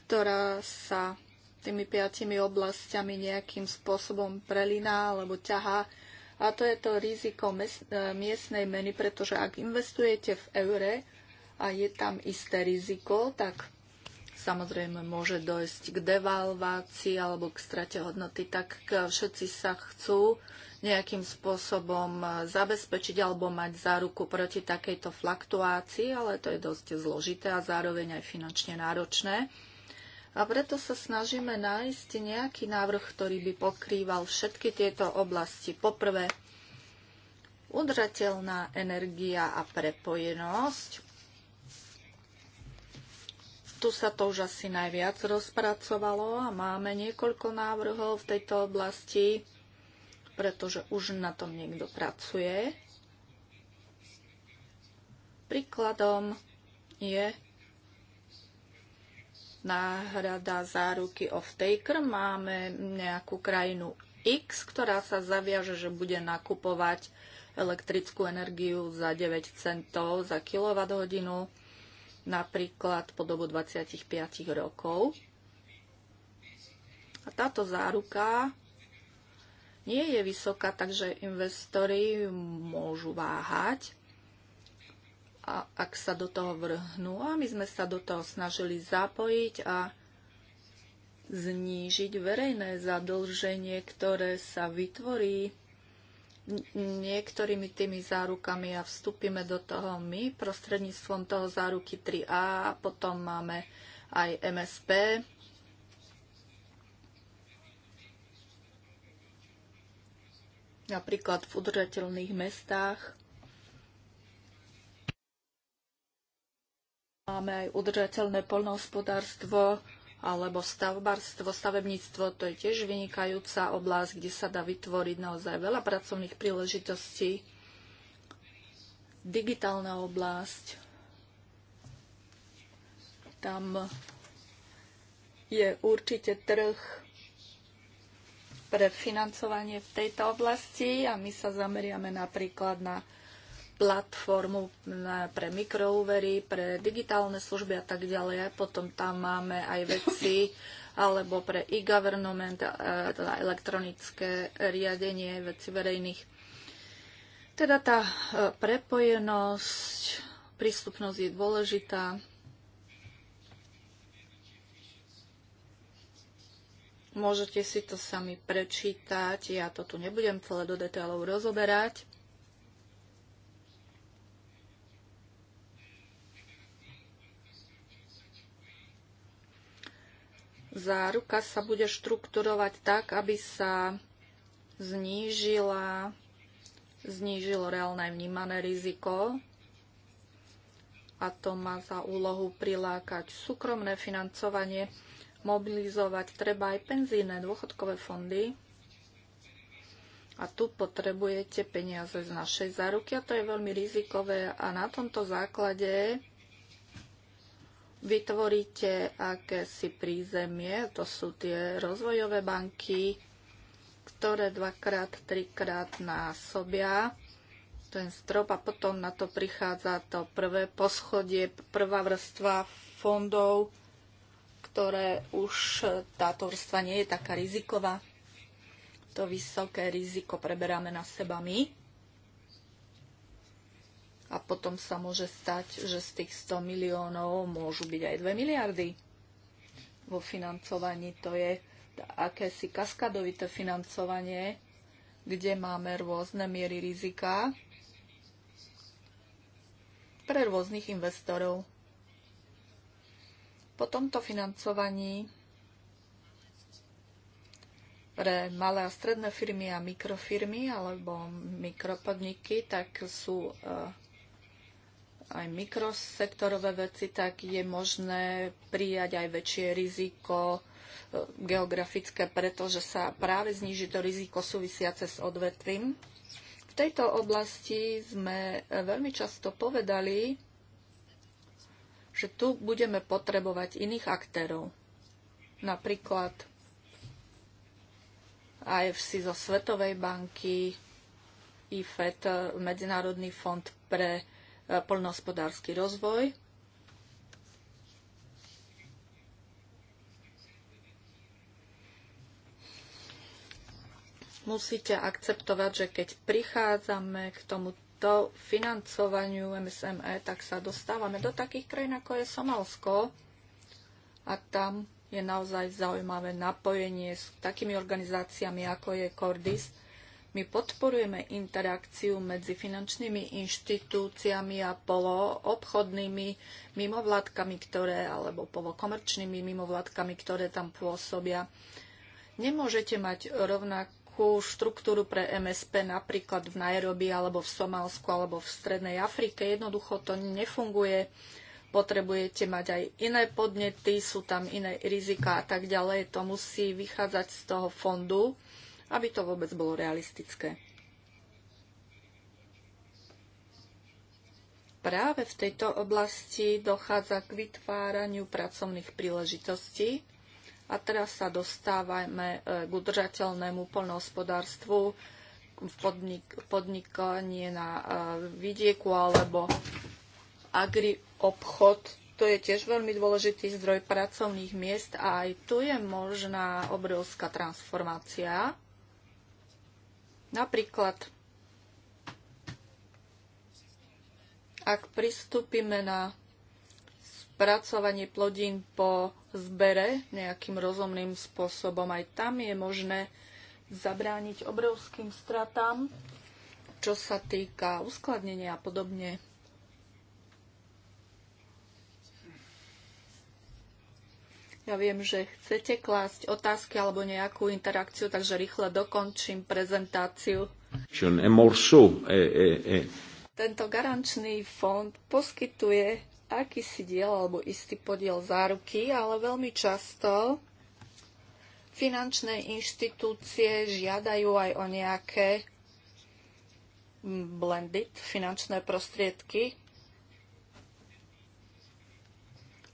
ktorá sa tými piatimi oblastiami nejakým spôsobom prelína alebo ťahá. A to je to riziko mes- e, miestnej meny, pretože ak investujete v eure a je tam isté riziko, tak Samozrejme môže dojsť k devalvácii alebo k strate hodnoty, tak všetci sa chcú nejakým spôsobom eh, zabezpečiť alebo mať záruku proti takejto fluktuácii, ale to je dosť zložité a zároveň aj finančne náročné. A preto sa snažíme nájsť nejaký návrh, ktorý by pokrýval všetky tieto oblasti. Poprvé, udržateľná energia a prepojenosť. Tu sa to už asi najviac rozpracovalo a máme niekoľko návrhov v tejto oblasti, pretože už na tom niekto pracuje. Príkladom je náhrada záruky off-taker. Máme nejakú krajinu X, ktorá sa zaviaže, že bude nakupovať elektrickú energiu za 9 centov za kWh napríklad po dobu 25 rokov. A táto záruka nie je vysoká, takže investori môžu váhať, a ak sa do toho vrhnú. A my sme sa do toho snažili zapojiť a znížiť verejné zadlženie, ktoré sa vytvorí niektorými tými zárukami a vstúpime do toho my prostredníctvom toho záruky 3A a potom máme aj MSP. Napríklad v udržateľných mestách. Máme aj udržateľné polnohospodárstvo, alebo stavbarstvo, stavebníctvo, to je tiež vynikajúca oblasť, kde sa dá vytvoriť naozaj veľa pracovných príležitostí. Digitálna oblasť, tam je určite trh pre financovanie v tejto oblasti a my sa zameriame napríklad na platformu mm, pre mikroúvery, pre digitálne služby a tak ďalej. Potom tam máme aj veci alebo pre e-government, e, teda elektronické riadenie veci verejných. Teda tá e, prepojenosť, prístupnosť je dôležitá. Môžete si to sami prečítať, ja to tu nebudem celé do detailov rozoberať. záruka sa bude štrukturovať tak, aby sa znížila, znížilo reálne vnímané riziko a to má za úlohu prilákať súkromné financovanie, mobilizovať treba aj penzíne dôchodkové fondy. A tu potrebujete peniaze z našej záruky a to je veľmi rizikové a na tomto základe vytvoríte akési prízemie, to sú tie rozvojové banky, ktoré dvakrát, trikrát násobia ten strop a potom na to prichádza to prvé poschodie, prvá vrstva fondov, ktoré už táto vrstva nie je taká riziková. To vysoké riziko preberáme na seba my a potom sa môže stať, že z tých 100 miliónov môžu byť aj 2 miliardy. Vo financovaní to je akési kaskadovité financovanie, kde máme rôzne miery rizika pre rôznych investorov. Po tomto financovaní pre malé a stredné firmy a mikrofirmy alebo mikropodniky, tak sú eh, aj mikrosektorové veci, tak je možné prijať aj väčšie riziko e, geografické, pretože sa práve zníži to riziko súvisiace s odvetvím. V tejto oblasti sme e, veľmi často povedali, že tu budeme potrebovať iných aktérov. Napríklad IFC zo Svetovej banky, IFED, Medzinárodný fond pre E, polnohospodársky rozvoj. Musíte akceptovať, že keď prichádzame k tomuto financovaniu MSME, tak sa dostávame do takých krajín, ako je Somalsko. A tam je naozaj zaujímavé napojenie s takými organizáciami, ako je Cordis, my podporujeme interakciu medzi finančnými inštitúciami a poloobchodnými mimovládkami, ktoré, alebo polokomerčnými mimovládkami, ktoré tam pôsobia. Nemôžete mať rovnakú štruktúru pre MSP napríklad v Nairobi alebo v Somálsku alebo v Strednej Afrike. Jednoducho to nefunguje potrebujete mať aj iné podnety, sú tam iné rizika a tak ďalej. To musí vychádzať z toho fondu aby to vôbec bolo realistické. Práve v tejto oblasti dochádza k vytváraniu pracovných príležitostí a teraz sa dostávame e, k udržateľnému poľnohospodárstvu, v podnik, podnikanie na e, vidieku alebo agriobchod. To je tiež veľmi dôležitý zdroj pracovných miest a aj tu je možná obrovská transformácia Napríklad, ak pristúpime na spracovanie plodín po zbere nejakým rozumným spôsobom, aj tam je možné zabrániť obrovským stratám, čo sa týka uskladnenia a podobne. Ja viem, že chcete klásť otázky alebo nejakú interakciu, takže rýchle dokončím prezentáciu. E, e, e. Tento garančný fond poskytuje akýsi diel alebo istý podiel záruky, ale veľmi často finančné inštitúcie žiadajú aj o nejaké blended finančné prostriedky,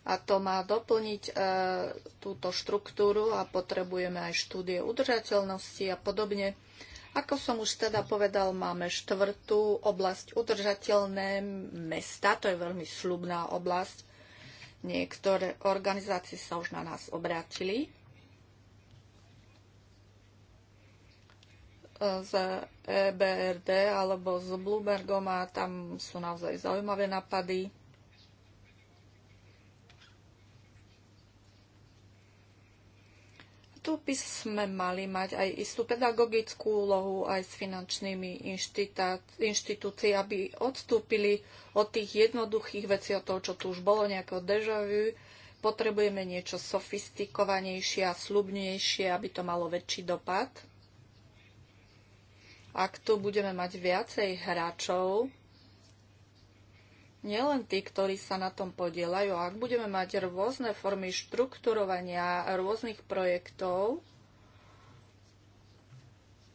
a to má doplniť e, túto štruktúru a potrebujeme aj štúdie udržateľnosti a podobne. Ako som už teda povedal, máme štvrtú oblasť udržateľné mesta, to je veľmi slubná oblasť. Niektoré organizácie sa už na nás obrátili. z EBRD alebo s Bloombergom a tam sú naozaj zaujímavé napady. Tu by sme mali mať aj istú pedagogickú úlohu aj s finančnými inštitúcií, aby odstúpili od tých jednoduchých vecí, od toho, čo tu už bolo, nejakého deja vu. Potrebujeme niečo sofistikovanejšie a slubnejšie, aby to malo väčší dopad. Ak tu budeme mať viacej hráčov, nielen tí, ktorí sa na tom podielajú. Ak budeme mať rôzne formy štrukturovania rôznych projektov,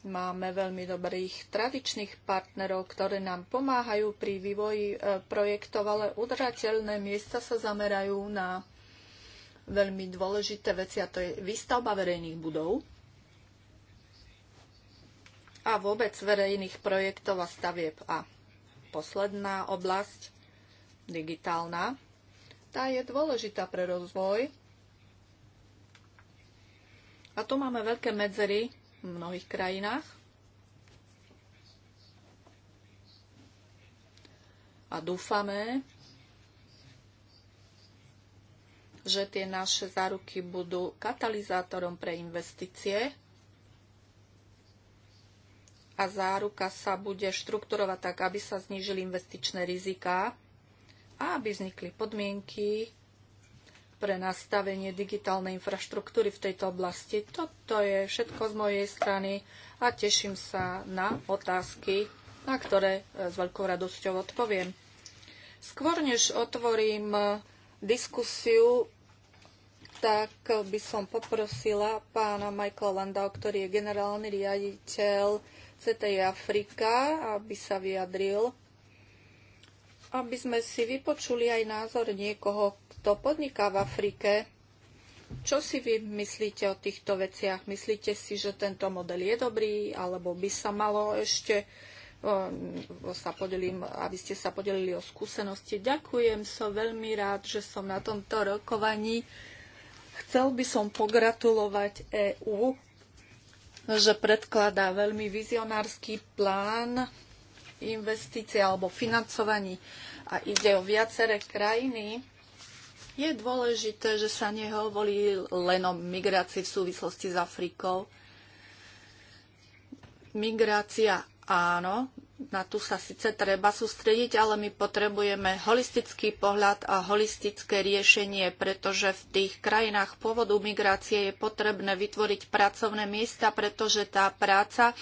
Máme veľmi dobrých tradičných partnerov, ktorí nám pomáhajú pri vývoji e, projektov, ale udržateľné miesta sa zamerajú na veľmi dôležité veci a to je výstavba verejných budov a vôbec verejných projektov a stavieb. A posledná oblasť digitálna, tá je dôležitá pre rozvoj. A tu máme veľké medzery v mnohých krajinách. A dúfame, že tie naše záruky budú katalizátorom pre investície a záruka sa bude štrukturovať tak, aby sa znížili investičné riziká a aby vznikli podmienky pre nastavenie digitálnej infraštruktúry v tejto oblasti. Toto je všetko z mojej strany a teším sa na otázky, na ktoré e, s veľkou radosťou odpoviem. Skôr než otvorím e, diskusiu, tak by som poprosila pána Michaela Landau, ktorý je generálny riaditeľ CTI Afrika, aby sa vyjadril aby sme si vypočuli aj názor niekoho, kto podniká v Afrike. Čo si vy myslíte o týchto veciach? Myslíte si, že tento model je dobrý, alebo by sa malo ešte um, sa podelím, aby ste sa podelili o skúsenosti. Ďakujem, som veľmi rád, že som na tomto rokovaní. Chcel by som pogratulovať EÚ, že predkladá veľmi vizionársky plán investície alebo financovaní a ide o viaceré krajiny, je dôležité, že sa nehovorí len o migrácii v súvislosti s Afrikou. Migrácia áno, na tu sa síce treba sústrediť, ale my potrebujeme holistický pohľad a holistické riešenie, pretože v tých krajinách pôvodu migrácie je potrebné vytvoriť pracovné miesta, pretože tá práca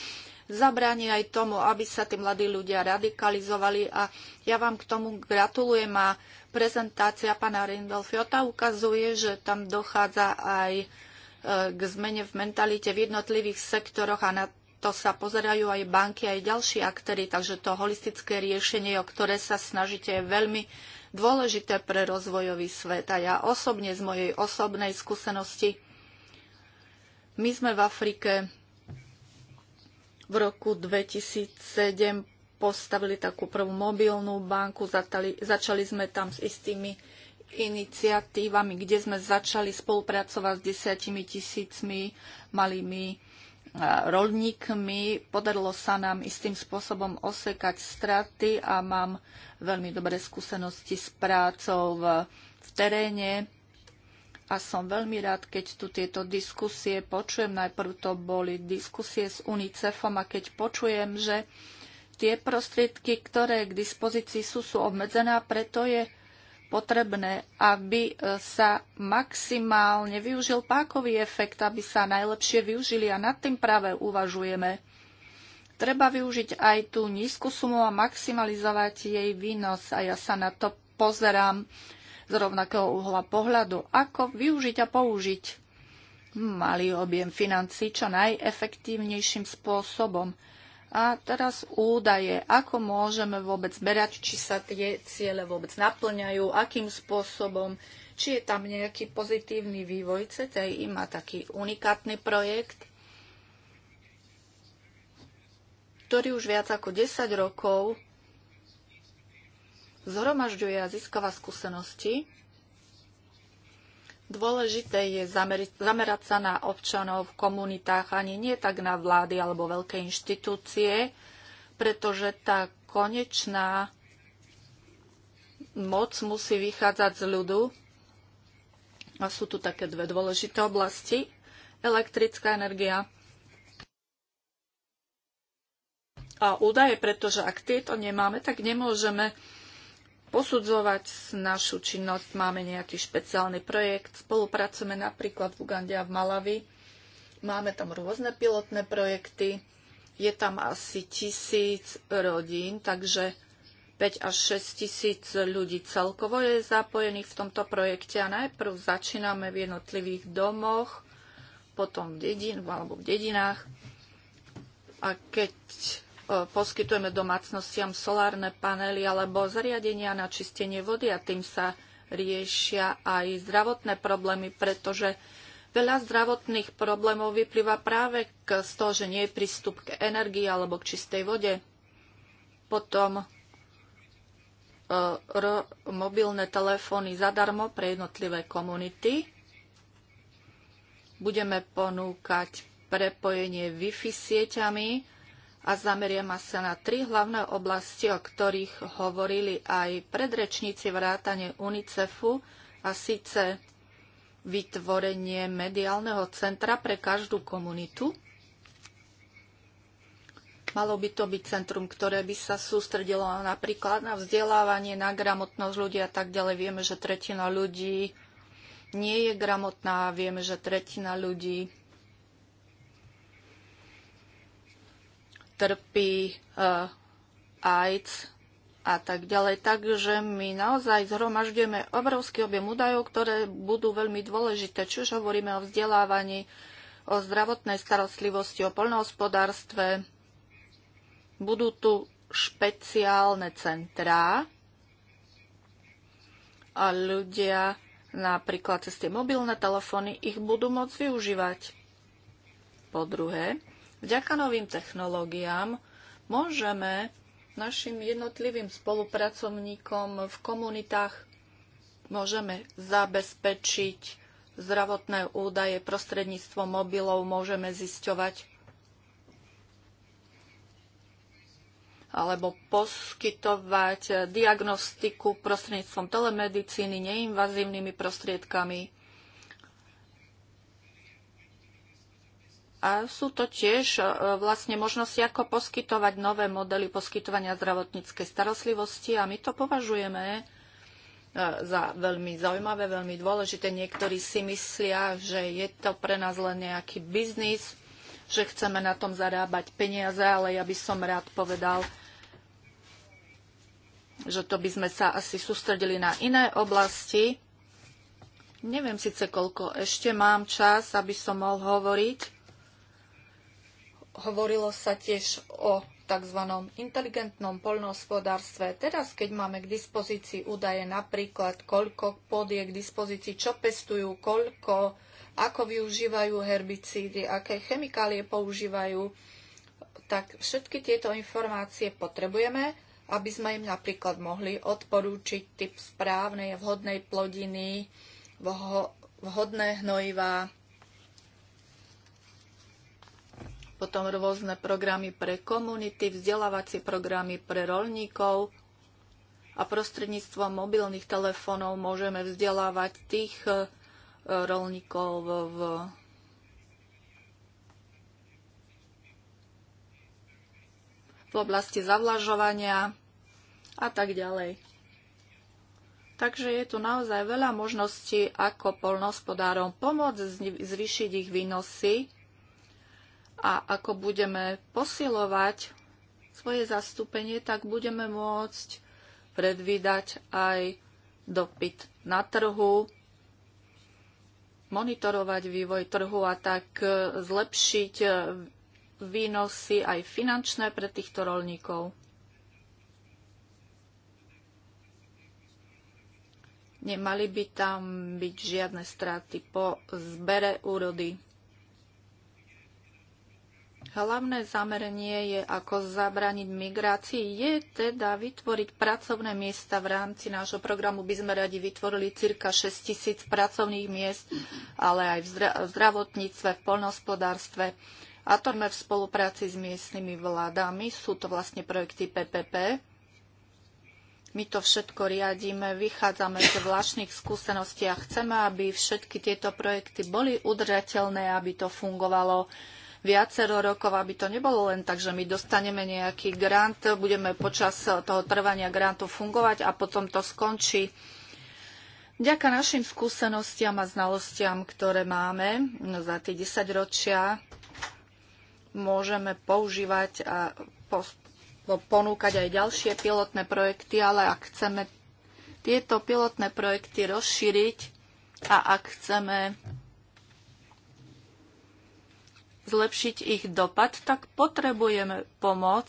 zabráni aj tomu, aby sa tí mladí ľudia radikalizovali a ja vám k tomu gratulujem a prezentácia pána Rindolfiota ukazuje, že tam dochádza aj e, k zmene v mentalite v jednotlivých sektoroch a na to sa pozerajú aj banky, aj ďalší aktéry, takže to holistické riešenie, o ktoré sa snažíte, je veľmi dôležité pre rozvojový svet. A ja osobne z mojej osobnej skúsenosti, my sme v Afrike v roku 2007 postavili takú prvú mobilnú banku, zatali, začali sme tam s istými iniciatívami, kde sme začali spolupracovať s desiatimi tisícmi malými e, rolníkmi. Podarilo sa nám istým spôsobom osekať straty a mám veľmi dobré skúsenosti s prácou v, v teréne a som veľmi rád, keď tu tieto diskusie počujem. Najprv to boli diskusie s UNICEFom a keď počujem, že tie prostriedky, ktoré k dispozícii sú, sú obmedzené a preto je potrebné, aby e, sa maximálne využil pákový efekt, aby sa najlepšie využili a nad tým práve uvažujeme. Treba využiť aj tú nízku sumu a maximalizovať jej výnos a ja sa na to pozerám z rovnakého uhla pohľadu, ako využiť a použiť malý objem financí čo najefektívnejším spôsobom. A teraz údaje, ako môžeme vôbec berať, či sa tie ciele vôbec naplňajú, akým spôsobom, či je tam nejaký pozitívny vývoj. CTI má taký unikátny projekt, ktorý už viac ako 10 rokov zhromažďuje a získava skúsenosti. Dôležité je zamerať sa na občanov v komunitách, ani nie tak na vlády alebo veľké inštitúcie, pretože tá konečná moc musí vychádzať z ľudu. A sú tu také dve dôležité oblasti. Elektrická energia a údaje, pretože ak tieto nemáme, tak nemôžeme posudzovať našu činnosť. Máme nejaký špeciálny projekt, spolupracujeme napríklad v Ugande a v Malavi. Máme tam rôzne pilotné projekty, je tam asi tisíc rodín, takže 5 až 6 tisíc ľudí celkovo je zapojených v tomto projekte a najprv začíname v jednotlivých domoch, potom v dedin, alebo v dedinách a keď E, poskytujeme domácnostiam solárne panely alebo zariadenia na čistenie vody a tým sa riešia aj zdravotné problémy, pretože veľa zdravotných problémov vyplýva práve z toho, že nie je prístup k energii alebo k čistej vode. Potom e, mobilné telefóny zadarmo pre jednotlivé komunity. Budeme ponúkať prepojenie Wi-Fi sieťami a zameriama sa na tri hlavné oblasti, o ktorých hovorili aj predrečníci vrátane UNICEFu a síce vytvorenie mediálneho centra pre každú komunitu. Malo by to byť centrum, ktoré by sa sústredilo napríklad na vzdelávanie, na gramotnosť ľudí a tak ďalej. Vieme, že tretina ľudí nie je gramotná, vieme, že tretina ľudí trpí e, AIDS a tak ďalej. Takže my naozaj zhromažďujeme obrovský objem údajov, ktoré budú veľmi dôležité, či už hovoríme o vzdelávaní, o zdravotnej starostlivosti, o poľnohospodárstve. Budú tu špeciálne centrá a ľudia napríklad cez tie mobilné telefóny ich budú môcť využívať. Po druhé, Vďaka novým technológiám môžeme našim jednotlivým spolupracovníkom v komunitách môžeme zabezpečiť zdravotné údaje prostredníctvom mobilov, môžeme zisťovať alebo poskytovať diagnostiku prostredníctvom telemedicíny neinvazívnymi prostriedkami. A sú to tiež e, vlastne možnosti, ako poskytovať nové modely poskytovania zdravotníckej starostlivosti a my to považujeme e, za veľmi zaujímavé, veľmi dôležité. Niektorí si myslia, že je to pre nás len nejaký biznis, že chceme na tom zarábať peniaze, ale ja by som rád povedal, že to by sme sa asi sústredili na iné oblasti. Neviem síce, koľko ešte mám čas, aby som mohol hovoriť. Hovorilo sa tiež o tzv. inteligentnom poľnohospodárstve. Teraz, keď máme k dispozícii údaje napríklad, koľko pod je k dispozícii, čo pestujú, koľko, ako využívajú herbicídy, aké chemikálie používajú, tak všetky tieto informácie potrebujeme, aby sme im napríklad mohli odporúčiť typ správnej vhodnej plodiny, vhodné hnojivá, potom rôzne programy pre komunity, vzdelávacie programy pre rolníkov a prostredníctvom mobilných telefónov môžeme vzdelávať tých e, rolníkov v v oblasti zavlažovania a tak ďalej. Takže je tu naozaj veľa možností, ako polnospodárom pomôcť zvýšiť ich výnosy a ako budeme posilovať svoje zastúpenie, tak budeme môcť predvídať aj dopyt na trhu, monitorovať vývoj trhu a tak e, zlepšiť e, výnosy aj finančné pre týchto rolníkov. Nemali by tam byť žiadne straty po zbere úrody. Hlavné zameranie je, ako zabraniť migrácii, je teda vytvoriť pracovné miesta. V rámci nášho programu by sme radi vytvorili cirka 6 tisíc pracovných miest, ale aj v zdravotníctve, v polnohospodárstve. A to v spolupráci s miestnymi vládami. Sú to vlastne projekty PPP. My to všetko riadíme, vychádzame z vlastných skúseností a chceme, aby všetky tieto projekty boli udržateľné, aby to fungovalo viacero rokov, aby to nebolo len tak, že my dostaneme nejaký grant, budeme počas toho trvania grantu fungovať a potom to skončí. Vďaka našim skúsenostiam a znalostiam, ktoré máme za tie 10 ročia, môžeme používať a no, ponúkať aj ďalšie pilotné projekty, ale ak chceme tieto pilotné projekty rozšíriť a ak chceme zlepšiť ich dopad, tak potrebujeme pomoc,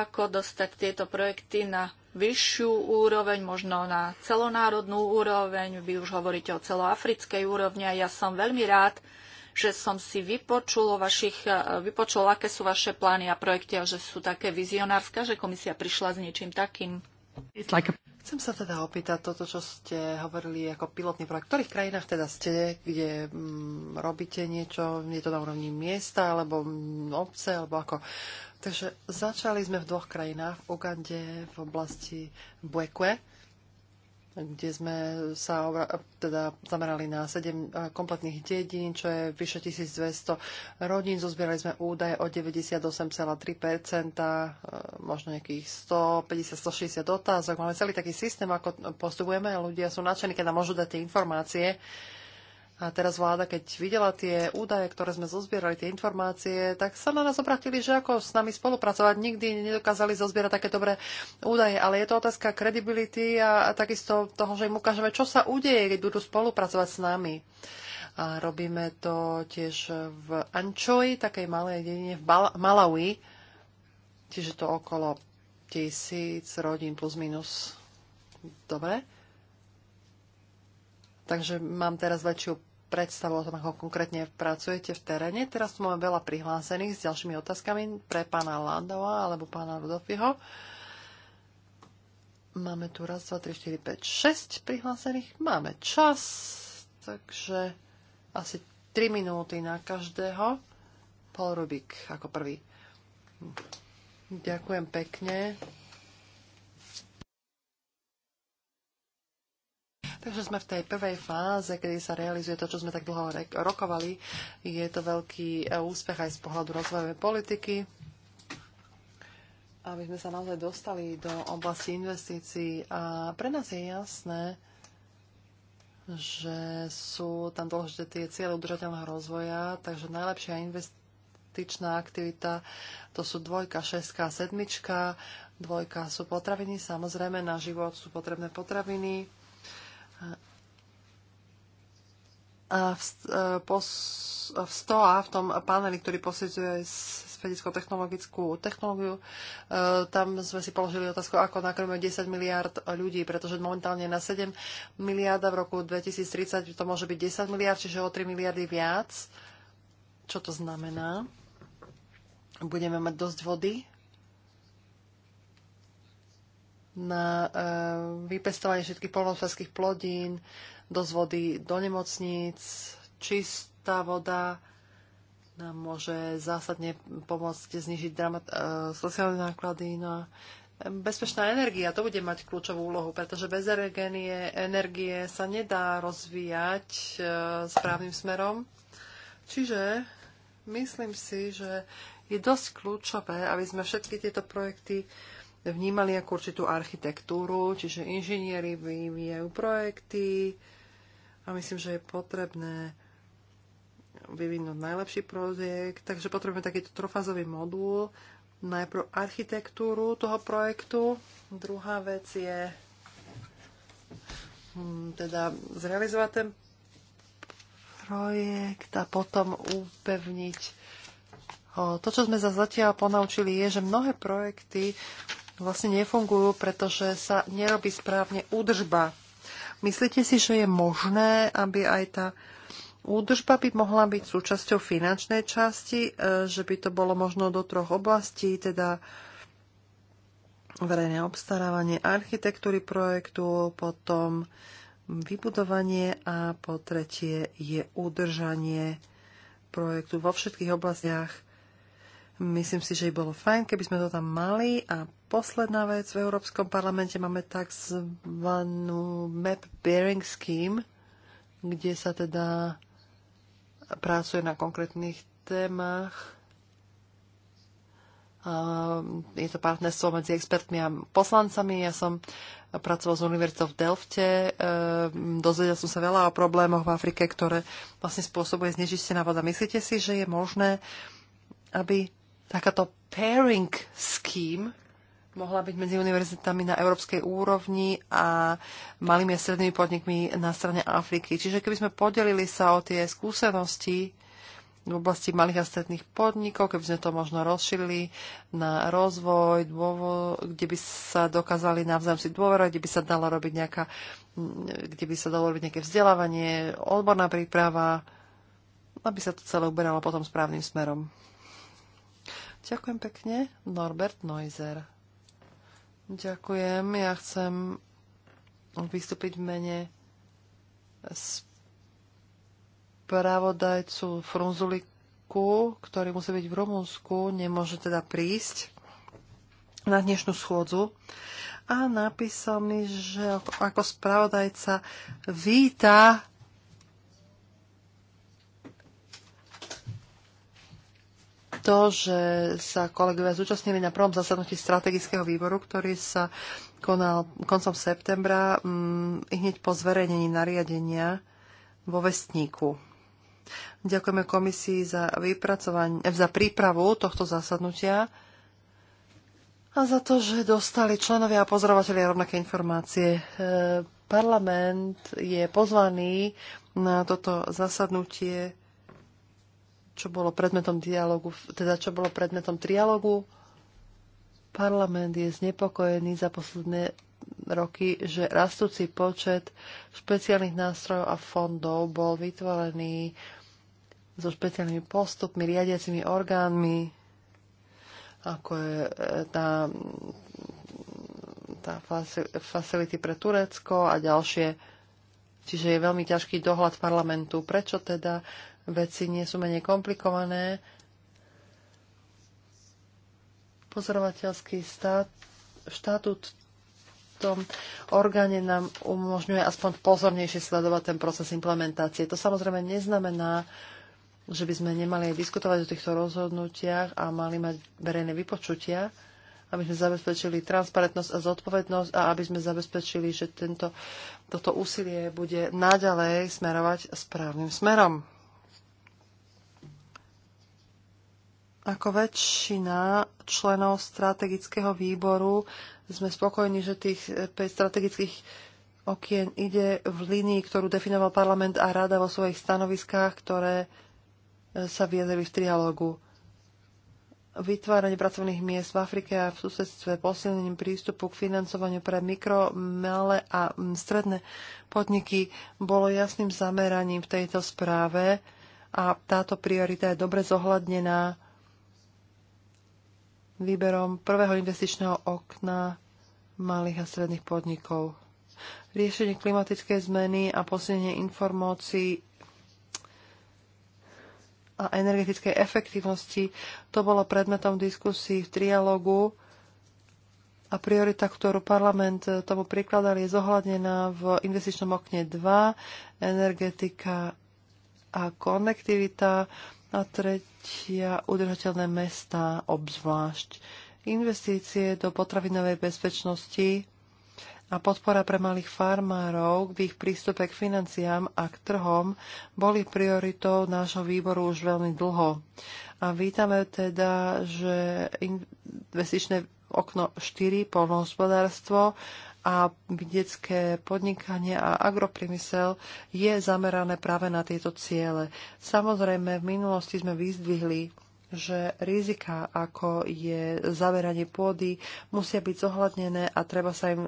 ako dostať tieto projekty na vyššiu úroveň, možno na celonárodnú úroveň. Vy už hovoríte o celoafrickej úrovni a ja som veľmi rád, že som si vypočul, vašich, e, vypočul, aké sú vaše plány a projekty a že sú také vizionárske, že komisia prišla s niečím takým. Like a... Chcem sa teda opýtať toto, čo ste hovorili ako pilotný projekt. V ktorých krajinách teda ste, kde mm, robíte niečo, je to na úrovni miesta, alebo mm, obce, alebo ako? Takže začali sme v dvoch krajinách, v Ugande, v oblasti Buekwe, kde sme sa teda zamerali na 7 eh, kompletných dedín, čo je vyše 1200 rodín. Zozbierali sme údaje o 98,3%, eh, možno nejakých 150-160 otázok. Máme celý taký systém, ako postupujeme ľudia sú nadšení, keď nám môžu dať tie informácie. A teraz vláda, keď videla tie údaje, ktoré sme zozbierali, tie informácie, tak sa na nás obratili, že ako s nami spolupracovať. Nikdy nedokázali zozbierať také dobré údaje, ale je to otázka kredibility a, a takisto toho, že im ukážeme, čo sa udeje, keď budú spolupracovať s nami. A robíme to tiež v Ančoji, takej malej dedine v Bal- Malawi. Čiže to okolo tisíc rodín plus minus. Dobre? Takže mám teraz väčšiu predstavu o tom, ako konkrétne pracujete v teréne. Teraz tu máme veľa prihlásených s ďalšími otázkami pre pána Landova alebo pána Rudolfiho. Máme tu raz, dva, tri, štyri, 5, 6 prihlásených. Máme čas, takže asi 3 minúty na každého. Pol Rubik ako prvý. Ďakujem pekne. Takže sme v tej prvej fáze, kedy sa realizuje to, čo sme tak dlho rokovali. Je to veľký e, úspech aj z pohľadu rozvojovej politiky, aby sme sa naozaj dostali do oblasti investícií. A pre nás je jasné, že sú tam dôležité tie cieľe udržateľného rozvoja, takže najlepšia investičná aktivita to sú dvojka, šestka, sedmička. Dvojka sú potraviny, samozrejme na život sú potrebné potraviny a v, e, pos, e, v STOA, v tom paneli, ktorý posudzuje vedeckou technologickú technológiu, e, tam sme si položili otázku, ako nakrme 10 miliard ľudí, pretože momentálne na 7 miliarda v roku 2030 to môže byť 10 miliard, čiže o 3 miliardy viac. Čo to znamená? Budeme mať dosť vody na e, vypestovanie všetkých polnohospodárských plodín, dosť vody do nemocníc, čistá voda nám môže zásadne pomôcť znižiť dramat, e, sociálne náklady na e, bezpečná energia. To bude mať kľúčovú úlohu, pretože bez energie, energie sa nedá rozvíjať e, správnym smerom. Čiže myslím si, že je dosť kľúčové, aby sme všetky tieto projekty e, vnímali ako určitú architektúru, čiže inžinieri vyvíjajú projekty a myslím, že je potrebné vyvinúť najlepší projekt, takže potrebujeme takýto trofázový modul, najprv architektúru toho projektu, druhá vec je hm, teda zrealizovať ten projekt a potom upevniť. To, čo sme sa zatiaľ ponaučili, je, že mnohé projekty vlastne nefungujú, pretože sa nerobí správne údržba. Myslíte si, že je možné, aby aj tá údržba by mohla byť súčasťou finančnej časti, e, že by to bolo možno do troch oblastí, teda verejné obstarávanie architektúry projektu, potom vybudovanie a po tretie je udržanie projektu vo všetkých oblastiach. Myslím si, že by bolo fajn, keby sme to tam mali a posledná vec, v Európskom parlamente máme tzv. map bearing scheme, kde sa teda pracuje na konkrétnych témach. Je to partnerstvo medzi expertmi a poslancami. Ja som pracoval z univerzitou v Delfte. Ehm, dozvedel som sa veľa o problémoch v Afrike, ktoré vlastne spôsobuje znečistená voda. Myslíte si, že je možné, aby takáto pairing scheme mohla byť medzi univerzitami na európskej úrovni a malými a strednými podnikmi na strane Afriky. Čiže keby sme podelili sa o tie skúsenosti v oblasti malých a stredných podnikov, keby sme to možno rozšili na rozvoj, dôvo, kde by sa dokázali navzájom si dôverovať, kde by sa dala robiť nejaká, kde by sa dalo robiť nejaké vzdelávanie, odborná príprava, aby sa to celé uberalo potom správnym smerom. Ďakujem pekne. Norbert Neuser. Ďakujem. Ja chcem vystúpiť v mene spravodajcu Frunzuliku, ktorý musí byť v Rumunsku, nemôže teda prísť na dnešnú schôdzu a napísal mi, že ako spravodajca víta to, že sa kolegovia zúčastnili na prvom zasadnutí strategického výboru, ktorý sa konal koncom septembra, mm, hneď po zverejnení nariadenia vo vestníku. Ďakujeme komisii za, eh, za prípravu tohto zasadnutia a za to, že dostali členovia a pozorovateľia rovnaké informácie. Eh, parlament je pozvaný na toto zasadnutie čo bolo predmetom dialogu, teda čo bolo predmetom trialogu. Parlament je znepokojený za posledné roky, že rastúci počet špeciálnych nástrojov a fondov bol vytvorený so špeciálnymi postupmi, riadiacimi orgánmi, ako je e, tá, tá facility pre Turecko a ďalšie. Čiže je veľmi ťažký dohľad parlamentu. Prečo teda veci nie sú menej komplikované. Pozorovateľský stát, štatút tom orgáne nám umožňuje aspoň pozornejšie sledovať ten proces implementácie. To samozrejme neznamená, že by sme nemali aj diskutovať o týchto rozhodnutiach a mali mať verejné vypočutia, aby sme zabezpečili transparentnosť a zodpovednosť a aby sme zabezpečili, že tento, toto úsilie bude naďalej smerovať správnym smerom. Ako väčšina členov strategického výboru sme spokojní, že tých 5 strategických okien ide v línii, ktorú definoval parlament a rada vo svojich stanoviskách, ktoré e, sa viedeli v trialógu. Vytváranie pracovných miest v Afrike a v susedstve posilnením prístupu k financovaniu pre mikro, malé a stredné podniky bolo jasným zameraním v tejto správe a táto priorita je dobre zohľadnená výberom prvého investičného okna malých a stredných podnikov. Riešenie klimatickej zmeny a posilnenie informácií a energetickej efektívnosti to bolo predmetom diskusí v trialogu a priorita, ktorú parlament tomu prikladal, je zohľadnená v investičnom okne 2, energetika a konektivita a tretia udržateľné mesta obzvlášť. Investície do potravinovej bezpečnosti a podpora pre malých farmárov v ich prístupe k financiám a k trhom boli prioritou nášho výboru už veľmi dlho. A vítame teda, že investičné okno 4, polnohospodárstvo, a vidiecké podnikanie a agropriemysel je zamerané práve na tieto ciele. Samozrejme, v minulosti sme vyzdvihli že rizika, ako je zaveranie pôdy, musia byť zohľadnené a treba sa im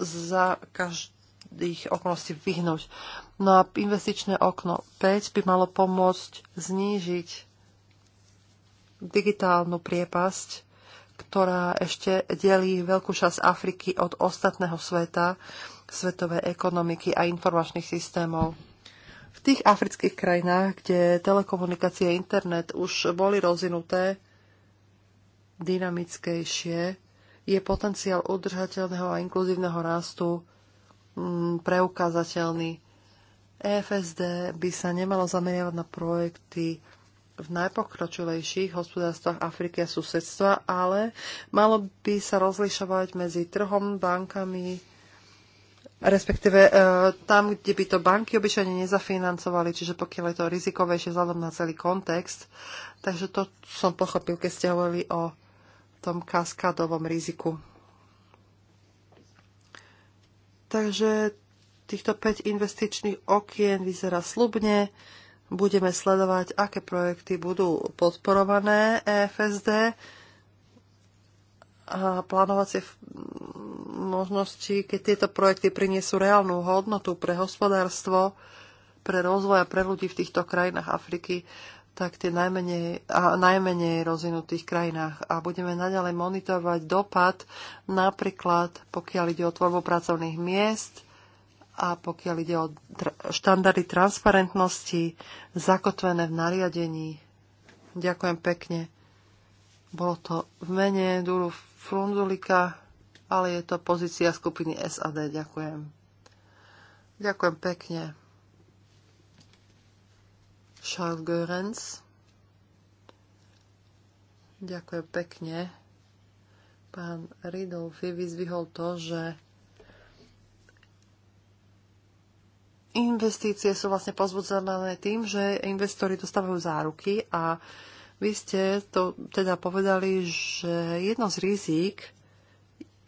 za každých okolností vyhnúť. No a investičné okno 5 by malo pomôcť znížiť digitálnu priepasť ktorá ešte delí veľkú časť Afriky od ostatného sveta, svetovej ekonomiky a informačných systémov. V tých afrických krajinách, kde telekomunikácie a internet už boli rozvinuté dynamickejšie, je potenciál udržateľného a inkluzívneho rastu mm, preukázateľný. EFSD by sa nemalo zameriavať na projekty v najpokročilejších hospodárstvách Afriky a susedstva, ale malo by sa rozlišovať medzi trhom, bankami, respektíve e, tam, kde by to banky obyčajne nezafinancovali, čiže pokiaľ je to rizikovejšie vzhľadom na celý kontext. Takže to som pochopil, keď ste hovorili o tom kaskádovom riziku. Takže týchto 5 investičných okien vyzerá slubne. E, budeme sledovať, aké projekty budú podporované EFSD a plánovacie možnosti, keď tieto projekty priniesú reálnu hodnotu pre hospodárstvo, pre rozvoj a pre ľudí v týchto krajinách Afriky, tak tie najmenej, a najmenej rozvinutých krajinách. A budeme naďalej monitorovať dopad, napríklad pokiaľ ide o tvorbu pracovných miest, a pokiaľ ide o štandardy transparentnosti zakotvené v nariadení. Ďakujem pekne. Bolo to v mene Duru Frunzulika, ale je to pozícia skupiny SAD. Ďakujem. Ďakujem pekne. Charles Görens. Ďakujem pekne. Pán Ridolf vyzvihol to, že investície sú vlastne pozbudzované tým, že investori dostávajú záruky a vy ste to teda povedali, že jedno z rizík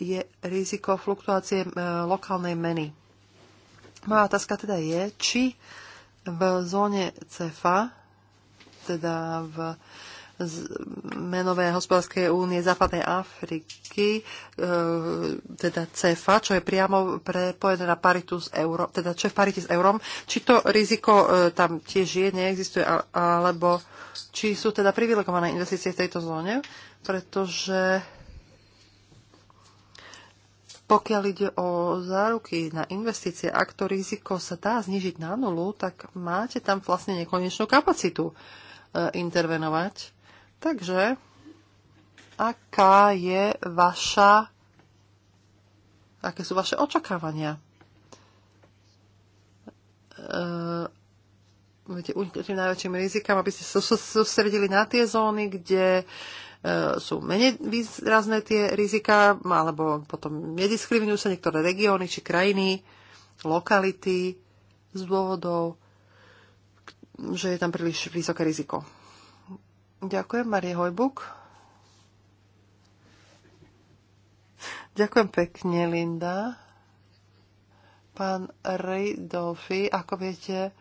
je riziko fluktuácie e, lokálnej meny. Moja otázka teda je, či v zóne CEFA, teda v z menové hospodárskej únie Západnej Afriky, e, teda CEFA, čo je priamo prepojené na paritu s eurom, teda čo je v parite s eurom, či to riziko e, tam tiež je, neexistuje, alebo či sú teda privilegované investície v tejto zóne, pretože pokiaľ ide o záruky na investície, ak to riziko sa dá znižiť na nulu, tak máte tam vlastne nekonečnú kapacitu e, intervenovať. Takže, aká je vaša, aké sú vaše očakávania? budete e, uniknúť tým najväčším rizikám, aby ste sa sústredili na tie zóny, kde e, sú menej výrazné tie rizika, alebo potom nediskriminujú sa niektoré regióny či krajiny, lokality z dôvodov, že je tam príliš vysoké riziko. Ďakujem, Marie Hojbuk. Ďakujem pekne, Linda. Pán Rejdolfi, ako viete,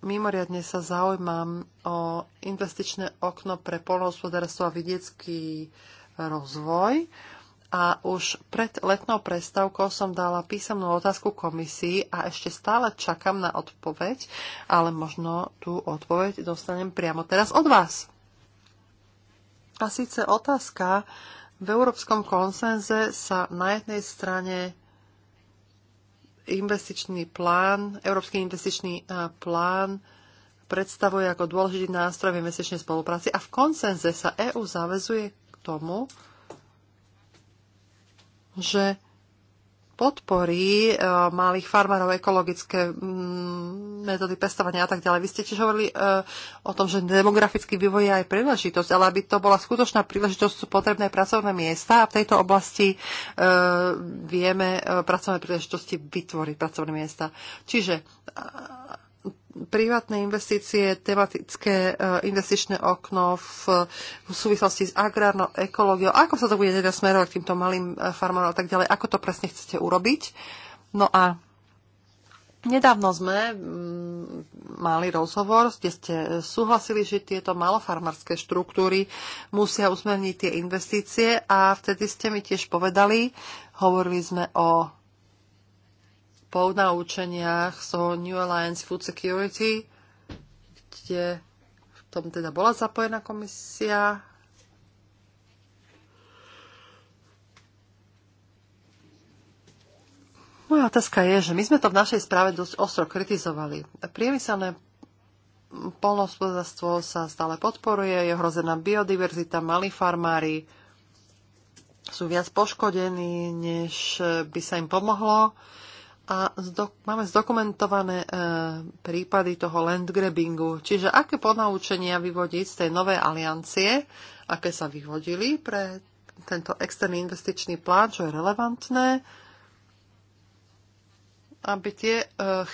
mimoriadne sa zaujímam o investičné okno pre polnohospodárstvo a vidiecký rozvoj. A už pred letnou prestávkou som dala písomnú otázku komisii a ešte stále čakám na odpoveď, ale možno tú odpoveď dostanem priamo teraz od vás. A síce otázka v európskom konsenze sa na jednej strane investičný plán, európsky investičný e, plán predstavuje ako dôležitý nástroj v investičnej spolupráci a v konsenze sa EÚ zavezuje k tomu, že podporí e, malých farmárov, ekologické mm, metódy pestovania a tak ďalej. Vy ste tiež hovorili e, o tom, že demografický vývoj je aj príležitosť, ale aby to bola skutočná príležitosť, sú potrebné pracovné miesta a v tejto oblasti e, vieme pracovné príležitosti vytvoriť pracovné miesta. Čiže privátne investície, tematické e, investičné okno v, v súvislosti s agrárnou ekológiou. Ako sa to bude teda smerovať k týmto malým e, farmárom a tak ďalej? Ako to presne chcete urobiť? No a Nedávno sme mm, mali rozhovor, kde ste súhlasili, že tieto malofarmárske štruktúry musia usmerniť tie investície a vtedy ste mi tiež povedali, hovorili sme o ponaučeniach z so New Alliance Food Security, kde v tom teda bola zapojená komisia. Moja otázka je, že my sme to v našej správe dosť ostro kritizovali. Priemyselné polnohospodárstvo sa stále podporuje, je hrozená biodiverzita, malí farmári sú viac poškodení, než by sa im pomohlo a zdok- máme zdokumentované e, prípady toho landgrabbingu. Čiže aké ponaučenia vyvodiť z tej novej aliancie, aké sa vyvodili pre tento externý investičný plán, čo je relevantné, aby tie e,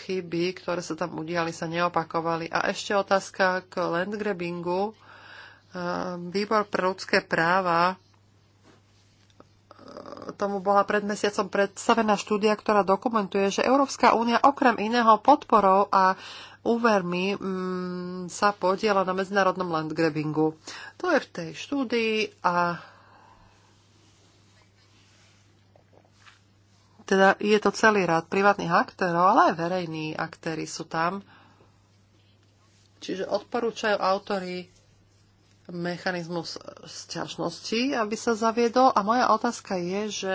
chyby, ktoré sa tam udiali, sa neopakovali. A ešte otázka k landgrabbingu. E, výbor pre ľudské práva tomu bola pred mesiacom predstavená štúdia, ktorá dokumentuje, že Európska únia okrem iného podporou a úvermi mm, sa podiela na medzinárodnom landgrabingu. To je v tej štúdii a teda je to celý rád privátnych aktérov, ale aj verejní aktéry sú tam. Čiže odporúčajú autory mechanizmus sťažnosti, aby sa zaviedol. A moja otázka je, že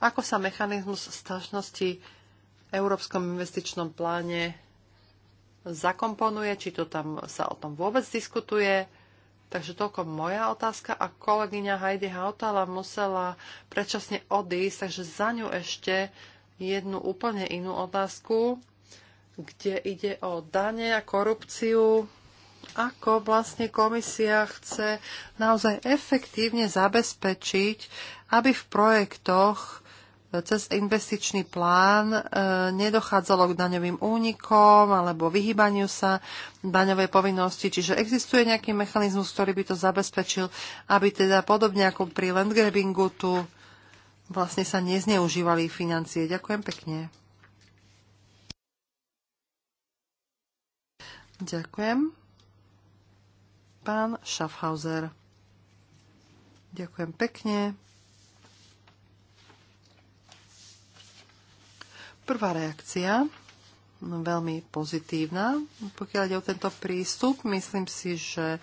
ako sa mechanizmus sťažnosti v Európskom investičnom pláne zakomponuje, či to tam sa o tom vôbec diskutuje. Takže toľko moja otázka a kolegyňa Heidi Hautala musela predčasne odísť, takže za ňu ešte jednu úplne inú otázku, kde ide o dane a korupciu ako vlastne komisia chce naozaj efektívne zabezpečiť, aby v projektoch cez investičný plán e, nedochádzalo k daňovým únikom alebo vyhýbaniu sa daňovej povinnosti. Čiže existuje nejaký mechanizmus, ktorý by to zabezpečil, aby teda podobne ako pri landgrabingu tu vlastne sa nezneužívali financie. Ďakujem pekne. Ďakujem. Pán Schaffhauser. Ďakujem pekne. Prvá reakcia, veľmi pozitívna, pokiaľ ide o tento prístup. Myslím si, že e,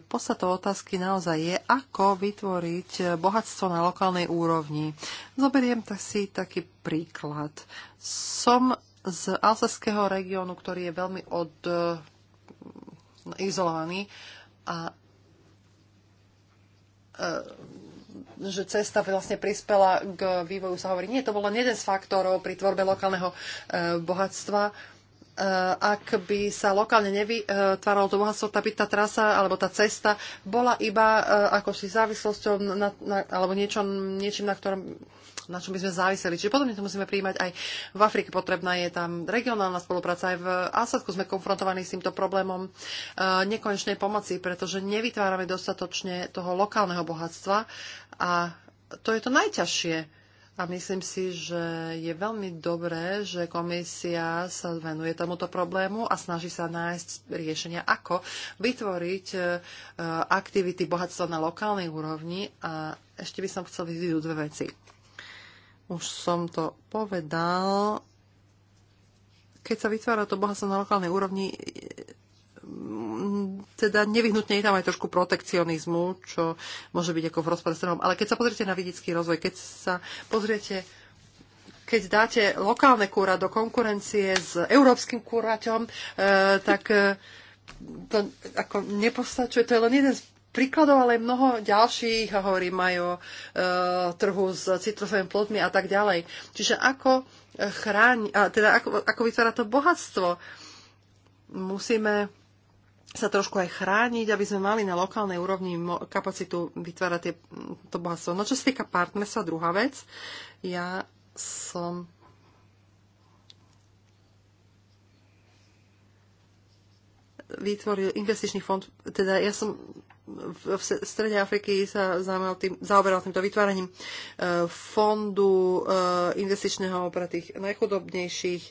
podstatou otázky naozaj je, ako vytvoriť bohatstvo na lokálnej úrovni. Zoberiem si taký príklad. Som z alsaského regiónu, ktorý je veľmi od No, izolovaní a e, že cesta vlastne prispela k vývoju, sa hovorí, nie, to bol len jeden z faktorov pri tvorbe lokálneho e, bohatstva Eh, ak by sa lokálne nevytváralo to bohatstvo, tá, tá trasa alebo tá cesta bola iba eh, ako si závislosťou na, na, alebo niečo, niečím, na ktorom na čom by sme záviseli. Čiže podobne to musíme príjmať aj v Afrike. Potrebná je tam regionálna spolupráca. Aj v Asadku sme konfrontovaní s týmto problémom eh, nekonečnej pomoci, pretože nevytvárame dostatočne toho lokálneho bohatstva a to je to najťažšie a myslím si, že je veľmi dobré, že komisia sa venuje tomuto problému a snaží sa nájsť riešenia, ako vytvoriť e, aktivity bohatstva na lokálnej úrovni. A ešte by som chcel vyzvihnúť dve veci. Už som to povedal. Keď sa vytvára to bohatstvo na lokálnej úrovni, teda nevyhnutne je tam aj trošku protekcionizmu, čo môže byť ako v rozpade s trhom. Ale keď sa pozriete na vidický rozvoj, keď sa pozriete keď dáte lokálne kúra do konkurencie s európskym kúraťom, e, tak e, to ako nepostačuje. To je len jeden z príkladov, ale mnoho ďalších, hovorím aj o e, trhu s citrusovými plodmi a tak ďalej. Čiže ako chráni, a teda ako, ako vytvára to bohatstvo, musíme sa trošku aj chrániť, aby sme mali na lokálnej úrovni kapacitu vytvárať tie, to bohatstvo. No čo sa týka partnerstva, druhá vec, ja som vytvoril investičný fond, teda ja som v strede Afriky sa tým, zaoberal týmto vytváraním eh, fondu eh, investičného pre tých najchudobnejších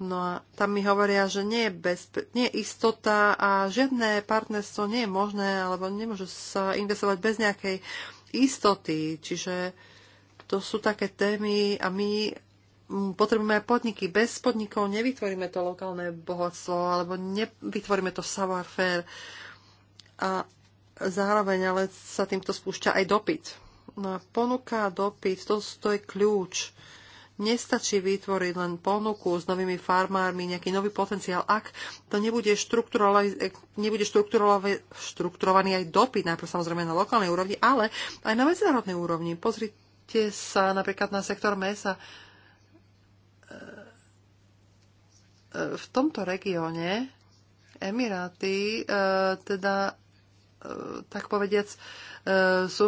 No a tam mi hovoria, že nie je, bezpe- nie je istota a žiadne partnerstvo nie je možné alebo nemôže sa investovať bez nejakej istoty. Čiže to sú také témy a my potrebujeme aj podniky. Bez podnikov nevytvoríme to lokálne bohatstvo alebo nevytvoríme to savoir faire. A zároveň ale sa týmto spúšťa aj dopyt. No a ponuka a dopyt, to, to je kľúč Nestačí vytvoriť len ponuku s novými farmármi, nejaký nový potenciál, ak to nebude, nebude štrukturovaný aj dopyt, najprv samozrejme na lokálnej úrovni, ale aj na medzinárodnej úrovni. Pozrite sa napríklad na sektor mesa. E, e, v tomto regióne Emiráty e, teda tak povediac, sú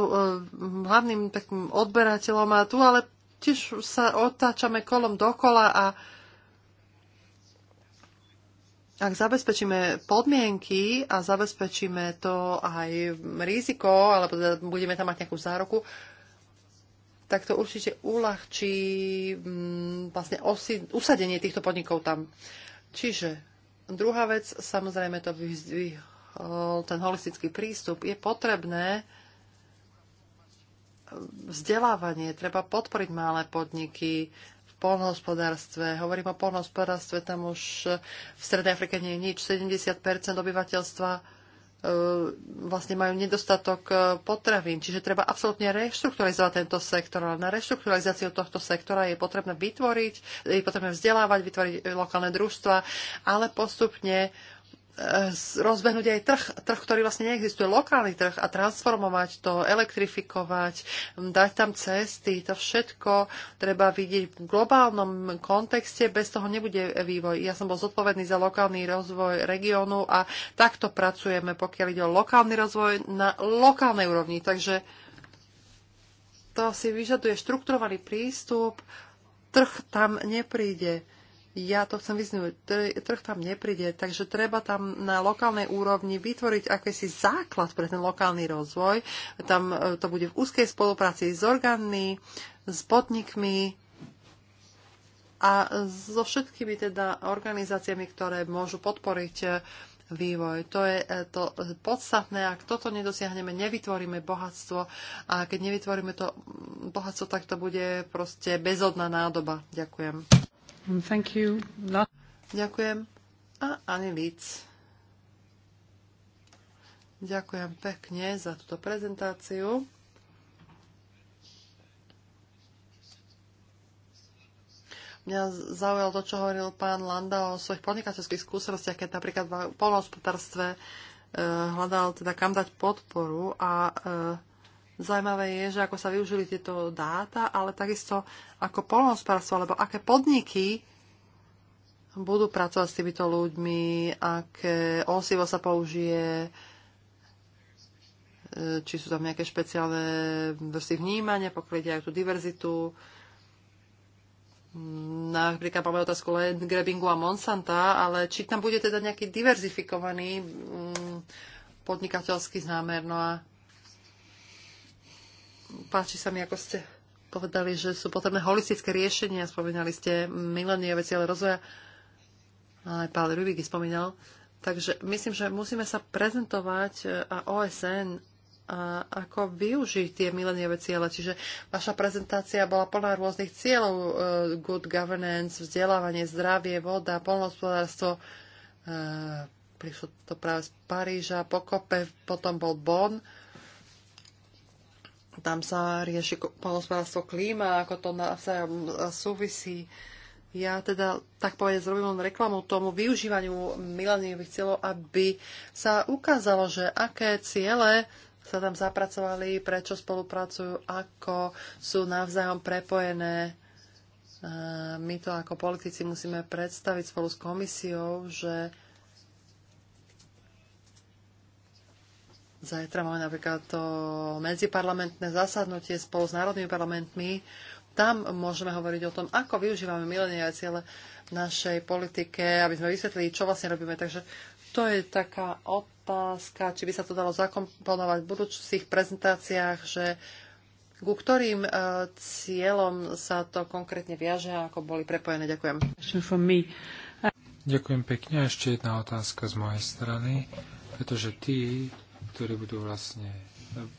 hlavným takým odberateľom a tu ale tiež sa otáčame kolom dokola a ak zabezpečíme podmienky a zabezpečíme to aj riziko, alebo teda budeme tam mať nejakú zároku, tak to určite uľahčí mm, vlastne osi, usadenie týchto podnikov tam. Čiže druhá vec, samozrejme to vyzdvihol ten holistický prístup. Je potrebné vzdelávanie, treba podporiť malé podniky v polnohospodárstve. Hovorím o polnohospodárstve, tam už eh, v Strednej Afrike nie je nič. 70 obyvateľstva eh, vlastne majú nedostatok eh, potravín. Čiže treba absolútne reštrukturalizovať tento sektor. na reštrukturalizáciu tohto sektora je potrebné vytvoriť, je potrebné vzdelávať, vytvoriť lokálne družstva, ale postupne E, rozbehnúť aj trh, trh, ktorý vlastne neexistuje, lokálny trh a transformovať to, elektrifikovať, dať tam cesty, to všetko treba vidieť v globálnom kontexte, bez toho nebude vývoj. Ja som bol zodpovedný za lokálny rozvoj regiónu a takto pracujeme, pokiaľ ide o lokálny rozvoj na lokálnej úrovni. Takže to si vyžaduje štrukturovaný prístup, trh tam nepríde ja to chcem vyznúť, trh tam nepríde, takže treba tam na lokálnej úrovni vytvoriť akýsi základ pre ten lokálny rozvoj. Tam e, to bude v úzkej spolupráci s orgánmi, s podnikmi a so všetkými teda organizáciami, ktoré môžu podporiť e, vývoj. To je e, to podstatné. Ak toto nedosiahneme, nevytvoríme bohatstvo a keď nevytvoríme to bohatstvo, tak to bude proste bezodná nádoba. Ďakujem. Thank you. La- Ďakujem. A Ani Ďakujem pekne za túto prezentáciu. Mňa zaujalo to, čo hovoril pán Landa o svojich podnikateľských skúsenostiach, keď napríklad v polnohospodárstve e, hľadal teda kam dať podporu a e, Zajímavé je, že ako sa využili tieto dáta, ale takisto ako polnohospodárstvo, alebo aké podniky budú pracovať s týmito ľuďmi, aké osivo sa použije, e, či sú tam nejaké špeciálne vrsty vnímania, ide aj tú diverzitu. Mm, napríklad máme otázku len Grebingu a Monsanta, ale či tam bude teda nejaký diverzifikovaný mm, podnikateľský zámer. No a páči sa mi, ako ste povedali, že sú potrebné holistické riešenia. Spomínali ste veci, ale rozvoja. Aj Pál Rubik spomínal. Takže myslím, že musíme sa prezentovať e, a OSN a ako využiť tie mileniové ciele. Čiže vaša prezentácia bola plná rôznych cieľov. E, good governance, vzdelávanie, zdravie, voda, polnohospodárstvo. E, prišlo to práve z Paríža, Pokope, potom bol Bonn tam sa rieši polnospodárstvo klíma, ako to navzájom e, súvisí. Ja teda, tak povedať, zrobím len reklamu tomu využívaniu mileniových cieľov, aby sa ukázalo, že aké ciele sa tam zapracovali, prečo spolupracujú, ako sú navzájom prepojené. E, my to ako politici musíme predstaviť spolu s komisiou, že Zajtra máme napríklad to medziparlamentné zasadnutie spolu s národnými parlamentmi. Tam môžeme hovoriť o tom, ako využívame milenia aj ciele našej politike, aby sme vysvetlili, čo vlastne robíme. Takže to je taká otázka, či by sa to dalo zakomponovať v budúcich prezentáciách, že ku ktorým e, cieľom sa to konkrétne viaže a ako boli prepojené. Ďakujem. Ďakujem pekne. A ešte jedna otázka z mojej strany, pretože tí, ktoré budú vlastne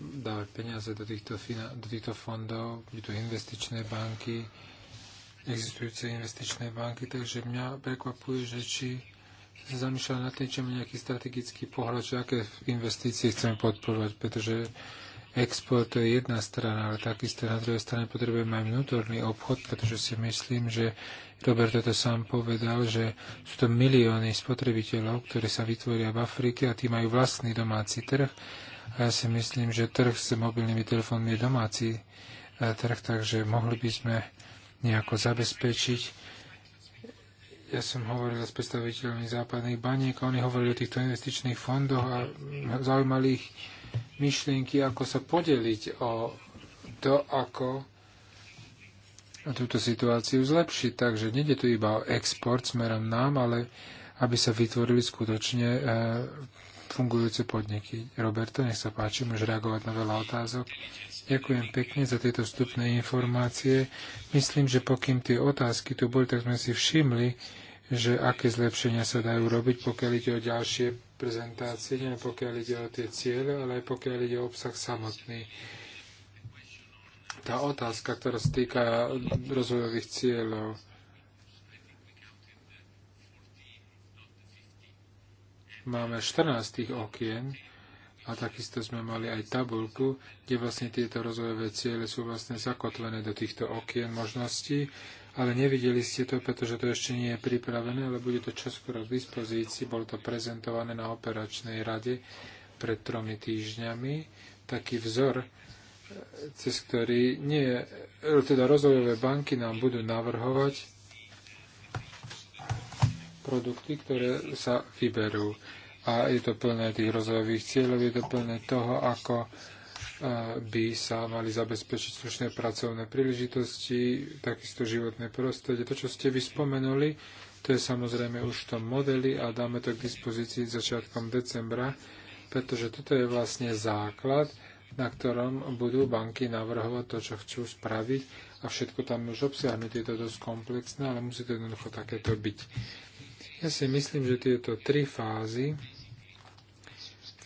dávať peniaze do týchto, do týchto fondov, budú to investičné banky, existujúce investičné banky, takže mňa prekvapuje, že či sa zamýšľa nad tým, či má nejaký strategický pohľad, že aké investície chceme podporovať, pretože export to je jedna strana, ale takisto na druhej strane potrebujeme aj vnútorný obchod, pretože si myslím, že Roberto to sám povedal, že sú to milióny spotrebiteľov, ktorí sa vytvoria v Afrike a tí majú vlastný domáci trh. A ja si myslím, že trh s mobilnými telefónmi je domáci e, trh, takže mohli by sme nejako zabezpečiť. Ja som hovoril s predstaviteľmi západných baniek a oni hovorili o týchto investičných fondoch a zaujímali ich myšlienky, ako sa podeliť o to, ako túto situáciu zlepšiť. Takže nejde tu iba o export smerom nám, ale aby sa vytvorili skutočne e, fungujúce podniky. Roberto, nech sa páči, môže reagovať na veľa otázok. Ďakujem pekne za tieto vstupné informácie. Myslím, že pokým tie otázky tu boli, tak sme si všimli, že aké zlepšenia sa dajú robiť, pokiaľ ide o ďalšie prezentácie, nie pokiaľ ide o tie ciele, ale aj pokiaľ ide o obsah samotný. Tá otázka, ktorá sa týka rozvojových cieľov, máme 14 tých okien a takisto sme mali aj tabulku, kde vlastne tieto rozvojové ciele sú vlastne zakotvené do týchto okien možností ale nevideli ste to, pretože to ešte nie je pripravené, ale bude to čoskoro k dispozícii. Bolo to prezentované na operačnej rade pred tromi týždňami. Taký vzor, cez ktorý nie, teda rozvojové banky nám budú navrhovať produkty, ktoré sa vyberú. A je to plné tých rozvojových cieľov, je to plné toho, ako by sa mali zabezpečiť slušné pracovné príležitosti, takisto životné prostredie. To, čo ste vyspomenuli, to je samozrejme už v tom modeli a dáme to k dispozícii začiatkom decembra, pretože toto je vlastne základ, na ktorom budú banky navrhovať to, čo chcú spraviť a všetko tam už obsiahnuť. Je to dosť komplexné, ale musí to jednoducho takéto byť. Ja si myslím, že tieto tri fázy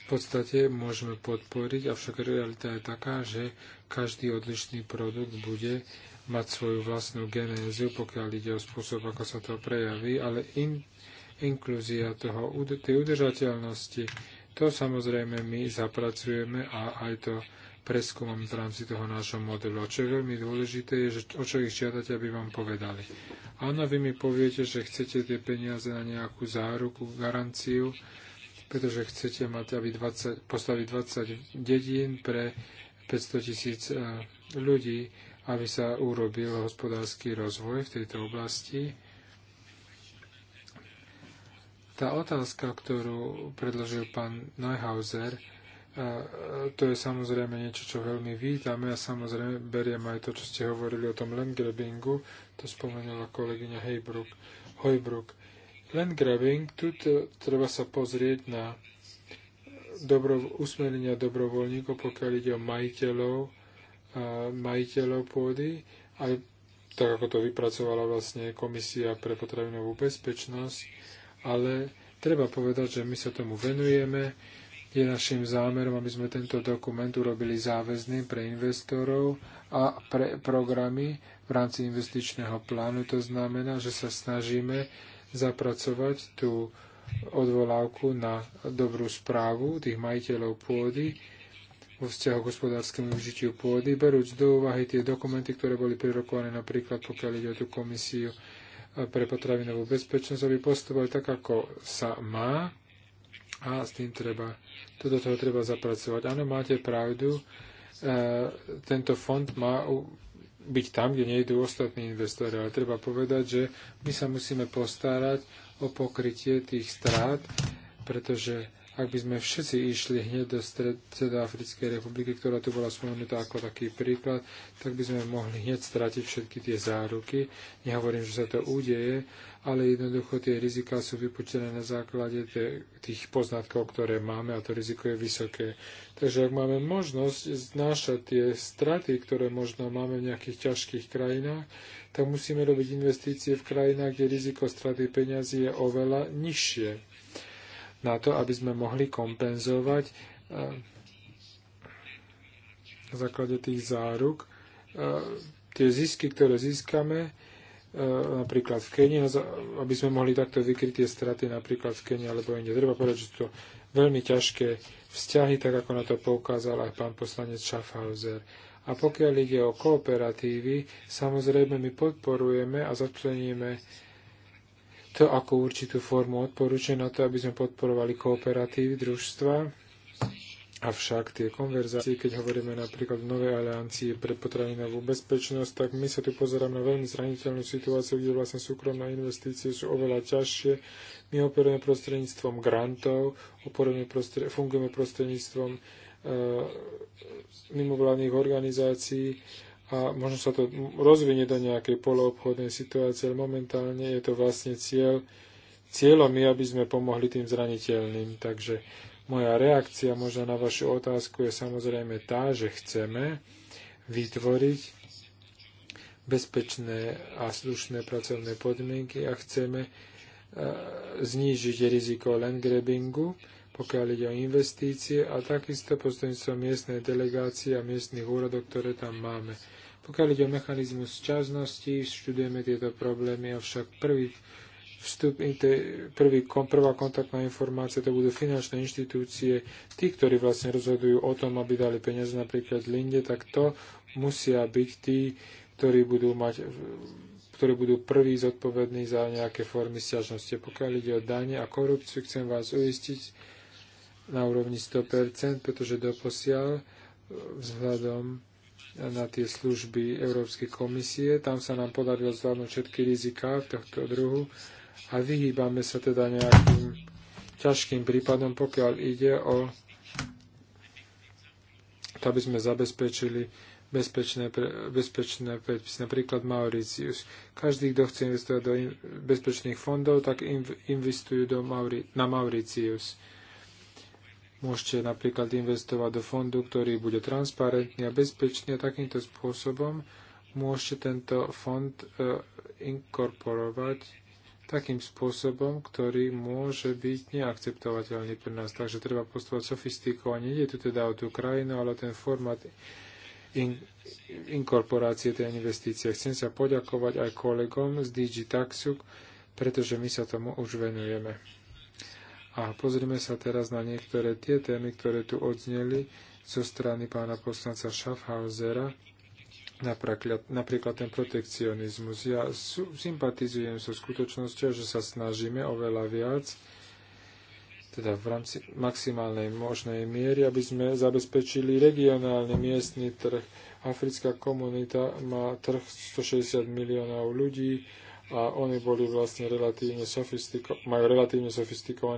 podstate môžeme podporiť, avšak realita je taká, že každý odlišný produkt bude mať svoju vlastnú genéziu, pokiaľ ide o spôsob, ako sa to prejaví, ale in, inklúzia toho, tej udržateľnosti, to samozrejme my zapracujeme a aj to preskúmame v rámci toho nášho modelu. A čo je veľmi dôležité, je, že, o čo ich žiadate, aby vám povedali. Áno, vy mi poviete, že chcete tie peniaze na nejakú záruku, garanciu, pretože chcete mať aby 20, postaviť 20 dedín pre 500 tisíc e, ľudí, aby sa urobil hospodársky rozvoj v tejto oblasti. Tá otázka, ktorú predložil pán Neuhauser, e, to je samozrejme niečo, čo veľmi vítame a samozrejme beriem aj to, čo ste hovorili o tom Lengrebingu, to spomenula kolegyňa Heybrook, Hojbruk land grabbing, tu treba sa pozrieť na dobro, usmerenia dobrovoľníkov, pokiaľ ide o majiteľov, majiteľov pôdy, aj tak, ako to vypracovala vlastne Komisia pre potravinovú bezpečnosť, ale treba povedať, že my sa tomu venujeme. Je našim zámerom, aby sme tento dokument urobili záväzným pre investorov a pre programy v rámci investičného plánu. To znamená, že sa snažíme zapracovať tú odvolávku na dobrú správu tých majiteľov pôdy vo vzťahu k hospodárskému užitiu pôdy, berúc do úvahy tie dokumenty, ktoré boli prirokované napríklad, pokiaľ ide o tú komisiu pre potravinovú bezpečnosť, aby postupovali tak, ako sa má a s tým treba, toto toho treba zapracovať. Áno, máte pravdu, e, tento fond má byť tam, kde nejdú ostatní investori. Ale treba povedať, že my sa musíme postarať o pokrytie tých strát, pretože ak by sme všetci išli hneď do Stredoafrickej republiky, ktorá tu bola spomenutá ako taký príklad, tak by sme mohli hneď stratiť všetky tie záruky. Nehovorím, že sa to udeje, ale jednoducho tie riziká sú vypočtené na základe tých poznatkov, ktoré máme a to riziko je vysoké. Takže ak máme možnosť znášať tie straty, ktoré možno máme v nejakých ťažkých krajinách, tak musíme robiť investície v krajinách, kde riziko straty peňazí je oveľa nižšie na to, aby sme mohli kompenzovať eh, na základe tých záruk eh, tie zisky, ktoré získame, eh, napríklad v Kenii, aby sme mohli takto vykryť tie straty napríklad v Kenii alebo inde. Treba povedať, že sú to veľmi ťažké vzťahy, tak ako na to poukázal aj pán poslanec Schaffhauser. A pokiaľ ide o kooperatívy, samozrejme my podporujeme a začleníme to ako určitú formu odporúča na to, aby sme podporovali kooperatívy, družstva. Avšak tie konverzácie, keď hovoríme napríklad o Novej aliancii pre potravinovú bezpečnosť, tak my sa tu pozeráme na veľmi zraniteľnú situáciu, kde vlastne súkromné investície sú oveľa ťažšie. My operujeme prostredníctvom grantov, operujeme prostre, fungujeme prostredníctvom e, mimovládnych organizácií, a možno sa to rozvinie do nejakej poloobchodnej situácie, ale momentálne je to vlastne cieľ. Cieľom je, aby sme pomohli tým zraniteľným. Takže moja reakcia možno na vašu otázku je samozrejme tá, že chceme vytvoriť bezpečné a slušné pracovné podmienky a chceme e, znížiť riziko grabbingu, pokiaľ ide o investície a takisto prostredníctvom miestnej delegácie a miestnych úradov, ktoré tam máme. Pokiaľ ide o mechanizmus časnosti, študujeme tieto problémy, avšak prvý vstup, prvý, prvá kontaktná informácia, to budú finančné inštitúcie, tí, ktorí vlastne rozhodujú o tom, aby dali peniaze napríklad Linde, tak to musia byť tí, ktorí budú mať ktorí budú prví zodpovední za nejaké formy stiažnosti. Pokiaľ ide o dane a korupciu, chcem vás uistiť na úrovni 100%, pretože doposiaľ vzhľadom na tie služby Európskej komisie. Tam sa nám podarilo zvládnuť všetky riziká tohto druhu a vyhýbame sa teda nejakým ťažkým prípadom, pokiaľ ide o to, aby sme zabezpečili bezpečné, bezpečné predpisy. Napríklad Mauritius. Každý, kto chce investovať do in, bezpečných fondov, tak investujú do Mauri, na Mauritius. Môžete napríklad investovať do fondu, ktorý bude transparentný a bezpečný a takýmto spôsobom môžete tento fond e, inkorporovať takým spôsobom, ktorý môže byť neakceptovateľný pre nás. Takže treba postovať sofistikovanie. Nie je tu teda o tú krajinu, ale ten format in, inkorporácie tej investície. Chcem sa poďakovať aj kolegom z DG Taxuk, pretože my sa tomu už venujeme. A pozrime sa teraz na niektoré tie témy, ktoré tu odzneli zo strany pána poslanca Schaffhausera, napríklad, napríklad ten protekcionizmus. Ja sympatizujem so skutočnosťou, že sa snažíme oveľa viac, teda v rámci maximálnej možnej miery, aby sme zabezpečili regionálny miestny trh. Africká komunita má trh 160 miliónov ľudí, a oni boli vlastne relatívne sofistiko- majú relatívne sofistikované